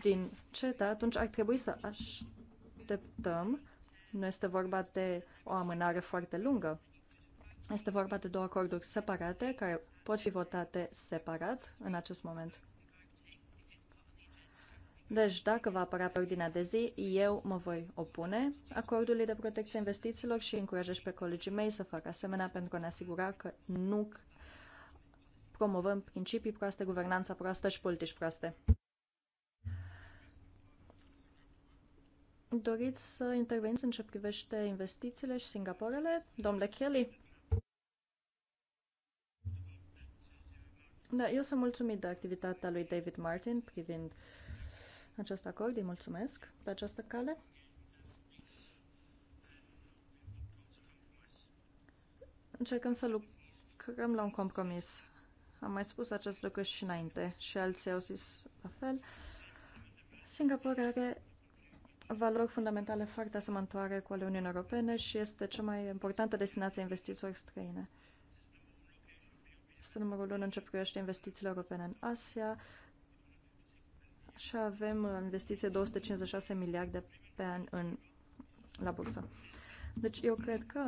din CETA, atunci ar trebui să așteptăm. Nu este vorba de o amânare foarte lungă. Este vorba de două acorduri separate care pot fi votate separat în acest moment. Deci, dacă va apărea pe ordinea de zi, eu mă voi opune acordului de protecție investițiilor și încurajez pe colegii mei să facă asemenea pentru a ne asigura că nu promovăm principii proaste, guvernanța proastă și politici proaste. Doriți să interveniți în ce privește investițiile și Singaporele? Domnule Kelly? Da, eu sunt mulțumit de activitatea lui David Martin privind acest acord. Îi mulțumesc pe această cale. Încercăm să lucrăm la un compromis. Am mai spus acest lucru și înainte și alții au zis la fel. Singapore are valori fundamentale foarte asemănătoare cu ale Uniunii Europene și este cea mai importantă destinație investițiilor străine este numărul 1 în ce privește investițiile europene în Asia uh, și avem investiție 256 miliarde pe an în, la bursă. Deci eu cred că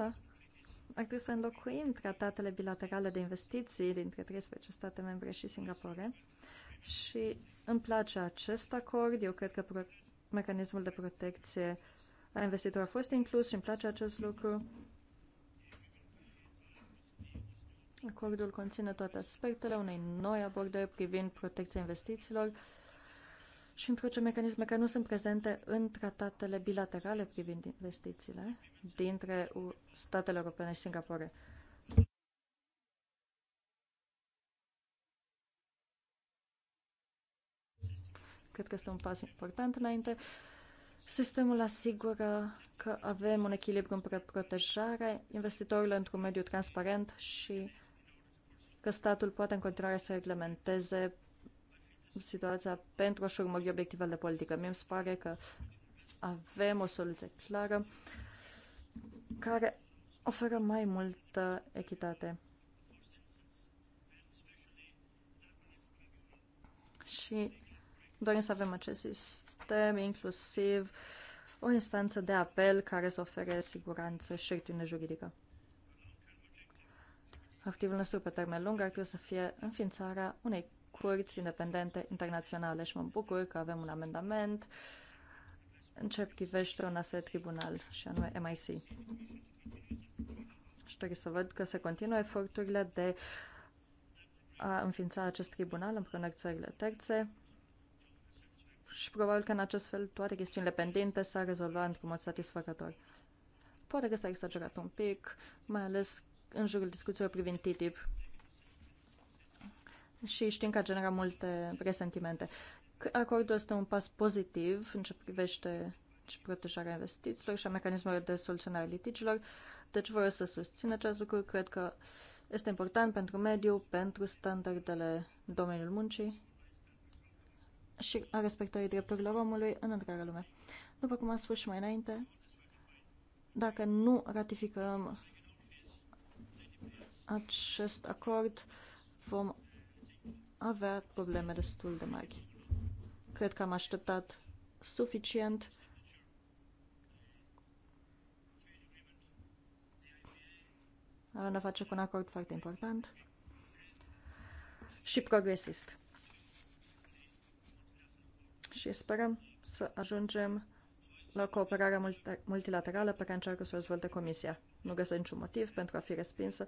ar trebui să înlocuim tratatele bilaterale de investiții dintre 13 state membre și Singapore și îmi place acest acord. Eu cred că mecanismul de protecție a investitorilor a fost inclus și îmi place acest lucru. Acordul conține toate aspectele unei noi abordări privind protecția investițiilor și introduce mecanisme care nu sunt prezente în tratatele bilaterale privind investițiile dintre statele europene și Singapore. Cred că este un pas important înainte. Sistemul asigură că avem un echilibru între protejarea investitorilor într-un mediu transparent și că statul poate în continuare să reglementeze situația pentru a-și urmări obiectivele politică. Mie îmi pare că avem o soluție clară care oferă mai multă echitate. Și dorim să avem acest sistem, inclusiv o instanță de apel care să ofere siguranță și certitudine juridică. Obiectivul nostru pe termen lung ar trebui să fie înființarea unei curți independente internaționale și mă bucur că avem un amendament în ce privește un astfel tribunal, și anume MIC. Și trebuie să văd că se continuă eforturile de a înființa acest tribunal împreună cu țările terțe și probabil că în acest fel toate chestiunile pendente s-ar rezolva într-un mod satisfăcător. Poate că s-a exagerat un pic, mai ales în jurul discuțiilor privind TTIP și știm că a generat multe presentimente. Acordul este un pas pozitiv în ce privește și protejarea investițiilor și a mecanismelor de soluționare litigilor, deci vreau să susțin acest lucru. Cred că este important pentru mediu, pentru standardele domeniul muncii și a respectării drepturilor omului în întreaga lume. După cum am spus și mai înainte, dacă nu ratificăm acest acord vom avea probleme destul de mari. Cred că am așteptat suficient. Avem de face cu un acord foarte important și progresist. Și sperăm să ajungem la cooperarea multilaterală pe care încearcă să o dezvolte Comisia. Nu găsesc niciun motiv pentru a fi respinsă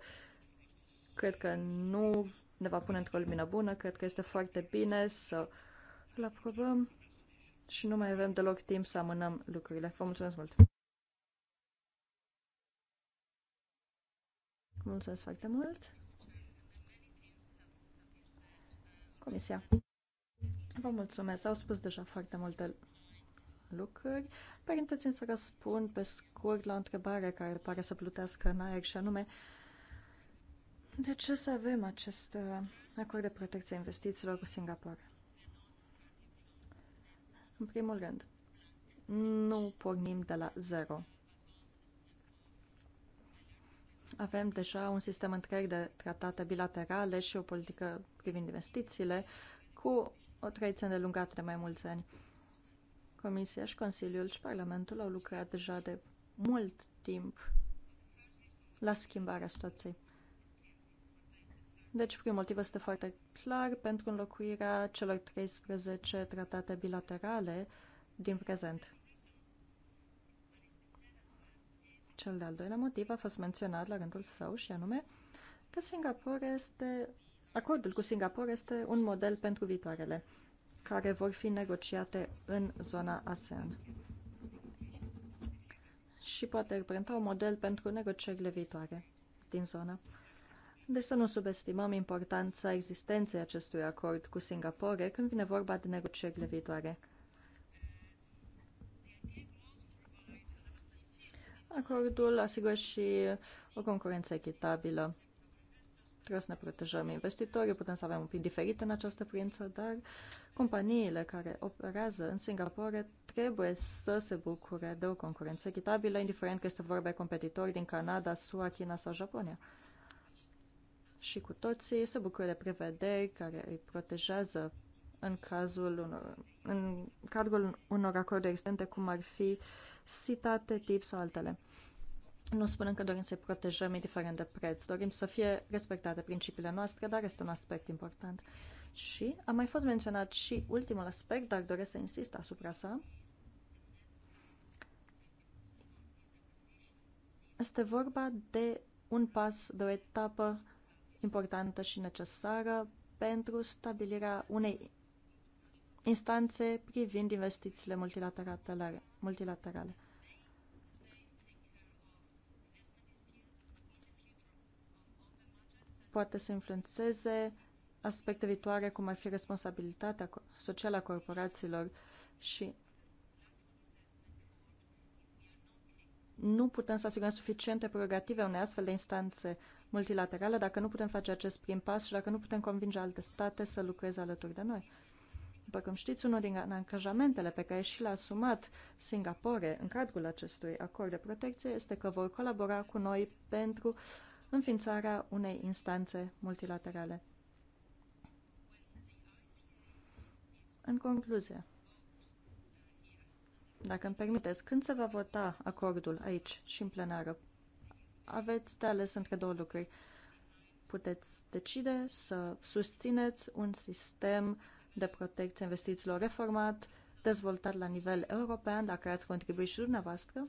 cred că nu ne va pune într-o lumină bună, cred că este foarte bine să îl aprobăm și nu mai avem deloc timp să amânăm lucrurile. Vă mulțumesc mult! Mulțumesc foarte mult! Comisia. Vă mulțumesc, au spus deja foarte multe lucruri. Permiteți-mi să răspund pe scurt la o întrebare care pare să plutească în aer și anume, uh, de ce să avem acest uh, acord de protecție a investițiilor cu Singapore? În primul rând, nu pornim de la zero. Avem deja un sistem întreg de tratate bilaterale și o politică privind investițiile cu o tradiție îndelungată de mai mulți ani. Comisia și Consiliul și Parlamentul au lucrat deja de mult timp la schimbarea situației. Deci primul motiv este foarte clar pentru înlocuirea celor 13 tratate bilaterale din prezent. Cel de-al doilea motiv a fost menționat la rândul său și anume că Singapore este, acordul cu Singapore este un model pentru viitoarele care vor fi negociate în zona ASEAN și poate reprezenta un model pentru negocierile viitoare din zonă. Deci să nu subestimăm importanța existenței acestui acord cu Singapore când vine vorba de negocierile viitoare. Acordul asigură și o concurență echitabilă. Trebuie să ne protejăm investitorii, putem să avem un pic diferit în această privință, dar companiile care operează în Singapore trebuie să se bucure de o concurență echitabilă, indiferent că este vorba de competitori din Canada, SUA, China sau Japonia și cu toții se bucură de prevederi care îi protejează în cazul unor, în cadrul unor acorduri existente, cum ar fi citate tip sau altele. Nu spunem că dorim să-i protejăm indiferent de preț, dorim să fie respectate principiile noastre, dar este un aspect important. Și a mai fost menționat și ultimul aspect, dar doresc să insist asupra sa. Este vorba de un pas, de o etapă importantă și necesară pentru stabilirea unei instanțe privind investițiile multilaterale. multilaterale. Poate să influențeze aspecte viitoare, cum ar fi responsabilitatea socială a corporațiilor și nu putem să asigurăm suficiente prerogative unei astfel de instanțe multilaterală, dacă nu putem face acest prim pas și dacă nu putem convinge alte state să lucreze alături de noi. După cum știți, unul din angajamentele pe care și l-a asumat Singapore în cadrul acestui acord de protecție este că vor colabora cu noi pentru înființarea unei instanțe multilaterale. În concluzie, dacă îmi permiteți, când se va vota acordul aici și în plenară? aveți de ales între două lucruri. Puteți decide să susțineți un sistem de protecție investițiilor reformat, dezvoltat la nivel european, dacă ați contribuit și dumneavoastră,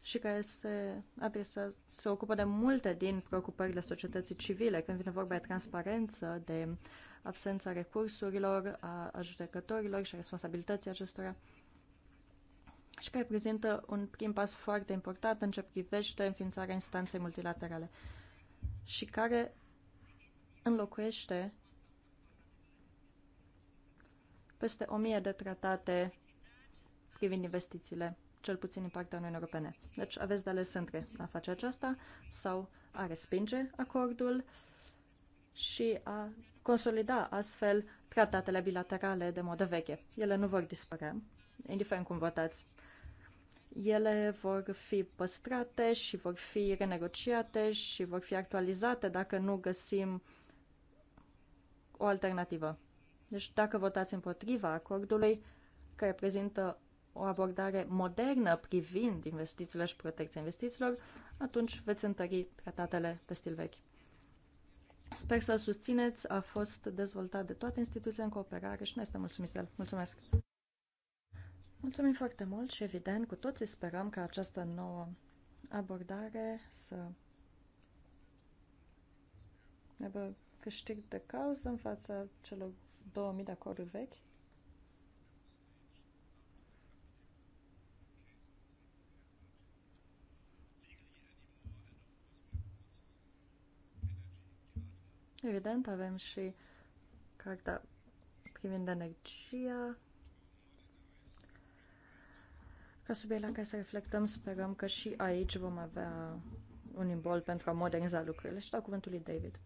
și care se, adresa, se ocupă de multe din preocupările societății civile, când vine vorba de transparență, de absența recursurilor, a, a judecătorilor și a responsabilității acestora și că prezintă un prim pas foarte important în ce privește înființarea instanței multilaterale și care înlocuiește peste o mie de tratate privind investițiile, cel puțin din partea Uniunii Europene. Deci aveți de ales între a face aceasta sau a respinge acordul și a consolida astfel tratatele bilaterale de modă veche. Ele nu vor dispărea, indiferent cum votați ele vor fi păstrate și vor fi renegociate și vor fi actualizate dacă nu găsim o alternativă. Deci dacă votați împotriva acordului, care prezintă o abordare modernă privind investițiile și protecția investițiilor, atunci veți întări tratatele pe stil vechi. Sper să-l susțineți, a fost dezvoltat de toate instituțiile în cooperare și noi suntem mulțumiți de el. Mulțumesc! Mulțumim foarte mult și evident cu toții sperăm că această nouă abordare să aibă câștig de cauză în fața celor 2000 de acorduri vechi. Evident, avem și cartea privind energia, ca subiect la care să reflectăm, sperăm că și aici vom avea un imbol pentru a moderniza lucrurile. Și dau cuvântul lui David.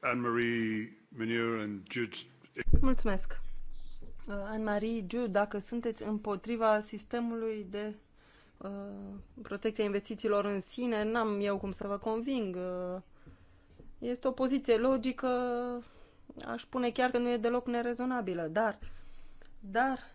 Anne-Marie Menier and Jude. Mulțumesc. Uh, Anne-Marie, Jude, dacă sunteți împotriva sistemului de uh, protecție a investițiilor în sine, n-am eu cum să vă conving. Uh, este o poziție logică, aș spune chiar că nu e deloc nerezonabilă, dar, dar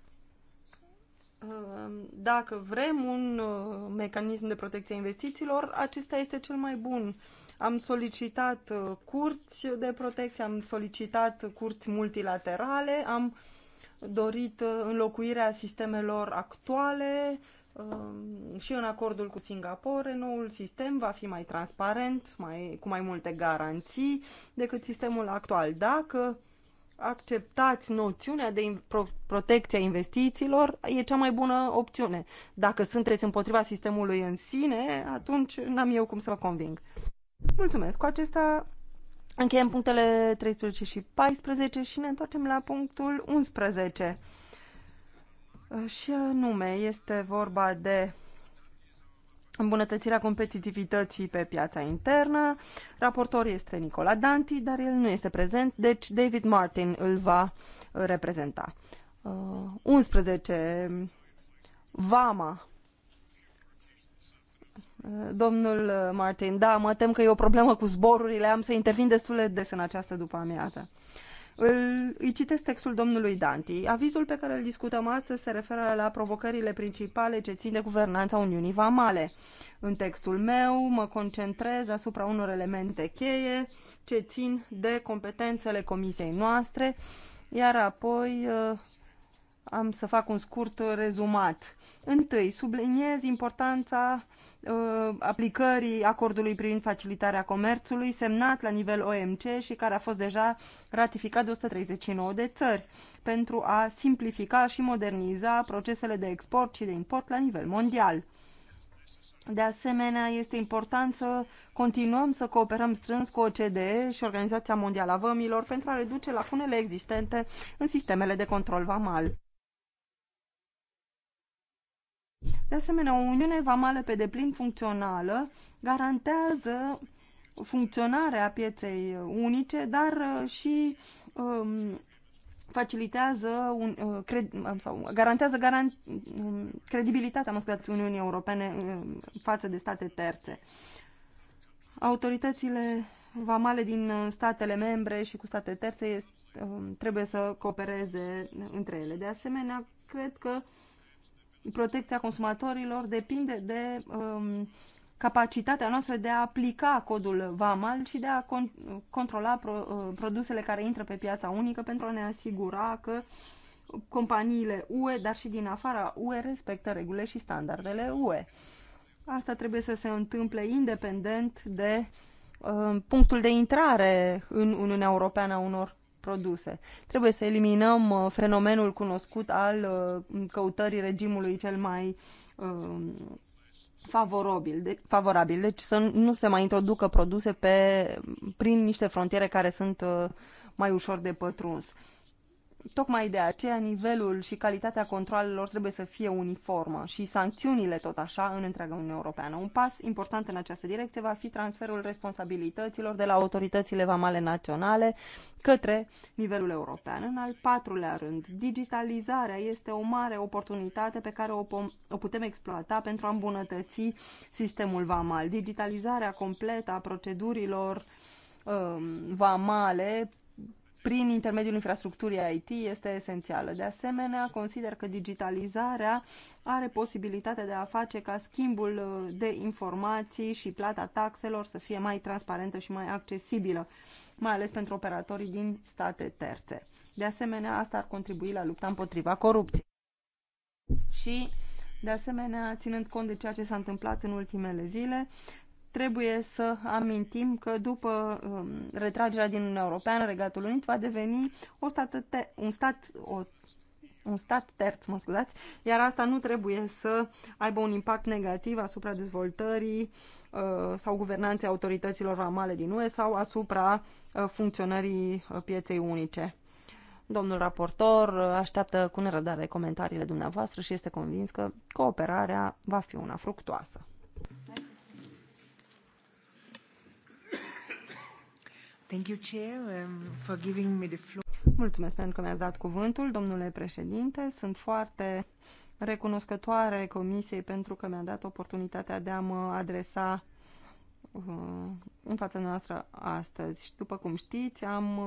Ehm, dacă vrem un uh, mecanism de protecție a investițiilor, acesta este cel mai bun. Am solicitat uh, curți de protecție, am solicitat curți multilaterale, am dorit uh, înlocuirea sistemelor actuale ehm, și în acordul cu Singapore, noul sistem va fi mai transparent, mai, cu mai multe garanții decât sistemul actual. Dacă uh, acceptați noțiunea de protecția investițiilor, e cea mai bună opțiune. Dacă sunteți împotriva sistemului în sine, atunci n-am eu cum să vă conving. Mulțumesc! Cu acesta încheiem punctele 13 și 14 și ne întoarcem la punctul 11. Și nume este vorba de îmbunătățirea competitivității pe piața internă. Raportor este Nicola Danti, dar el nu este prezent, deci David Martin îl va uh, reprezenta. 11. Uh, Vama. Uh, domnul Martin, da, mă tem că e o problemă cu zborurile, am să intervin destul de des în această după amiază. Îl, îi citesc textul domnului Danti. Avizul pe care îl discutăm astăzi se referă la provocările principale ce țin de guvernanța Uniunii Vamale. În textul meu mă concentrez asupra unor elemente cheie ce țin de competențele comisiei noastre, iar apoi ă, am să fac un scurt rezumat. Întâi, subliniez importanța uh, Uh, aplicării acordului privind facilitarea comerțului semnat la nivel OMC și care a fost deja ratificat de 139 de țări pentru a simplifica și moderniza procesele de export și de import la nivel mondial. De asemenea, este important să continuăm să cooperăm strâns cu OCDE și Organizația Mondială a Vămilor pentru a reduce lacunele existente în sistemele de control vamal. De asemenea, o uniune vamală pe deplin funcțională garantează funcționarea pieței unice, dar uh, și um, facilitează un, uh, cred, sau garantează garant, um, credibilitatea măscudați Uniunii Europene um, față de state terțe. Autoritățile vamale din uh, statele membre și cu state terțe este, um, trebuie să coopereze între ele. De asemenea, cred că uh, protecția consumatorilor depinde de um, capacitatea noastră de a aplica codul VAMAL și de a con controla pro uh, produsele care intră pe piața unică pentru a ne asigura că companiile UE, dar și din afara UE, respectă regulile și standardele UE. Asta trebuie să se întâmple independent de uh, punctul de intrare în Uniunea Europeană a unor produse. Trebuie să eliminăm uh, fenomenul cunoscut al uh, căutării regimului cel mai um, favorabil, de, favorabil. Deci să nu se mai introducă produse pe, prin niște frontiere care sunt uh, mai ușor de pătruns. Tocmai de aceea nivelul și calitatea controlelor trebuie să fie uniformă și sancțiunile tot așa în întreaga Uniune Europeană. Un pas important în această direcție va fi transferul responsabilităților de la autoritățile vamale naționale către nivelul european. În al patrulea rând, digitalizarea este o mare oportunitate pe care o, o putem exploata pentru a îmbunătăți sistemul vamal. Digitalizarea completă a procedurilor um, vamale prin intermediul infrastructurii IT este esențială. De asemenea, consider că digitalizarea are posibilitatea de a face ca schimbul uh, de informații și plata taxelor să fie mai transparentă și mai accesibilă, mai ales pentru operatorii din state terțe. De asemenea, asta ar contribui la lupta împotriva corupției. Și de asemenea, ținând cont de ceea ce s-a întâmplat în ultimele zile, trebuie să amintim că după um, retragerea din Uniunea Europeană, Regatul Unit va deveni o stat te- un stat o, un stat terț, mă scuzați, iar asta nu trebuie să aibă un impact negativ asupra dezvoltării uh, sau guvernanței autorităților ramale din UE sau asupra uh, funcționării uh, pieței unice. Domnul raportor uh, așteaptă cu nerăbdare comentariile dumneavoastră și este convins că cooperarea va fi una fructuoasă. Um, Mulțumesc pentru că mi-ați dat cuvântul, domnule președinte. Sunt foarte recunoscătoare Comisiei pentru că mi-a dat oportunitatea de a mă adresa uh, în fața noastră astăzi. Și după cum știți, am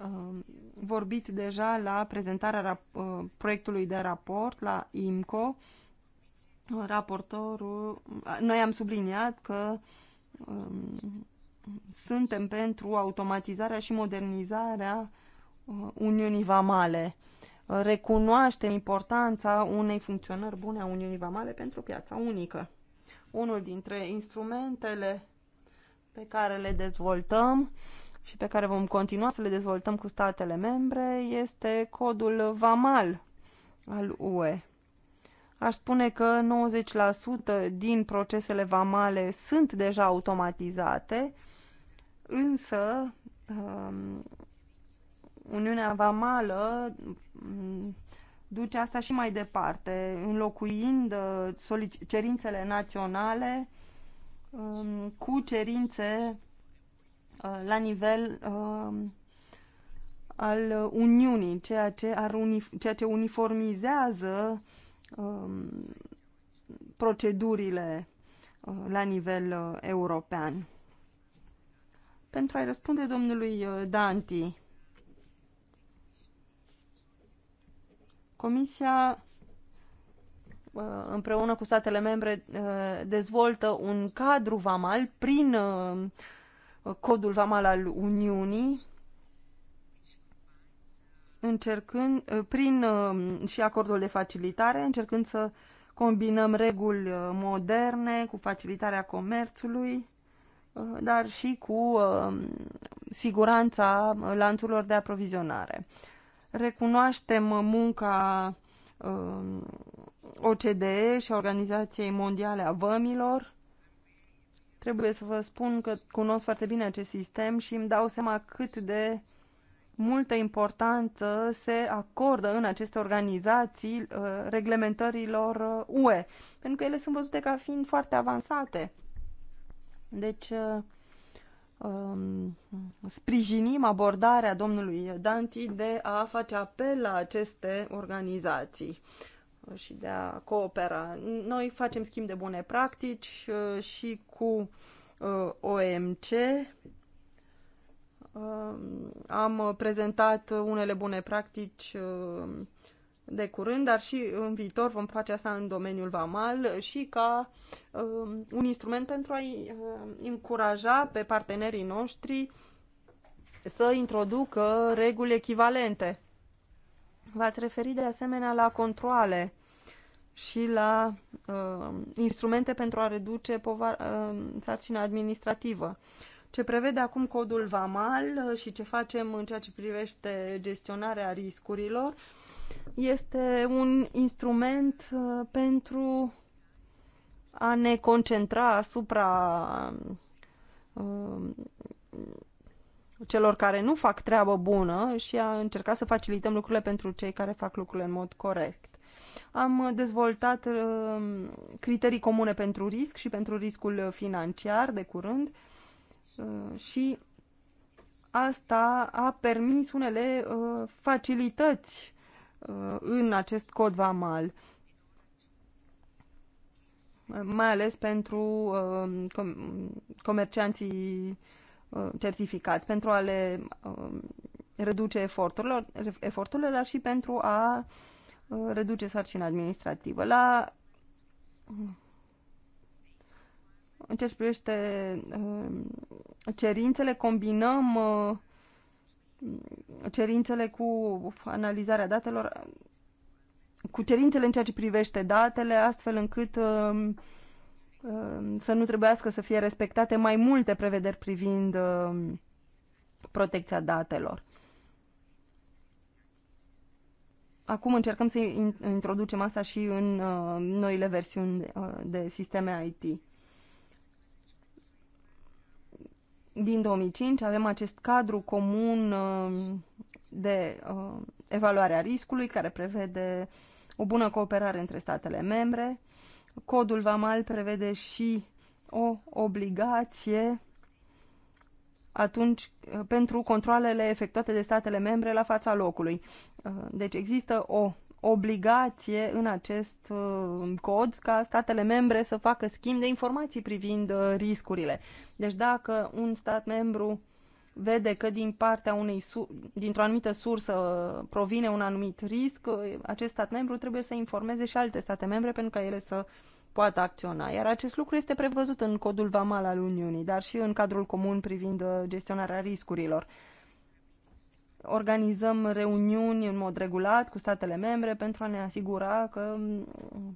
uh, vorbit deja la prezentarea uh, proiectului de raport la IMCO. Raportorul, noi am subliniat că um, suntem pentru automatizarea și modernizarea uh, Uniunii Vamale. Uh, recunoaștem importanța unei funcționări bune a Uniunii Vamale pentru piața unică. Unul dintre instrumentele pe care le dezvoltăm și pe care vom continua să le dezvoltăm cu statele membre este codul VAMAL al UE. Aș spune că 90% din procesele vamale sunt deja automatizate Însă, um, Uniunea Vamală um, duce asta și mai departe, înlocuind uh, cerințele naționale um, cu cerințe uh, la nivel al Uniunii, ceea ce, ar unif- ceea ce uniformizează procedurile uh, la nivel european. Pentru a-i răspunde domnului uh, Danti, Comisia uh, împreună cu statele membre uh, dezvoltă un cadru vamal prin codul vamal al Uniunii încercând prin și acordul de facilitare, încercând să combinăm reguli moderne cu facilitarea comerțului Uh, dar și cu uh, siguranța lanțurilor de aprovizionare. Recunoaștem munca uh, OCDE și Organizației Mondiale a Vămilor. Trebuie să vă spun că cunosc foarte bine acest sistem și îmi dau seama cât de multă importanță se acordă în aceste organizații reglementărilor UE, pentru că ele sunt văzute ca fiind foarte avansate. Deci, uh, um, sprijinim abordarea domnului Danti de a face apel la aceste organizații uh, și de a coopera. Noi facem schimb de bune practici uh, și cu OMC. Um, am prezentat unele bune practici de curând, dar și în viitor vom face asta în domeniul vamal și ca um, un instrument pentru a-i uh, încuraja pe partenerii noștri să introducă reguli echivalente. V-ați referit de asemenea la controle și la uh, instrumente pentru a reduce povar- uh, sarcina administrativă. Ce prevede acum codul VAMAL uh, și ce facem în ceea ce privește gestionarea riscurilor uh, este un instrument uh, pentru a ne concentra asupra um, celor care nu fac treabă bună și a încerca să facilităm lucrurile pentru cei care fac lucrurile în mod corect. Am dezvoltat uh, criterii comune pentru risc și pentru riscul financiar de curând uh, și asta a permis unele facilități Uh, în acest cod vamal, mai ales pentru uh, comercianții uh, certificați, pentru a le reduce eforturile, eforturile, dar și pentru a reduce sarcina administrativă. La în ce privește cerințele, combinăm cerințele cu analizarea datelor, cu cerințele în ceea ce privește datele, astfel încât um, um, să nu trebuiască să fie respectate mai multe prevederi privind um, protecția datelor. Acum încercăm să introducem asta și în uh, noile versiuni uh, de sisteme IT. din 2005 avem acest cadru comun uh, de uh, evaluare a riscului care prevede o bună cooperare între statele membre. Codul VAMAL prevede și o obligație atunci uh, pentru controlele efectuate de statele membre la fața locului. Deci există o obligație în acest uh, cod ca statele membre să facă schimb de informații privind uh, riscurile. Deci dacă un stat membru vede că din partea unei dintr-o anumită sursă provine un anumit risc, uh, acest stat membru trebuie să informeze și alte state membre pentru ca ele să poată acționa. Iar acest lucru este prevăzut în codul VAMAL al Uniunii, dar și în cadrul comun privind gestionarea riscurilor organizăm reuniuni în mod regulat cu statele membre pentru a ne asigura că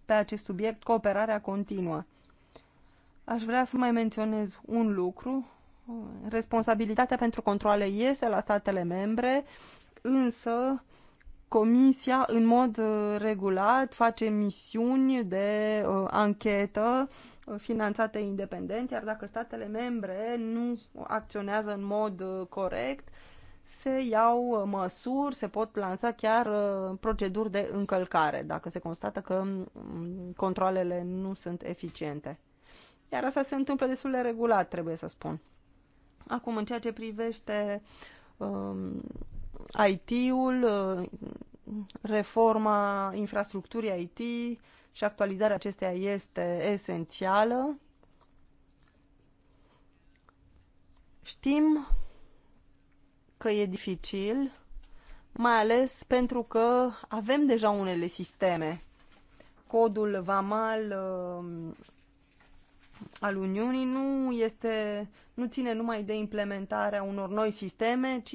pe acest subiect cooperarea continuă. Aș vrea să mai menționez un lucru. Responsabilitatea pentru controle este la statele membre, însă Comisia în mod uh, regulat face misiuni de uh, anchetă uh, finanțate independent, iar dacă statele membre nu acționează în mod uh, corect, uh, se iau uh, măsuri, se pot lansa chiar uh, proceduri de încălcare dacă se constată că mm, controlele nu sunt eficiente. Iar asta se întâmplă destul de regulat, trebuie să spun. Acum, în ceea ce privește um, IT-ul, uh, reforma infrastructurii IT și actualizarea acesteia este esențială. Știm că e dificil, mai ales pentru că avem deja unele sisteme. Codul VAMAL um, al Uniunii nu, este, nu ține numai de implementarea unor noi sisteme, ci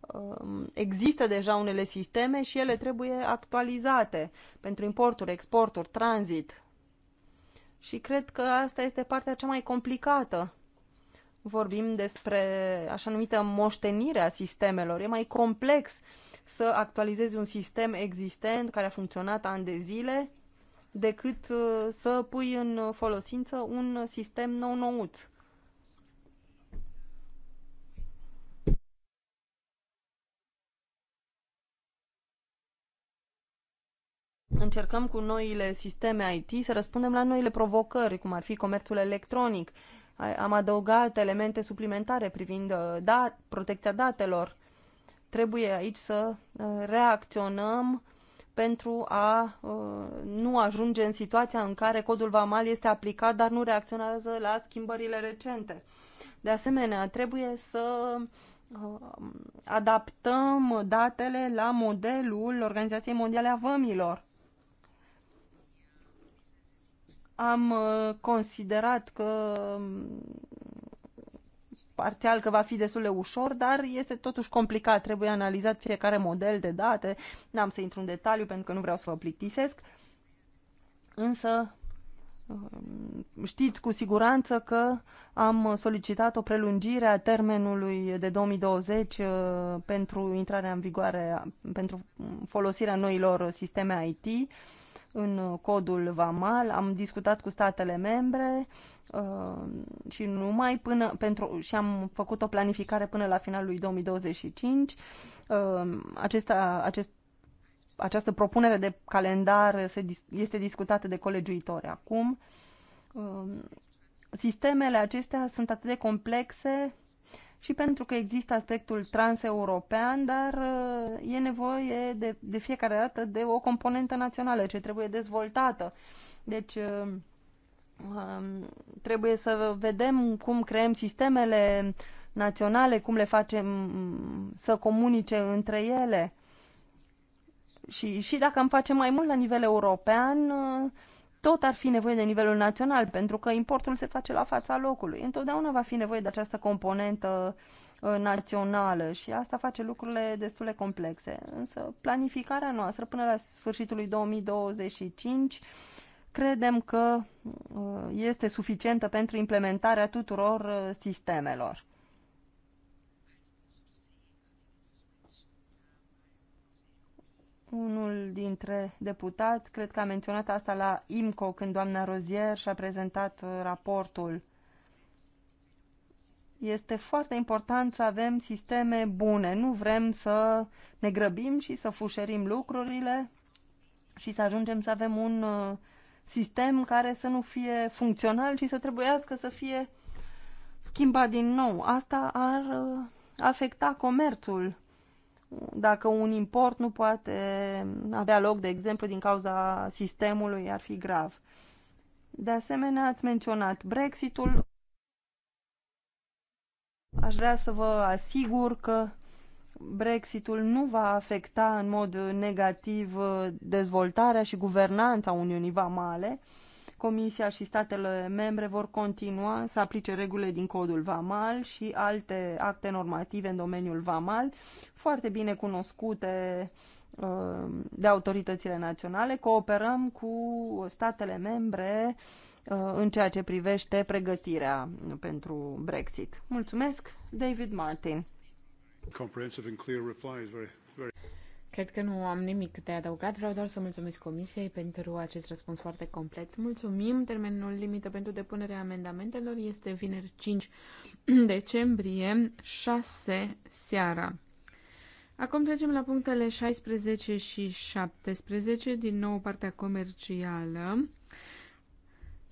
um, există deja unele sisteme și ele trebuie actualizate pentru importuri, exporturi, tranzit. Și cred că asta este partea cea mai complicată vorbim despre așa numită moștenire a sistemelor. E mai complex să actualizezi un sistem existent care a funcționat ani de zile decât uh, să pui în folosință un sistem nou-nouț. Încercăm cu noile sisteme IT să răspundem la noile provocări, cum ar fi comerțul electronic, am adăugat elemente suplimentare privind uh, dat, protecția datelor. Trebuie aici să uh, reacționăm pentru a uh, nu ajunge în situația în care codul VAMAL este aplicat, dar nu reacționează la schimbările recente. De asemenea, trebuie să adaptăm datele la modelul Organizației Mondiale a Vămilor. am uh, considerat că um, parțial că va fi destul de ușor, dar este totuși complicat. Trebuie analizat fiecare model de date. N-am să intru în detaliu pentru că nu vreau să vă plictisesc. Însă um, știți cu siguranță că am solicitat o prelungire a termenului de 2020 uh, pentru intrarea în vigoare, pentru folosirea noilor sisteme IT în codul VAMAL, am discutat cu statele membre uh, și numai până pentru și am făcut o planificare până la finalul lui 2025. Uh, acesta, acest, această propunere de calendar se, este discutată de colegiuitori acum. Uh, sistemele acestea sunt atât de complexe și pentru că există aspectul transeuropean, dar uh, e nevoie de, de fiecare dată de o componentă națională ce trebuie dezvoltată. Deci uh, um, trebuie să vedem cum creăm sistemele naționale, cum le facem să comunice între ele. Și, și dacă am face mai mult la nivel european, uh, tot ar fi nevoie de nivelul național, pentru că importul se face la fața locului. Întotdeauna va fi nevoie de această componentă uh, națională și asta face lucrurile destul de complexe. Însă planificarea noastră până la sfârșitul lui 2025 credem că uh, este suficientă pentru implementarea tuturor uh, sistemelor. Unul dintre deputați, cred că a menționat asta la IMCO când doamna Rozier și-a prezentat uh, raportul. Este foarte important să avem sisteme bune. Nu vrem să ne grăbim și să fușerim lucrurile și să ajungem să avem un uh, sistem care să nu fie funcțional și să trebuiască să fie schimbat din nou. Asta ar uh, afecta comerțul dacă un import nu poate avea loc, de exemplu, din cauza sistemului, ar fi grav. De asemenea, ați menționat Brexitul. Aș vrea să vă asigur că Brexitul nu va afecta în mod negativ dezvoltarea și guvernanța Uniunii Vamale, uh, Comisia și statele membre vor continua să aplice regulile din codul VAMAL și alte acte normative în domeniul VAMAL, foarte bine cunoscute uh, de autoritățile naționale. Cooperăm cu statele membre uh, în ceea ce privește pregătirea pentru Brexit. Mulțumesc, David Martin. Cred că nu am nimic de adăugat. Vreau doar să mulțumesc Comisiei pentru acest răspuns foarte complet. Mulțumim. Termenul limită pentru depunerea amendamentelor este vineri 5 decembrie, 6 seara. Acum trecem la punctele 16 și 17, din nou partea comercială.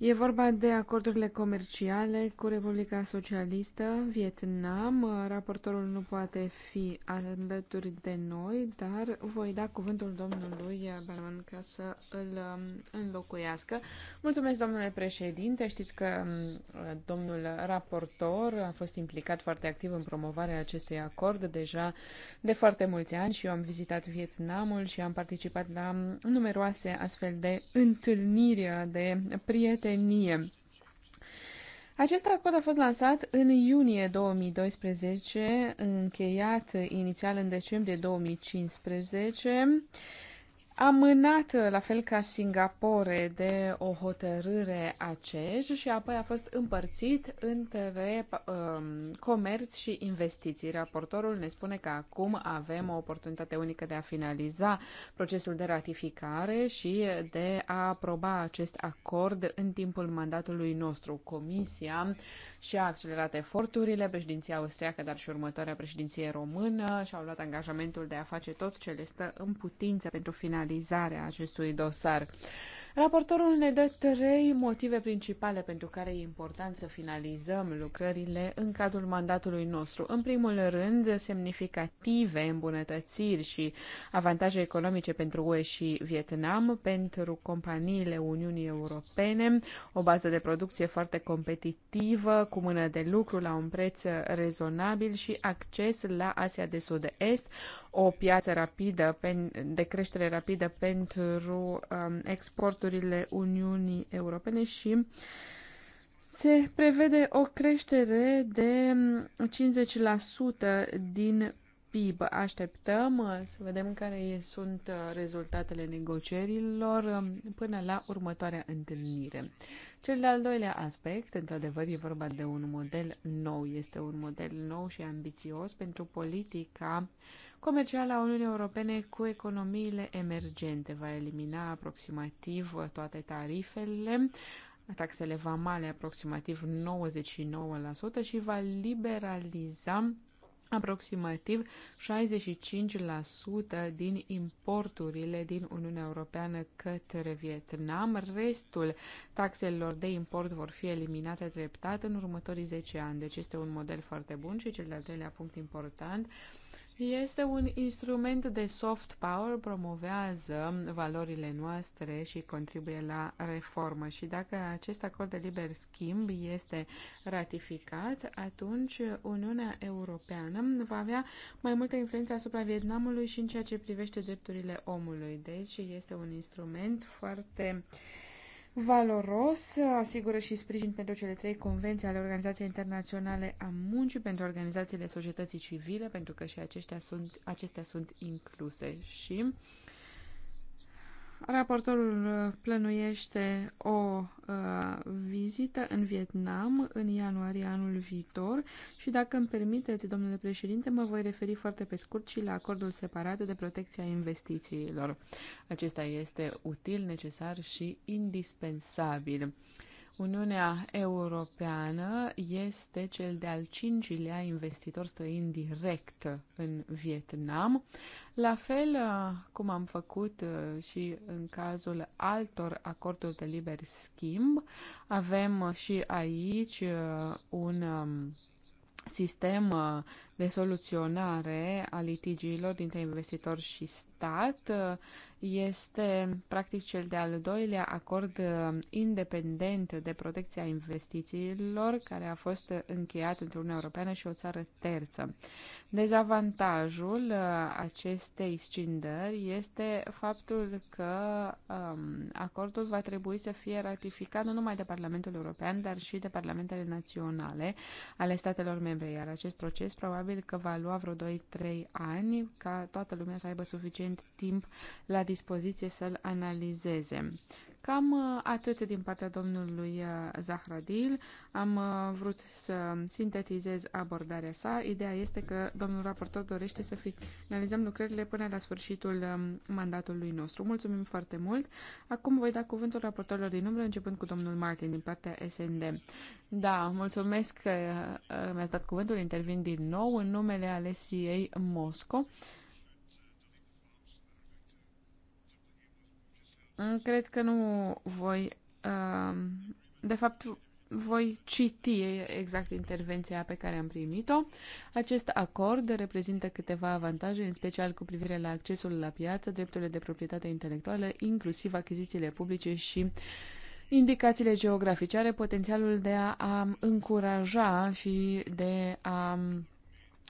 E vorba de acordurile comerciale cu Republica Socialistă, Vietnam. Raportorul nu poate fi alături de noi, dar voi da cuvântul domnului Berman ca să îl um, înlocuiască. Mulțumesc, domnule președinte. Știți că um, domnul raportor a fost implicat foarte activ în promovarea acestui acord deja de foarte mulți ani și eu am vizitat Vietnamul și am participat la numeroase astfel de întâlniri de prieteni nepripenie. Acest acord a fost lansat în iunie 2012, încheiat inițial în decembrie 2015 amânat, la fel ca Singapore, de o hotărâre a CEJ și apoi a fost împărțit între um, comerț și investiții. Raportorul ne spune că acum avem o oportunitate unică de a finaliza procesul de ratificare și de a aproba acest acord în timpul mandatului nostru. Comisia și-a accelerat eforturile, președinția austriacă, dar și următoarea președinție română și-au luat angajamentul de a face tot ce le stă în putință pentru finalizare finalizare a acestui dosar. Raportorul ne dă trei motive principale pentru care e important să finalizăm lucrările în cadrul mandatului nostru. În primul rând, semnificative îmbunătățiri și avantaje economice pentru UE și Vietnam, pentru companiile Uniunii Europene, o bază de producție foarte competitivă, cu mână de lucru la un preț rezonabil și acces la Asia de Sud-Est, o piață rapidă, de creștere rapidă pentru um, exporturile Uniunii Europene și se prevede o creștere de 50% um, din PIB. Așteptăm uh, să vedem care sunt uh, rezultatele negocierilor um, până la următoarea întâlnire. Cel de-al doilea aspect, într-adevăr, e vorba de un model nou. Este un model nou și ambițios pentru politica uh, comercială a Uniunii Europene cu economiile emergente. Va elimina aproximativ toate tarifele, taxele vamale aproximativ 99% și va liberaliza aproximativ 65% din importurile din Uniunea Europeană către Vietnam. Restul taxelor de import vor fi eliminate treptat în următorii 10 ani. Deci este un model foarte bun și cel de-al treilea punct important este un instrument de soft power, promovează valorile noastre și contribuie la reformă. Și dacă acest acord de liber schimb este ratificat, atunci Uniunea Europeană va avea mai multă influență asupra Vietnamului și în ceea ce privește drepturile omului. Deci este un instrument foarte uh, valoros, asigură și sprijin pentru cele trei convenții ale Organizației Internaționale a Muncii, pentru organizațiile societății civile, pentru că și sunt, acestea sunt incluse și uh, Raportorul uh, plănuiește o uh, vizită în Vietnam în ianuarie anul viitor și dacă îmi permiteți, domnule președinte, mă voi referi foarte pe scurt și la acordul separat de protecția investițiilor. Acesta este util, necesar și indispensabil. Uh, Uniunea Europeană este cel de-al cincilea investitor străin direct în Vietnam, la fel uh, cum am făcut uh, și în cazul altor acorduri de liber schimb. Avem și aici uh, un um, sistem de soluționare a litigiilor dintre investitor și stat este practic cel de-al doilea acord uh, independent de protecția investițiilor care a fost încheiat între Uniunea Europeană și o țară terță. Dezavantajul uh, acestei scindări este faptul că um, acordul va trebui să fie ratificat nu numai de Parlamentul European, dar și de Parlamentele Naționale ale statelor membre, iar acest proces probabil că va lua vreo 2-3 ani ca toată lumea să aibă suficient timp la dispoziție să-l analizeze. Cam uh, atât din partea domnului uh, Zahradil. Am uh, vrut să sintetizez abordarea sa. Ideea este că domnul raportor dorește să finalizăm lucrările până la sfârșitul um, mandatului nostru. Mulțumim foarte mult. Acum voi da cuvântul raportorilor din umbră, începând cu domnul Martin din partea SND. Da, mulțumesc că mi-ați dat cuvântul. Intervin din nou în numele Alesiei Mosco Mm, cred că nu voi. Um, de fapt, voi citi exact intervenția pe care am primit-o. Acest acord reprezintă câteva avantaje, în special cu privire la accesul la piață, drepturile de proprietate intelectuală, inclusiv achizițiile publice și indicațiile geografice. Are potențialul de a, a încuraja și de a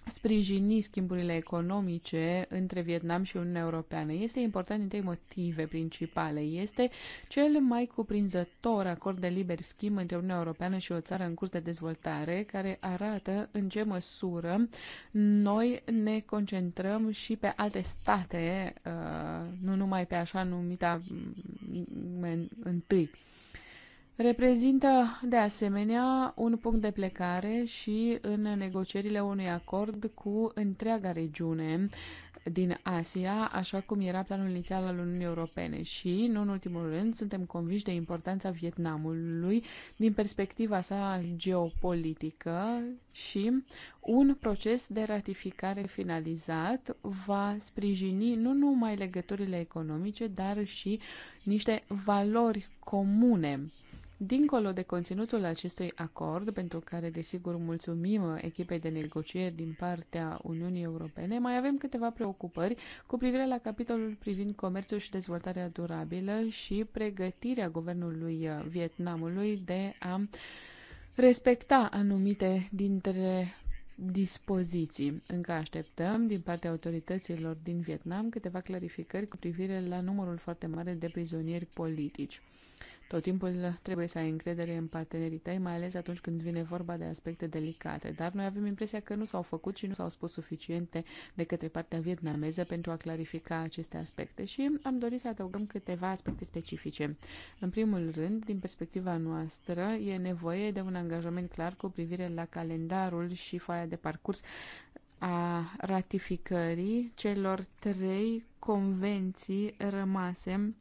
sprijini schimburile economice între Vietnam și Uniunea Europeană. Este important din trei motive principale. Este cel mai cuprinzător acord de liber schimb între Uniunea Europeană și o țară în curs de dezvoltare, care arată în ce măsură noi ne concentrăm și pe alte state, uh, nu numai pe așa numita mm, mm, mm, întâi reprezintă de asemenea un punct de plecare și în negocierile unui acord cu întreaga regiune din Asia, așa cum era planul inițial al Uniunii Europene și, nu în ultimul rând, suntem conviși de importanța Vietnamului din perspectiva sa geopolitică și un proces de ratificare finalizat va sprijini nu numai legăturile economice, dar și niște valori comune Dincolo de conținutul acestui acord, pentru care desigur mulțumim echipei de negocieri din partea Uniunii Europene, mai avem câteva preocupări cu privire la capitolul privind comerțul și dezvoltarea durabilă și pregătirea guvernului Vietnamului de a respecta anumite dintre dispoziții. Încă așteptăm din partea autorităților din Vietnam câteva clarificări cu privire la numărul foarte mare de prizonieri politici. Tot timpul trebuie să ai încredere în partenerii tăi, mai ales atunci când vine vorba de aspecte delicate. Dar noi avem impresia că nu s-au făcut și nu s-au spus suficiente de către partea vietnameză pentru a clarifica aceste aspecte și am dorit să adăugăm câteva aspecte specifice. În primul rând, din perspectiva noastră, e nevoie de un angajament clar cu privire la calendarul și foaia de parcurs a ratificării celor trei convenții rămase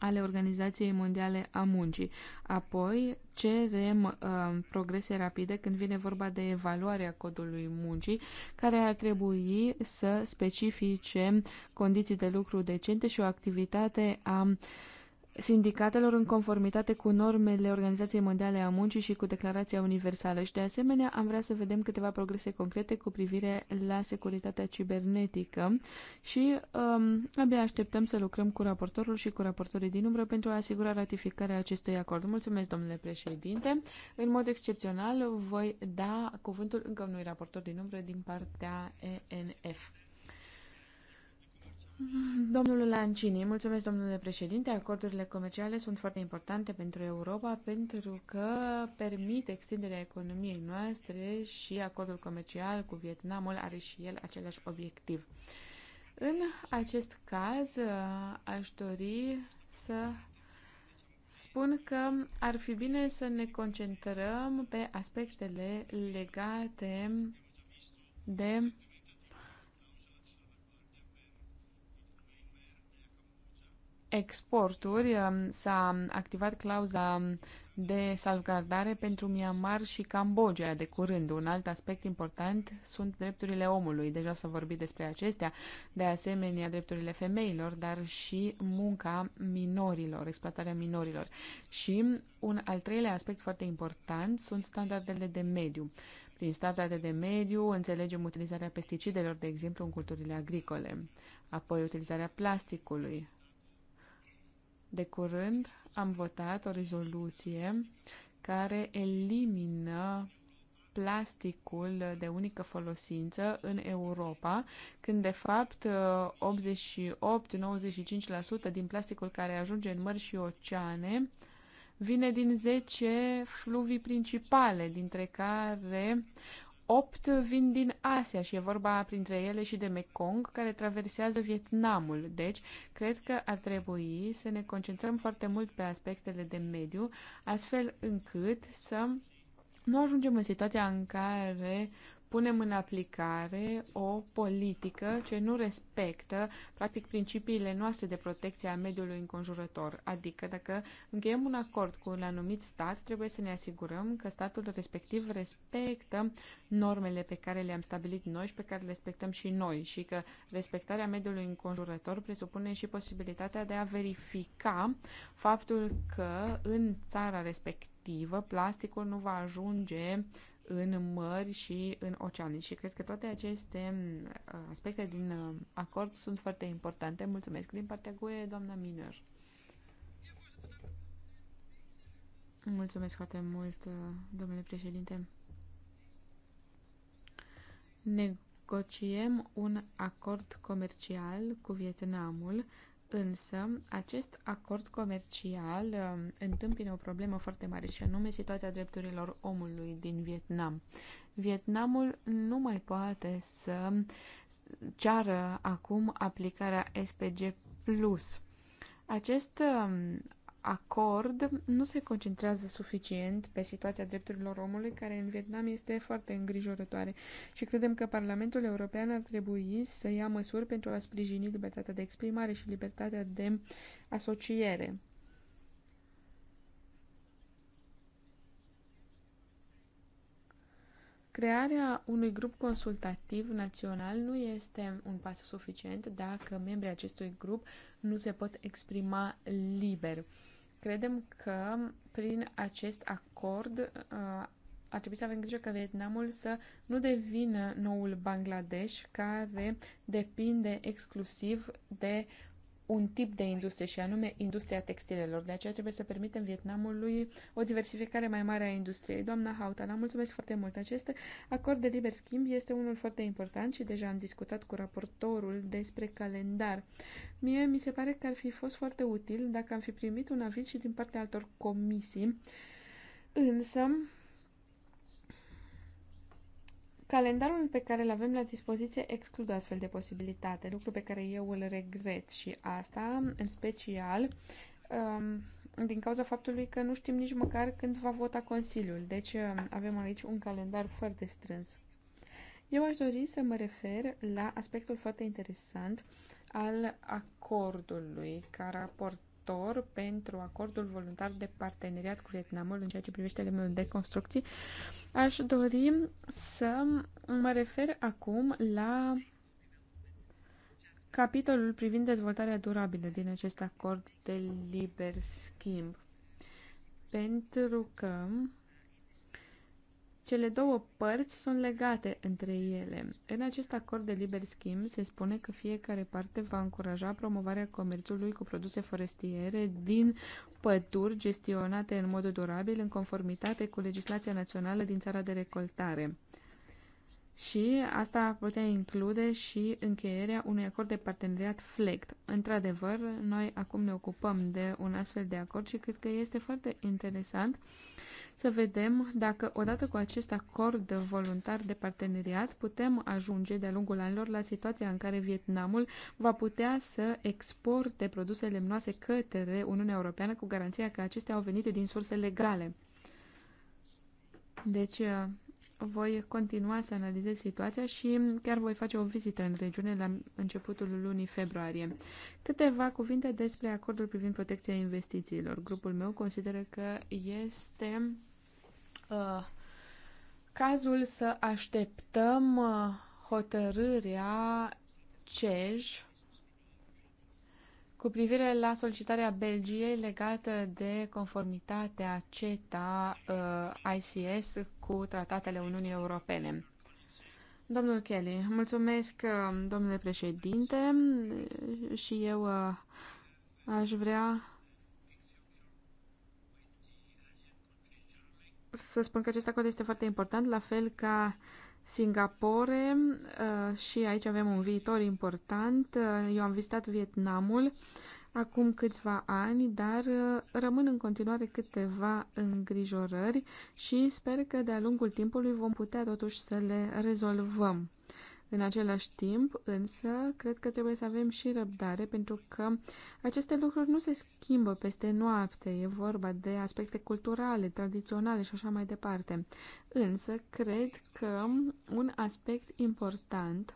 ale Organizației Mondiale a Muncii. Apoi cerem uh, progrese rapide când vine vorba de evaluarea codului muncii, care ar trebui să specifice condiții de lucru decente și o activitate a uh, sindicatelor în conformitate cu normele Organizației Mondiale a Muncii și cu Declarația Universală și de asemenea am vrea să vedem câteva progrese concrete cu privire la securitatea cibernetică și um, abia așteptăm să lucrăm cu raportorul și cu raportorii din umbră pentru a asigura ratificarea acestui acord. Mulțumesc, domnule președinte. În mod excepțional voi da cuvântul încă unui raportor din umbră din partea ENF. Domnule Lancini, mulțumesc domnule președinte. Acordurile comerciale sunt foarte importante pentru Europa pentru că permit extinderea economiei noastre și acordul comercial cu Vietnamul are și el același obiectiv. În acest caz aș dori să spun că ar fi bine să ne concentrăm pe aspectele legate de exporturi um, s-a activat clauza de salvgardare pentru Myanmar și Cambodgia de curând. Un alt aspect important sunt drepturile omului. Deja s-a vorbit despre acestea, de asemenea drepturile femeilor, dar și munca minorilor, exploatarea minorilor. Și un al treilea aspect foarte important sunt standardele de mediu. Prin standarde de mediu înțelegem utilizarea pesticidelor, de exemplu, în culturile agricole, apoi utilizarea plasticului, de curând am votat o rezoluție care elimină plasticul de unică folosință în Europa, când de fapt 88-95% din plasticul care ajunge în mări și oceane vine din 10 fluvii principale, dintre care 8 vin din Asia și e vorba printre ele și de Mekong, care traversează Vietnamul. Deci, cred că ar trebui să ne concentrăm foarte mult pe aspectele de mediu, astfel încât să nu ajungem în situația în care punem în aplicare o politică ce nu respectă, practic, principiile noastre de protecție a mediului înconjurător. Adică, dacă încheiem un acord cu un anumit stat, trebuie să ne asigurăm că statul respectiv respectă normele pe care le-am stabilit noi și pe care le respectăm și noi și că respectarea mediului înconjurător presupune și posibilitatea de a verifica faptul că în țara respectivă plasticul nu va ajunge în mări și în oceane. Și cred că toate aceste uh, aspecte din uh, acord sunt foarte importante. Mulțumesc din partea GUE, doamna Miner. Mulțumesc foarte mult, uh, domnule președinte. Negociem un acord comercial cu Vietnamul Însă, acest acord comercial um, întâmpină o problemă foarte mare și anume situația drepturilor omului din Vietnam. Vietnamul nu mai poate să ceară acum aplicarea SPG+. Acest um, acord nu se concentrează suficient pe situația drepturilor omului, care în Vietnam este foarte îngrijorătoare și credem că Parlamentul European ar trebui să ia măsuri pentru a sprijini libertatea de exprimare și libertatea de asociere. Crearea unui grup consultativ național nu este un pas suficient dacă membrii acestui grup nu se pot exprima liber. Credem că prin acest acord uh, ar trebui să avem grijă că Vietnamul să nu devină noul Bangladesh care depinde exclusiv de un tip de industrie și anume industria textilelor. De aceea trebuie să permitem Vietnamului o diversificare mai mare a industriei. Doamna la mulțumesc foarte mult. Acest acord de liber schimb este unul foarte important și deja am discutat cu raportorul despre calendar. Mie mi se pare că ar fi fost foarte util dacă am fi primit un aviz și din partea altor comisii. Însă, Calendarul pe care îl avem la dispoziție exclude astfel de posibilitate, lucru pe care eu îl regret și asta, în special, um, din cauza faptului că nu știm nici măcar când va vota Consiliul. Deci um, avem aici un calendar foarte strâns. Eu aș dori să mă refer la aspectul foarte interesant al acordului ca raport raportor pentru acordul voluntar de parteneriat cu Vietnamul în ceea ce privește elementul de construcții, aș dori să mă refer acum la capitolul privind dezvoltarea durabilă din acest acord de liber schimb. Pentru că cele două părți sunt legate între ele. În acest acord de liber schimb se spune că fiecare parte va încuraja promovarea comerțului cu produse forestiere din păduri gestionate în mod durabil în conformitate cu legislația națională din țara de recoltare. Și asta putea include și încheierea unui acord de parteneriat FLECT. Într-adevăr, noi acum ne ocupăm de un astfel de acord și cred că este foarte interesant uh, să vedem dacă, odată cu acest acord voluntar de parteneriat, putem ajunge de-a lungul anilor la situația în care Vietnamul va putea să exporte produse lemnoase către Uniunea Europeană cu garanția că acestea au venit din surse legale. Deci voi continua să analizez situația și chiar voi face o vizită în regiune la începutul lunii februarie. Câteva cuvinte despre acordul privind protecția investițiilor. Grupul meu consideră că este uh, cazul să așteptăm uh, hotărârea CEJ cu privire la solicitarea Belgiei legată de conformitatea CETA uh, ICS cu tratatele Uniunii Europene. Domnul Kelly, mulțumesc, uh, domnule președinte, și eu uh, aș vrea să spun că acest acord este foarte important, la fel ca Singapore uh, și aici avem un viitor important. Eu am vizitat Vietnamul acum câțiva ani, dar uh, rămân în continuare câteva îngrijorări și sper că de-a lungul timpului vom putea totuși să le rezolvăm. În același timp, însă, cred că trebuie să avem și răbdare, pentru că aceste lucruri nu se schimbă peste noapte, e vorba de aspecte culturale, tradiționale și așa mai departe. Însă, cred că un aspect important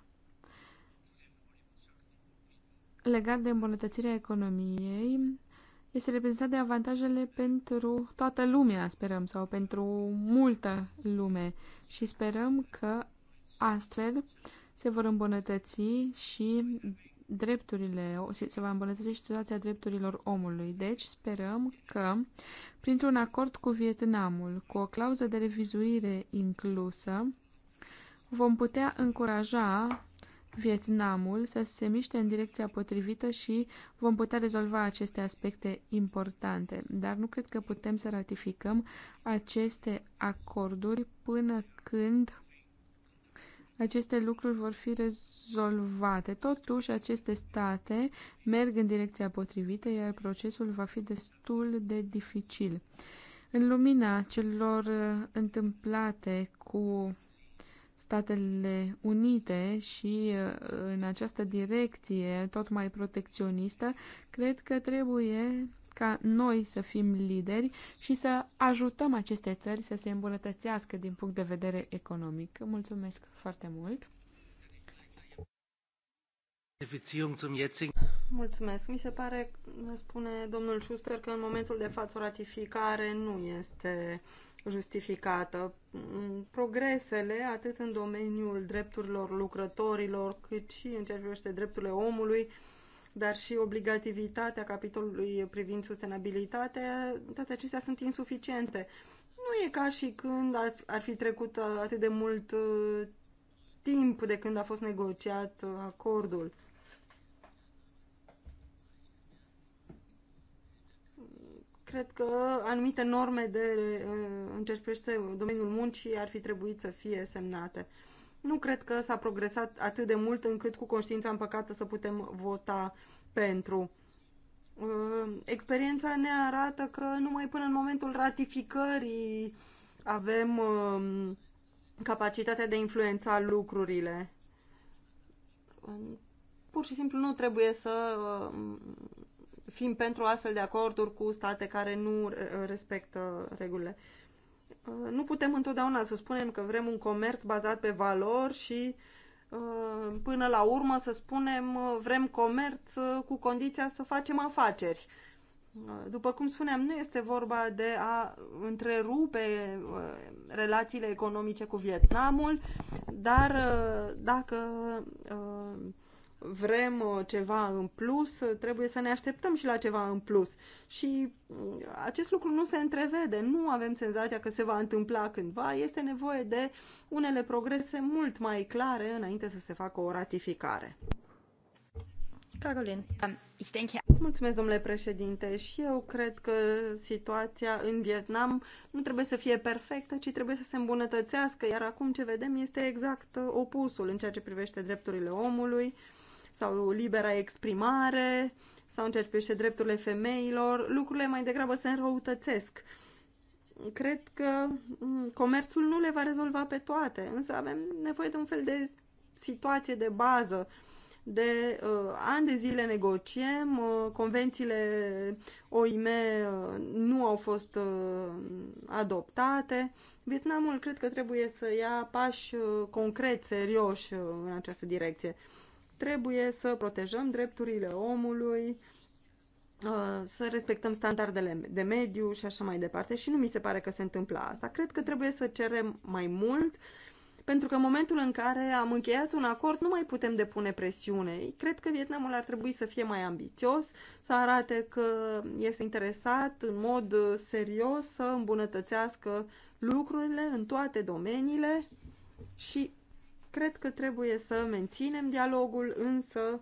legat de îmbunătățirea economiei este reprezentat de avantajele pentru toată lumea, sperăm, sau pentru multă lume și sperăm că astfel se vor îmbunătăți și drepturile, se va îmbunătăți și situația drepturilor omului. Deci sperăm că, printr-un acord cu Vietnamul, cu o clauză de revizuire inclusă, vom putea încuraja Vietnamul să se miște în direcția potrivită și vom putea rezolva aceste aspecte importante. Dar nu cred că putem să ratificăm aceste acorduri până când aceste lucruri vor fi rezolvate. Totuși, aceste state merg în direcția potrivită, iar procesul va fi destul de dificil. În lumina celor uh, întâmplate cu Statele Unite și uh, în această direcție tot mai protecționistă, cred că trebuie ca noi să fim lideri și să ajutăm aceste țări să se îmbunătățească din punct de vedere economic. Mulțumesc foarte mult! Mulțumesc. Mi se pare, spune domnul Schuster, că în momentul de față o ratificare nu este justificată. Mm, Progresele, atât în domeniul drepturilor lucrătorilor, cât și în ceea ce privește drepturile omului, dar și obligativitatea capitolului privind sustenabilitatea, toate acestea sunt insuficiente. Nu e ca și când ar fi trecut uh, atât de mult uh, timp de când a fost negociat uh, acordul. cred că anumite norme de, uh, în domeniul muncii ar fi trebuit să fie semnate. Nu cred că s-a progresat atât de mult încât cu conștiința împăcată să putem vota pentru. Uh, experiența ne arată că numai până în momentul ratificării avem uh, capacitatea de a influența lucrurile. Pur și simplu nu trebuie să fim pentru astfel de acorduri cu state care nu uh, respectă regulile. Uh, nu putem întotdeauna să spunem că vrem un comerț bazat pe valori și uh, până la urmă să spunem vrem comerț cu condiția să facem afaceri. După cum spuneam, nu este vorba de a întrerupe relațiile economice cu Vietnamul, dar dacă vrem uh, ceva în plus, uh, trebuie să ne așteptăm și la ceva în plus. Și uh, acest lucru nu se întrevede, nu avem senzația că se va întâmpla cândva, este nevoie de unele progrese mult mai clare înainte să se facă o ratificare. Carolin. Um, Mulțumesc, domnule președinte, și eu cred că situația în Vietnam nu trebuie să fie perfectă, ci trebuie să se îmbunătățească, iar acum ce vedem este exact opusul în ceea ce privește drepturile omului, sau libera exprimare sau în ceea ce drepturile femeilor, lucrurile mai degrabă se înrăutățesc. Cred că mm, comerțul nu le va rezolva pe toate, însă avem nevoie de un fel de situație de bază. De uh, ani de zile negociem, uh, convențiile OIM uh, nu au fost uh, adoptate. Vietnamul cred că trebuie să ia pași uh, concret, serioși uh, în această direcție. Uh, Trebuie să protejăm drepturile omului, uh, să respectăm standardele de mediu și așa mai departe și nu mi se pare că se întâmplă asta. Cred că trebuie să cerem mai mult pentru că în momentul în care am încheiat un acord nu mai putem depune presiune. Cred că Vietnamul ar trebui să fie mai ambițios, să arate că este interesat în mod uh, serios să îmbunătățească lucrurile în toate domeniile și Cred că trebuie să menținem dialogul, însă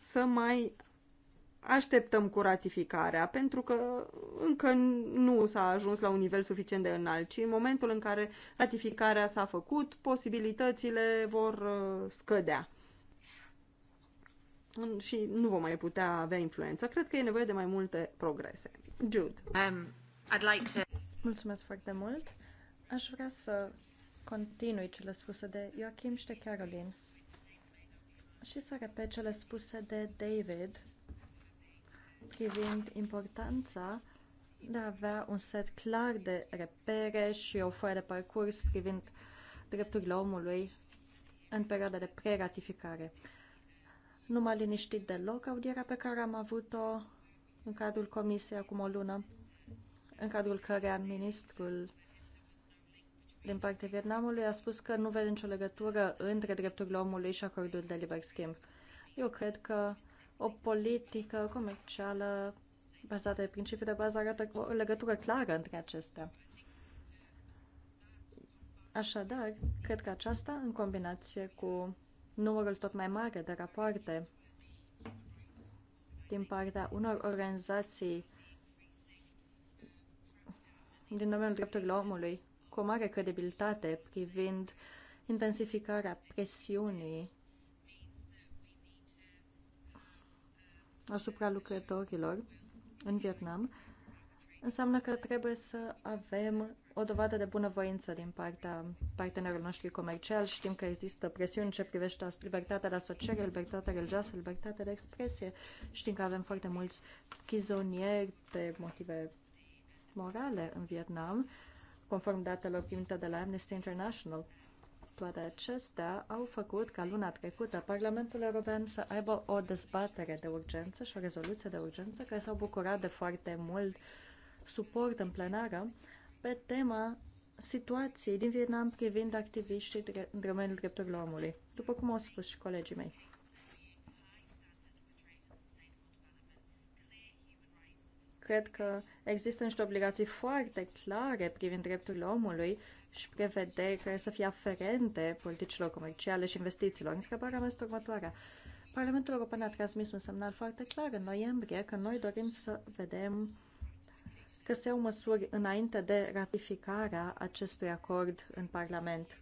să mai așteptăm cu ratificarea, pentru că încă nu s-a ajuns la un nivel suficient de înalt ci în momentul în care ratificarea s-a făcut, posibilitățile vor uh, scădea și nu vom mai putea avea influență. Cred că e nevoie de mai multe progrese. Jude. Um, I'd like to... Mulțumesc foarte mult. Aș vrea să continui cele spuse de Joachim și de Caroline și să repet cele spuse de David privind importanța de a avea un set clar de repere și o foaie de parcurs privind drepturile omului în perioada de preratificare. Nu m-a liniștit deloc audierea pe care am avut-o în cadrul comisiei acum o lună, în cadrul căreia ministrul din partea Vietnamului a spus că nu vede nicio legătură între drepturile omului și acordul de liber schimb. Eu cred că o politică comercială bazată pe principii de bază arată o legătură clară între acestea. Așadar, cred că aceasta, în combinație cu numărul tot mai mare de rapoarte din partea unor organizații din domeniul drepturilor omului, cu o mare credibilitate privind intensificarea presiunii asupra lucrătorilor în Vietnam, înseamnă că trebuie să avem o dovadă de bunăvoință din partea partenerilor noștri comerciali. Știm că există presiuni ce privește libertatea de asociere, libertatea religioasă, libertatea de expresie. Știm că avem foarte mulți chizonieri pe motive morale în Vietnam conform datelor primite de la Amnesty International. Toate acestea au făcut ca luna trecută Parlamentul European să aibă o dezbatere de urgență și o rezoluție de urgență care s-au bucurat de foarte mult suport în plenară pe tema situației din Vietnam privind activiștii în domeniul drepturilor omului, după cum au spus și colegii mei. Cred că există niște obligații foarte clare privind drepturile omului și prevederi care să fie aferente politicilor comerciale și investițiilor. Întrebarea mea este următoarea. Parlamentul European a transmis un semnal foarte clar în noiembrie că noi dorim să vedem că se iau măsuri înainte de ratificarea acestui acord în Parlament.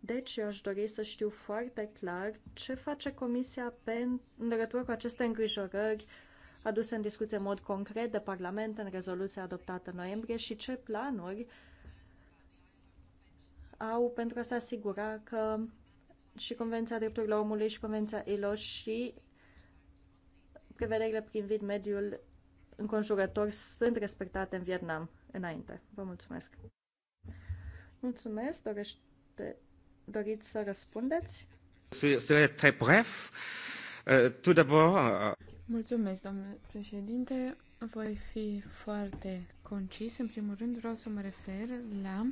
Deci, eu aș dori să știu foarte clar ce face Comisia pe, în legătură cu aceste îngrijorări Adus în discuție în mod concret de Parlament în rezoluția adoptată în noiembrie și ce planuri au pentru a se asigura că și Convenția Drepturilor Omului și Convenția ILO și prevederile privind mediul înconjurător sunt respectate în Vietnam înainte. Vă mulțumesc. Mulțumesc. Dorește, doriți să răspundeți? Să très bref. Euh, tout d'abord, euh, Mulțumesc, domnule președinte. Voi fi foarte concis. În primul rând vreau să mă refer la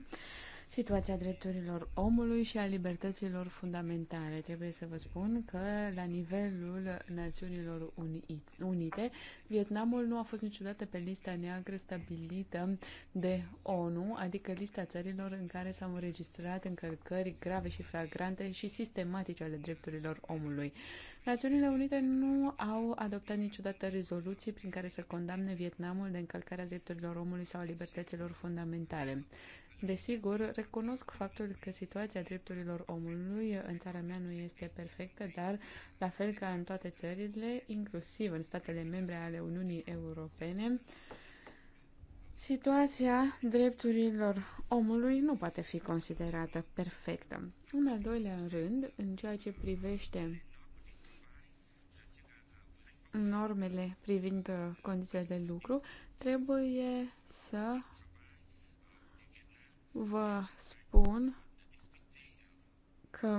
situația drepturilor omului și a libertăților fundamentale. Trebuie să vă spun că la nivelul Națiunilor Unite, Vietnamul nu a fost niciodată pe lista neagră stabilită de ONU, adică lista țărilor în care s-au înregistrat încălcări grave și flagrante și sistematice ale drepturilor omului. Națiunile Unite nu au adoptat niciodată rezoluții prin care să condamne Vietnamul de încălcarea drepturilor omului sau a libertăților fundamentale. Desigur, recunosc faptul că situația drepturilor omului în țara mea nu este perfectă, dar, la fel ca în toate țările, inclusiv în statele membre ale Uniunii Europene, situația drepturilor omului nu poate fi considerată perfectă. În al doilea rând, în ceea ce privește normele privind uh, condițiile de lucru, trebuie să vă spun că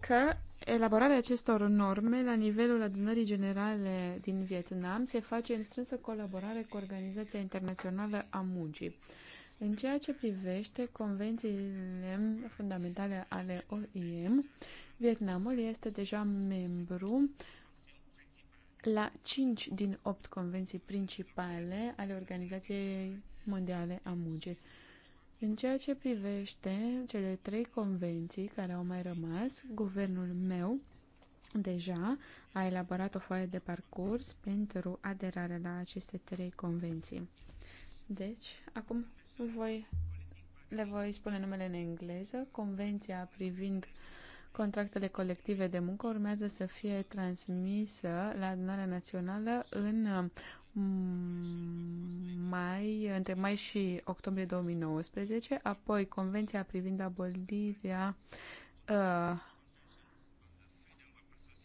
că elaborarea acestor norme la nivelul adunării generale din Vietnam se face în strânsă colaborare cu Organizația Internațională a Muncii. În ceea ce privește convențiile fundamentale ale OIM, Vietnamul este deja membru la 5 din 8 convenții principale ale Organizației Mondiale a Muncii. În ceea ce privește cele trei convenții care au mai rămas, guvernul meu deja a elaborat o foaie de parcurs pentru aderarea la aceste trei convenții. Deci, acum voi, le voi spune numele în engleză, Convenția privind uh, Contractele colective de muncă urmează să fie transmisă la adunarea națională în mm, mai, între mai și octombrie 2019, apoi Convenția privind abolirea uh,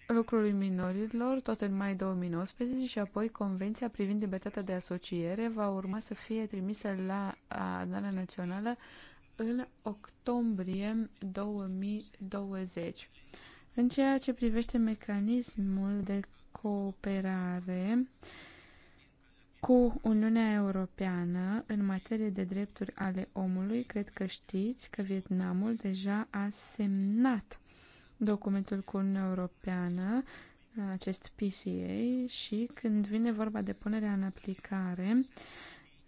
lucrului minorilor, tot în mai 2019, și apoi Convenția privind libertatea de asociere va urma să fie trimisă la adunarea națională în octombrie 2020. În ceea ce privește mecanismul de cooperare cu Uniunea Europeană în materie de drepturi ale omului, cred că știți că Vietnamul deja a semnat documentul cu Uniunea Europeană, acest PCA, și când vine vorba de punerea în aplicare,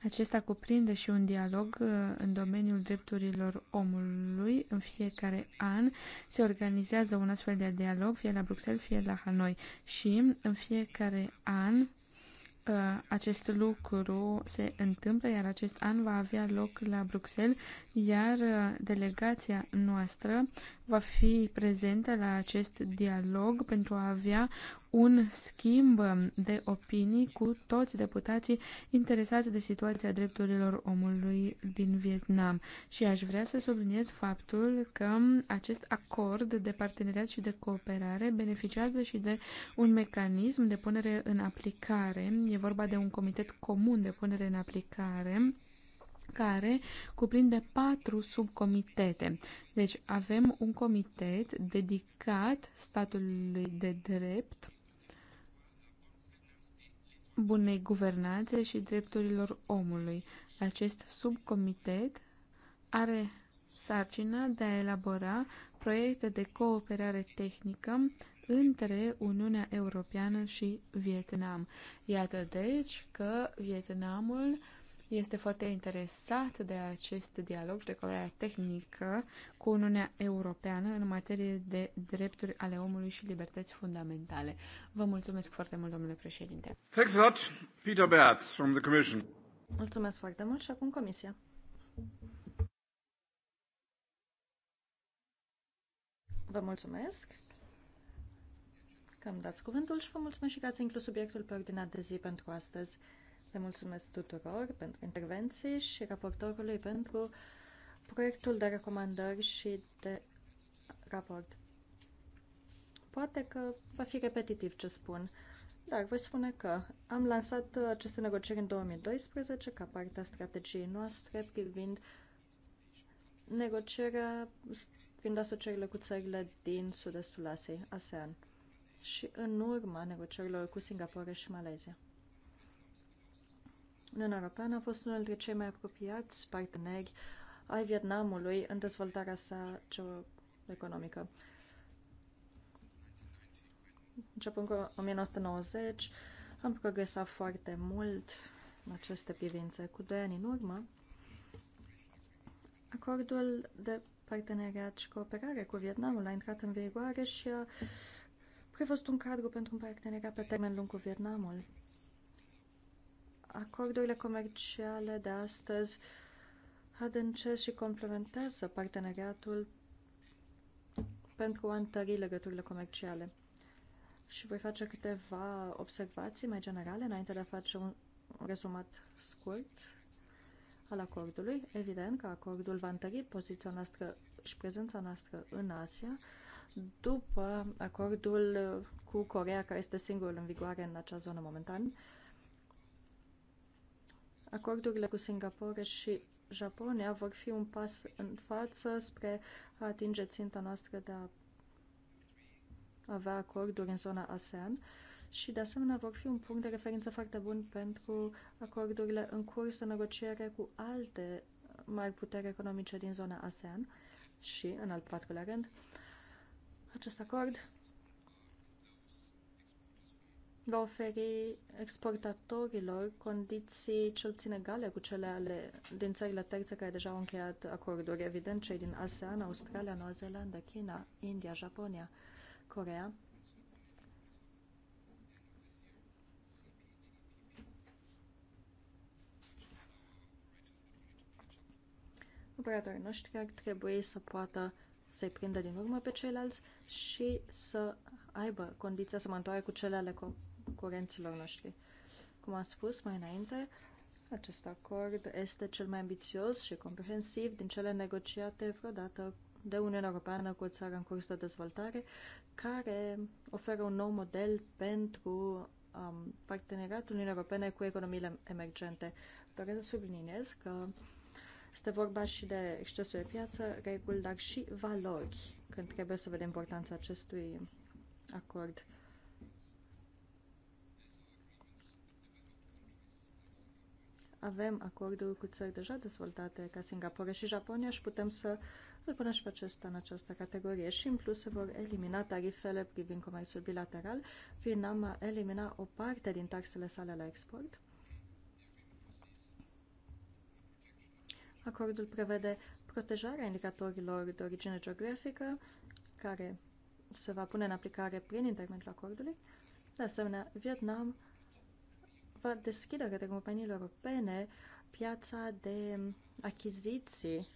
acesta cuprinde și un dialog uh, în domeniul drepturilor omului. În fiecare an se organizează un astfel de dialog, fie la Bruxelles, fie la Hanoi. Și în fiecare an uh, acest lucru se întâmplă, iar acest an va avea loc la Bruxelles, iar uh, delegația noastră va fi prezentă la acest dialog pentru a avea un schimb de opinii cu toți deputații interesați de situația drepturilor omului din Vietnam. Și aș vrea să subliniez faptul că acest acord de parteneriat și de cooperare beneficiază și de un mecanism de punere în aplicare. E vorba de un comitet comun de punere în aplicare care cuprinde patru subcomitete. Deci avem un comitet dedicat statului de drept, bunei guvernanțe și drepturilor omului. Acest subcomitet are sarcina de a elabora proiecte de cooperare tehnică între Uniunea Europeană și Vietnam. Iată deci că Vietnamul uh, este foarte interesat de acest dialog și de colaborarea tehnică cu Uniunea Europeană în materie de drepturi ale omului și libertăți fundamentale. Vă mulțumesc foarte mult, domnule președinte. Thanks a lot, Peter Bertz from the Commission. Mulțumesc foarte mult și acum Comisia. Vă mulțumesc că îmi dați cuvântul și vă mulțumesc și că ați inclus subiectul pe ordinea de zi pentru astăzi. Le mulțumesc tuturor pentru intervenții și raportorului pentru proiectul de recomandări și de raport. Poate că va fi repetitiv ce spun, dar voi spune că am lansat aceste negocieri în 2012 ca parte a strategiei noastre privind negocierea prin asocierile cu țările din sud-estul Asiei, ASEAN, și în urma negocierilor cu Singapore și Malezia. Uniunea Europeană a fost unul dintre cei mai apropiați parteneri ai Vietnamului în dezvoltarea sa economică. Începând cu 1990, am progresat foarte mult în aceste privințe. Cu doi ani în urmă, acordul de parteneriat și cooperare cu Vietnamul a intrat în vigoare și a prevăzut un cadru pentru un parteneriat pe termen lung cu Vietnamul. Acordurile comerciale de astăzi adâncesc și complementează parteneriatul pentru a întări legăturile comerciale. Și voi face câteva observații mai generale înainte de a face un rezumat scurt al acordului. Evident că acordul va întări poziția noastră și prezența noastră în Asia după acordul cu Corea, care este singurul în vigoare în acea zonă momentan. Acordurile cu Singapore și Japonia vor fi un pas în față spre a atinge ținta noastră de a avea acorduri în zona ASEAN și, de asemenea, vor fi un punct de referință foarte bun pentru acordurile în curs de negociere cu alte mari puteri economice din zona ASEAN și, în al patrulea rând, acest acord va oferi exportatorilor condiții cel puțin egale cu cele ale din țările terțe care deja au încheiat acorduri. Evident, cei din ASEAN, Australia, Noua Zeelandă, China, India, Japonia, Corea. Operatorii noștri ar trebui să poată să-i prindă din urmă pe ceilalți și să aibă condiția să întoarcă cu cele ale concurenților noștri. Cum am spus mai înainte, acest acord este cel mai ambițios și comprehensiv din cele negociate vreodată de Uniunea Europeană cu o țară în curs de dezvoltare, care oferă un nou model pentru um, parteneriatul Uniunii Europene cu economiile emergente. Doresc să subliniez că este vorba și de excesul de piață, reguli, dar și valori, când trebuie să vedem importanța acestui acord. Uh, avem acorduri cu țări deja dezvoltate ca Singapore și Japonia și putem să îl punem și pe acesta în această categorie. Și în plus se vor elimina tarifele privind comerțul bilateral. Vietnam a elimina o parte din taxele sale la export. Acordul prevede protejarea indicatorilor de origine geografică, care se va pune în aplicare prin intermediul acordului. De asemenea, Vietnam va deschide către companiile europene piața de achiziții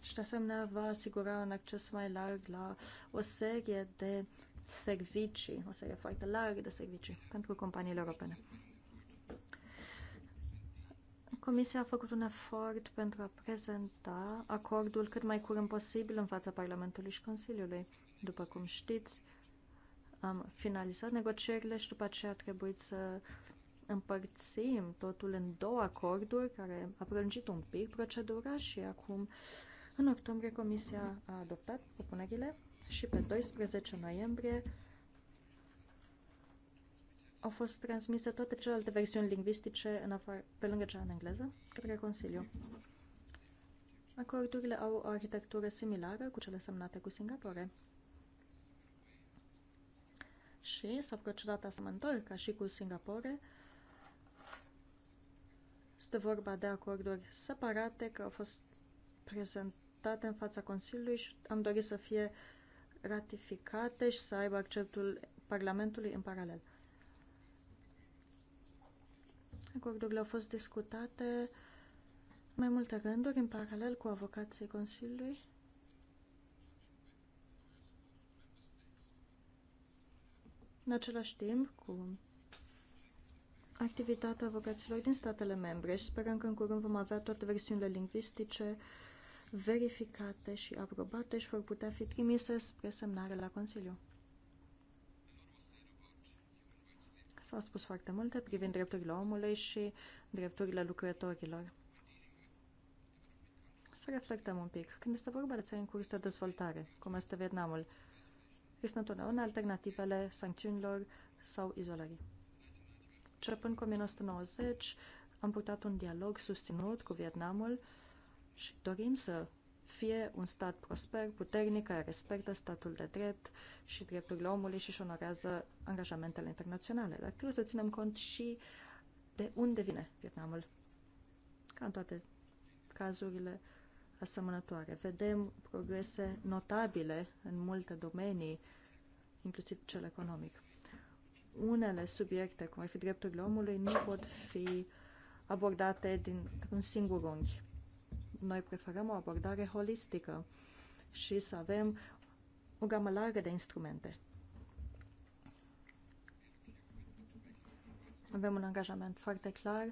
și de asemenea va asigura un acces mai larg la o serie de servicii, o serie foarte largă de servicii pentru companiile europene. Comisia a făcut un efort pentru a prezenta acordul cât mai curând posibil în fața Parlamentului și Consiliului. După cum știți, am finalizat negocierile și după aceea a trebuit să împărțim totul în două acorduri care a prelungit un pic procedura și acum în octombrie Comisia a adoptat propunerile și pe 12 noiembrie au fost transmise toate celelalte versiuni lingvistice în afară, pe lângă cea în engleză către Consiliu. Acordurile au o arhitectură similară cu cele semnate cu Singapore și s-a procedat asemănător ca și cu Singapore. Este vorba de acorduri separate care au fost prezentate în fața Consiliului și am dorit să fie ratificate și să aibă acceptul Parlamentului în paralel. Acordurile au fost discutate mai multe rânduri în paralel cu avocații Consiliului în același timp cu activitatea avocaților din statele membre și sperăm că în curând vom avea toate versiunile lingvistice verificate și aprobate și vor putea fi trimise spre semnare la Consiliu. S-au spus foarte multe privind drepturile omului și drepturile lucrătorilor. Să reflectăm un pic. Când este vorba de țări în curs de dezvoltare, cum este Vietnamul, este întotdeauna alternativele sancțiunilor sau izolării. Începând cu 1990, am purtat un dialog susținut cu Vietnamul și dorim să fie un stat prosper, puternic, care respectă statul de drept și drepturile omului și își onorează angajamentele internaționale. Dar trebuie să ținem cont și de unde vine Vietnamul. Ca în toate cazurile, asemănătoare. Vedem progrese notabile în multe domenii, inclusiv cel economic. Unele subiecte, cum ar fi drepturile omului, nu pot fi abordate din un singur unghi. Noi preferăm o abordare holistică și să avem o gamă largă de instrumente. Avem un angajament foarte clar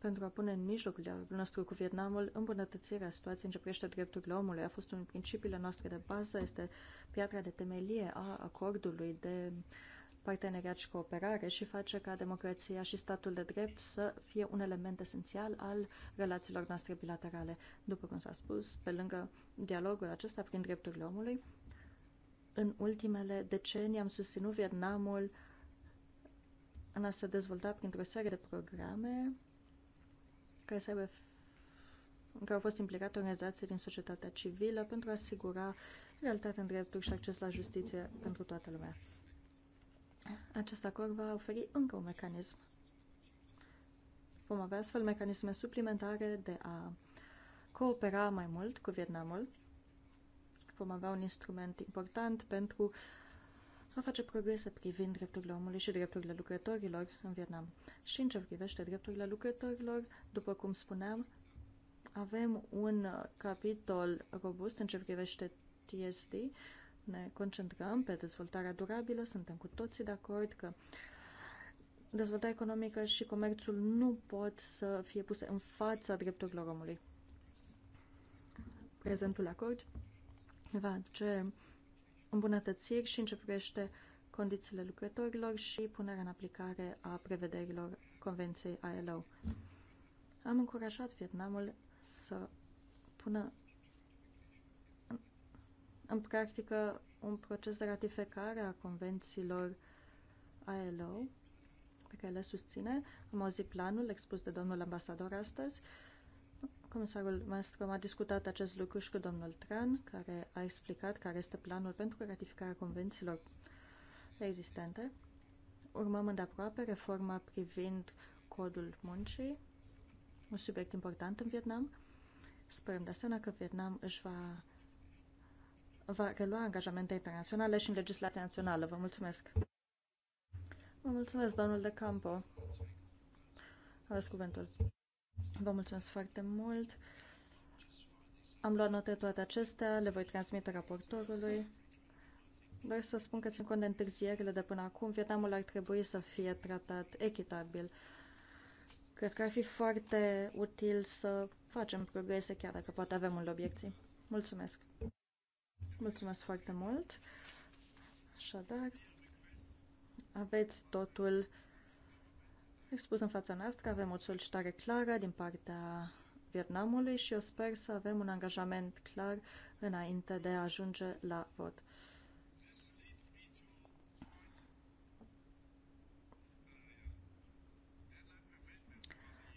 pentru a pune în mijlocul dialogului nostru cu Vietnamul îmbunătățirea situației în ce privește drepturile omului. A fost unul din principiile noastre de bază, este piatra de temelie a acordului de parteneriat și cooperare și face ca democrația și statul de drept să fie un element esențial al relațiilor noastre bilaterale. După cum s-a spus, pe lângă dialogul acesta prin drepturile omului, în ultimele decenii am susținut Vietnamul în a se dezvolta printr-o serie de programe care să aibă care au fost implicate organizații din societatea civilă pentru a asigura realitatea în drepturi și acces la justiție pentru toată lumea. Acest acord va oferi încă un mecanism. Vom avea astfel mecanisme suplimentare de a coopera mai mult cu Vietnamul. Vom avea un instrument important pentru a face progrese privind drepturile omului și drepturile lucrătorilor în Vietnam. Și în ce privește drepturile lucrătorilor, după cum spuneam, avem un uh, capitol robust în ce privește TSD. Ne concentrăm pe dezvoltarea durabilă, suntem cu toții de acord că dezvoltarea economică și comerțul nu pot să fie puse în fața drepturilor omului. Prezentul acord va aduce îmbunătățiri și în ce privește condițiile lucrătorilor și punerea în aplicare a prevederilor Convenției ILO. Am încurajat Vietnamul să pună în practică un proces de ratificare a convențiilor ILO pe care le susține. Am auzit planul expus de domnul ambasador astăzi Comisarul Maestru a discutat acest lucru și cu domnul Tran, care a explicat care este planul pentru ratificarea convențiilor existente. Urmăm îndeaproape reforma privind codul muncii, un subiect important în Vietnam. Sperăm de asemenea că Vietnam își va, va relua angajamente internaționale și în legislația națională. Vă mulțumesc! Vă mulțumesc, domnul De Campo. Aveți cuvântul. Vă mulțumesc foarte mult. Am luat note toate acestea, le voi transmite raportorului. Vreau să spun că țin cont de întârzierile de până acum, Vietnamul ar trebui să fie tratat echitabil. Cred că ar fi foarte util să facem progrese, chiar dacă poate avem unele obiecții. Mulțumesc! Mulțumesc foarte mult! Așadar, aveți totul expus în fața noastră, avem o solicitare clară din partea Vietnamului și eu sper să avem un angajament clar înainte de a ajunge la vot.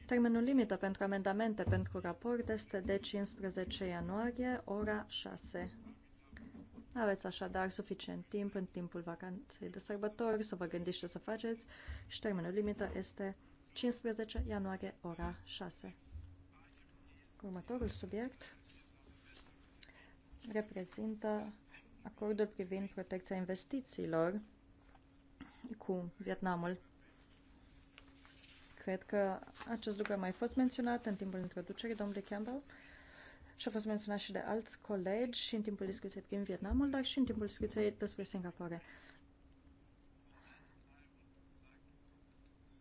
Termenul limită pentru amendamente pentru raport este de 15 ianuarie, ora 6. Aveți așadar suficient timp în timpul vacanței de sărbători să vă gândiți ce să faceți și termenul limită este 15 ianuarie, ora 6. Următorul subiect reprezintă acordul privind protecția investițiilor cu Vietnamul. Cred că acest lucru a mai fost menționat în timpul introducerii domnului Campbell și a fost menționat și de alți colegi și în timpul discuției privind Vietnamul, dar și în timpul discuției despre Singapore.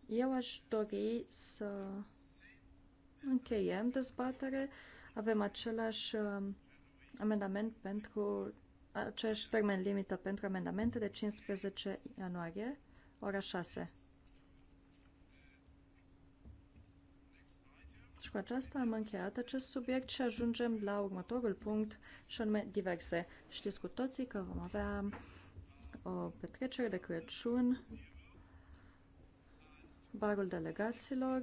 Eu aș dori să încheiem dezbatere. Avem același um, amendament pentru aceeași termen limită pentru amendamente de 15 ianuarie, ora 6. cu aceasta am încheiat acest subiect și ajungem la următorul punct, și anume diverse. Știți cu toții că vom avea o petrecere de Crăciun, barul delegaților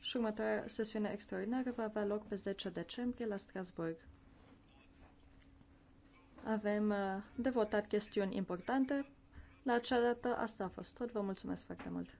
și următoarea sesiune extraordinară va avea loc pe 10 decembrie la Strasburg. Avem uh, de votat chestiuni importante. La acea dată asta a fost tot. Vă mulțumesc foarte mult!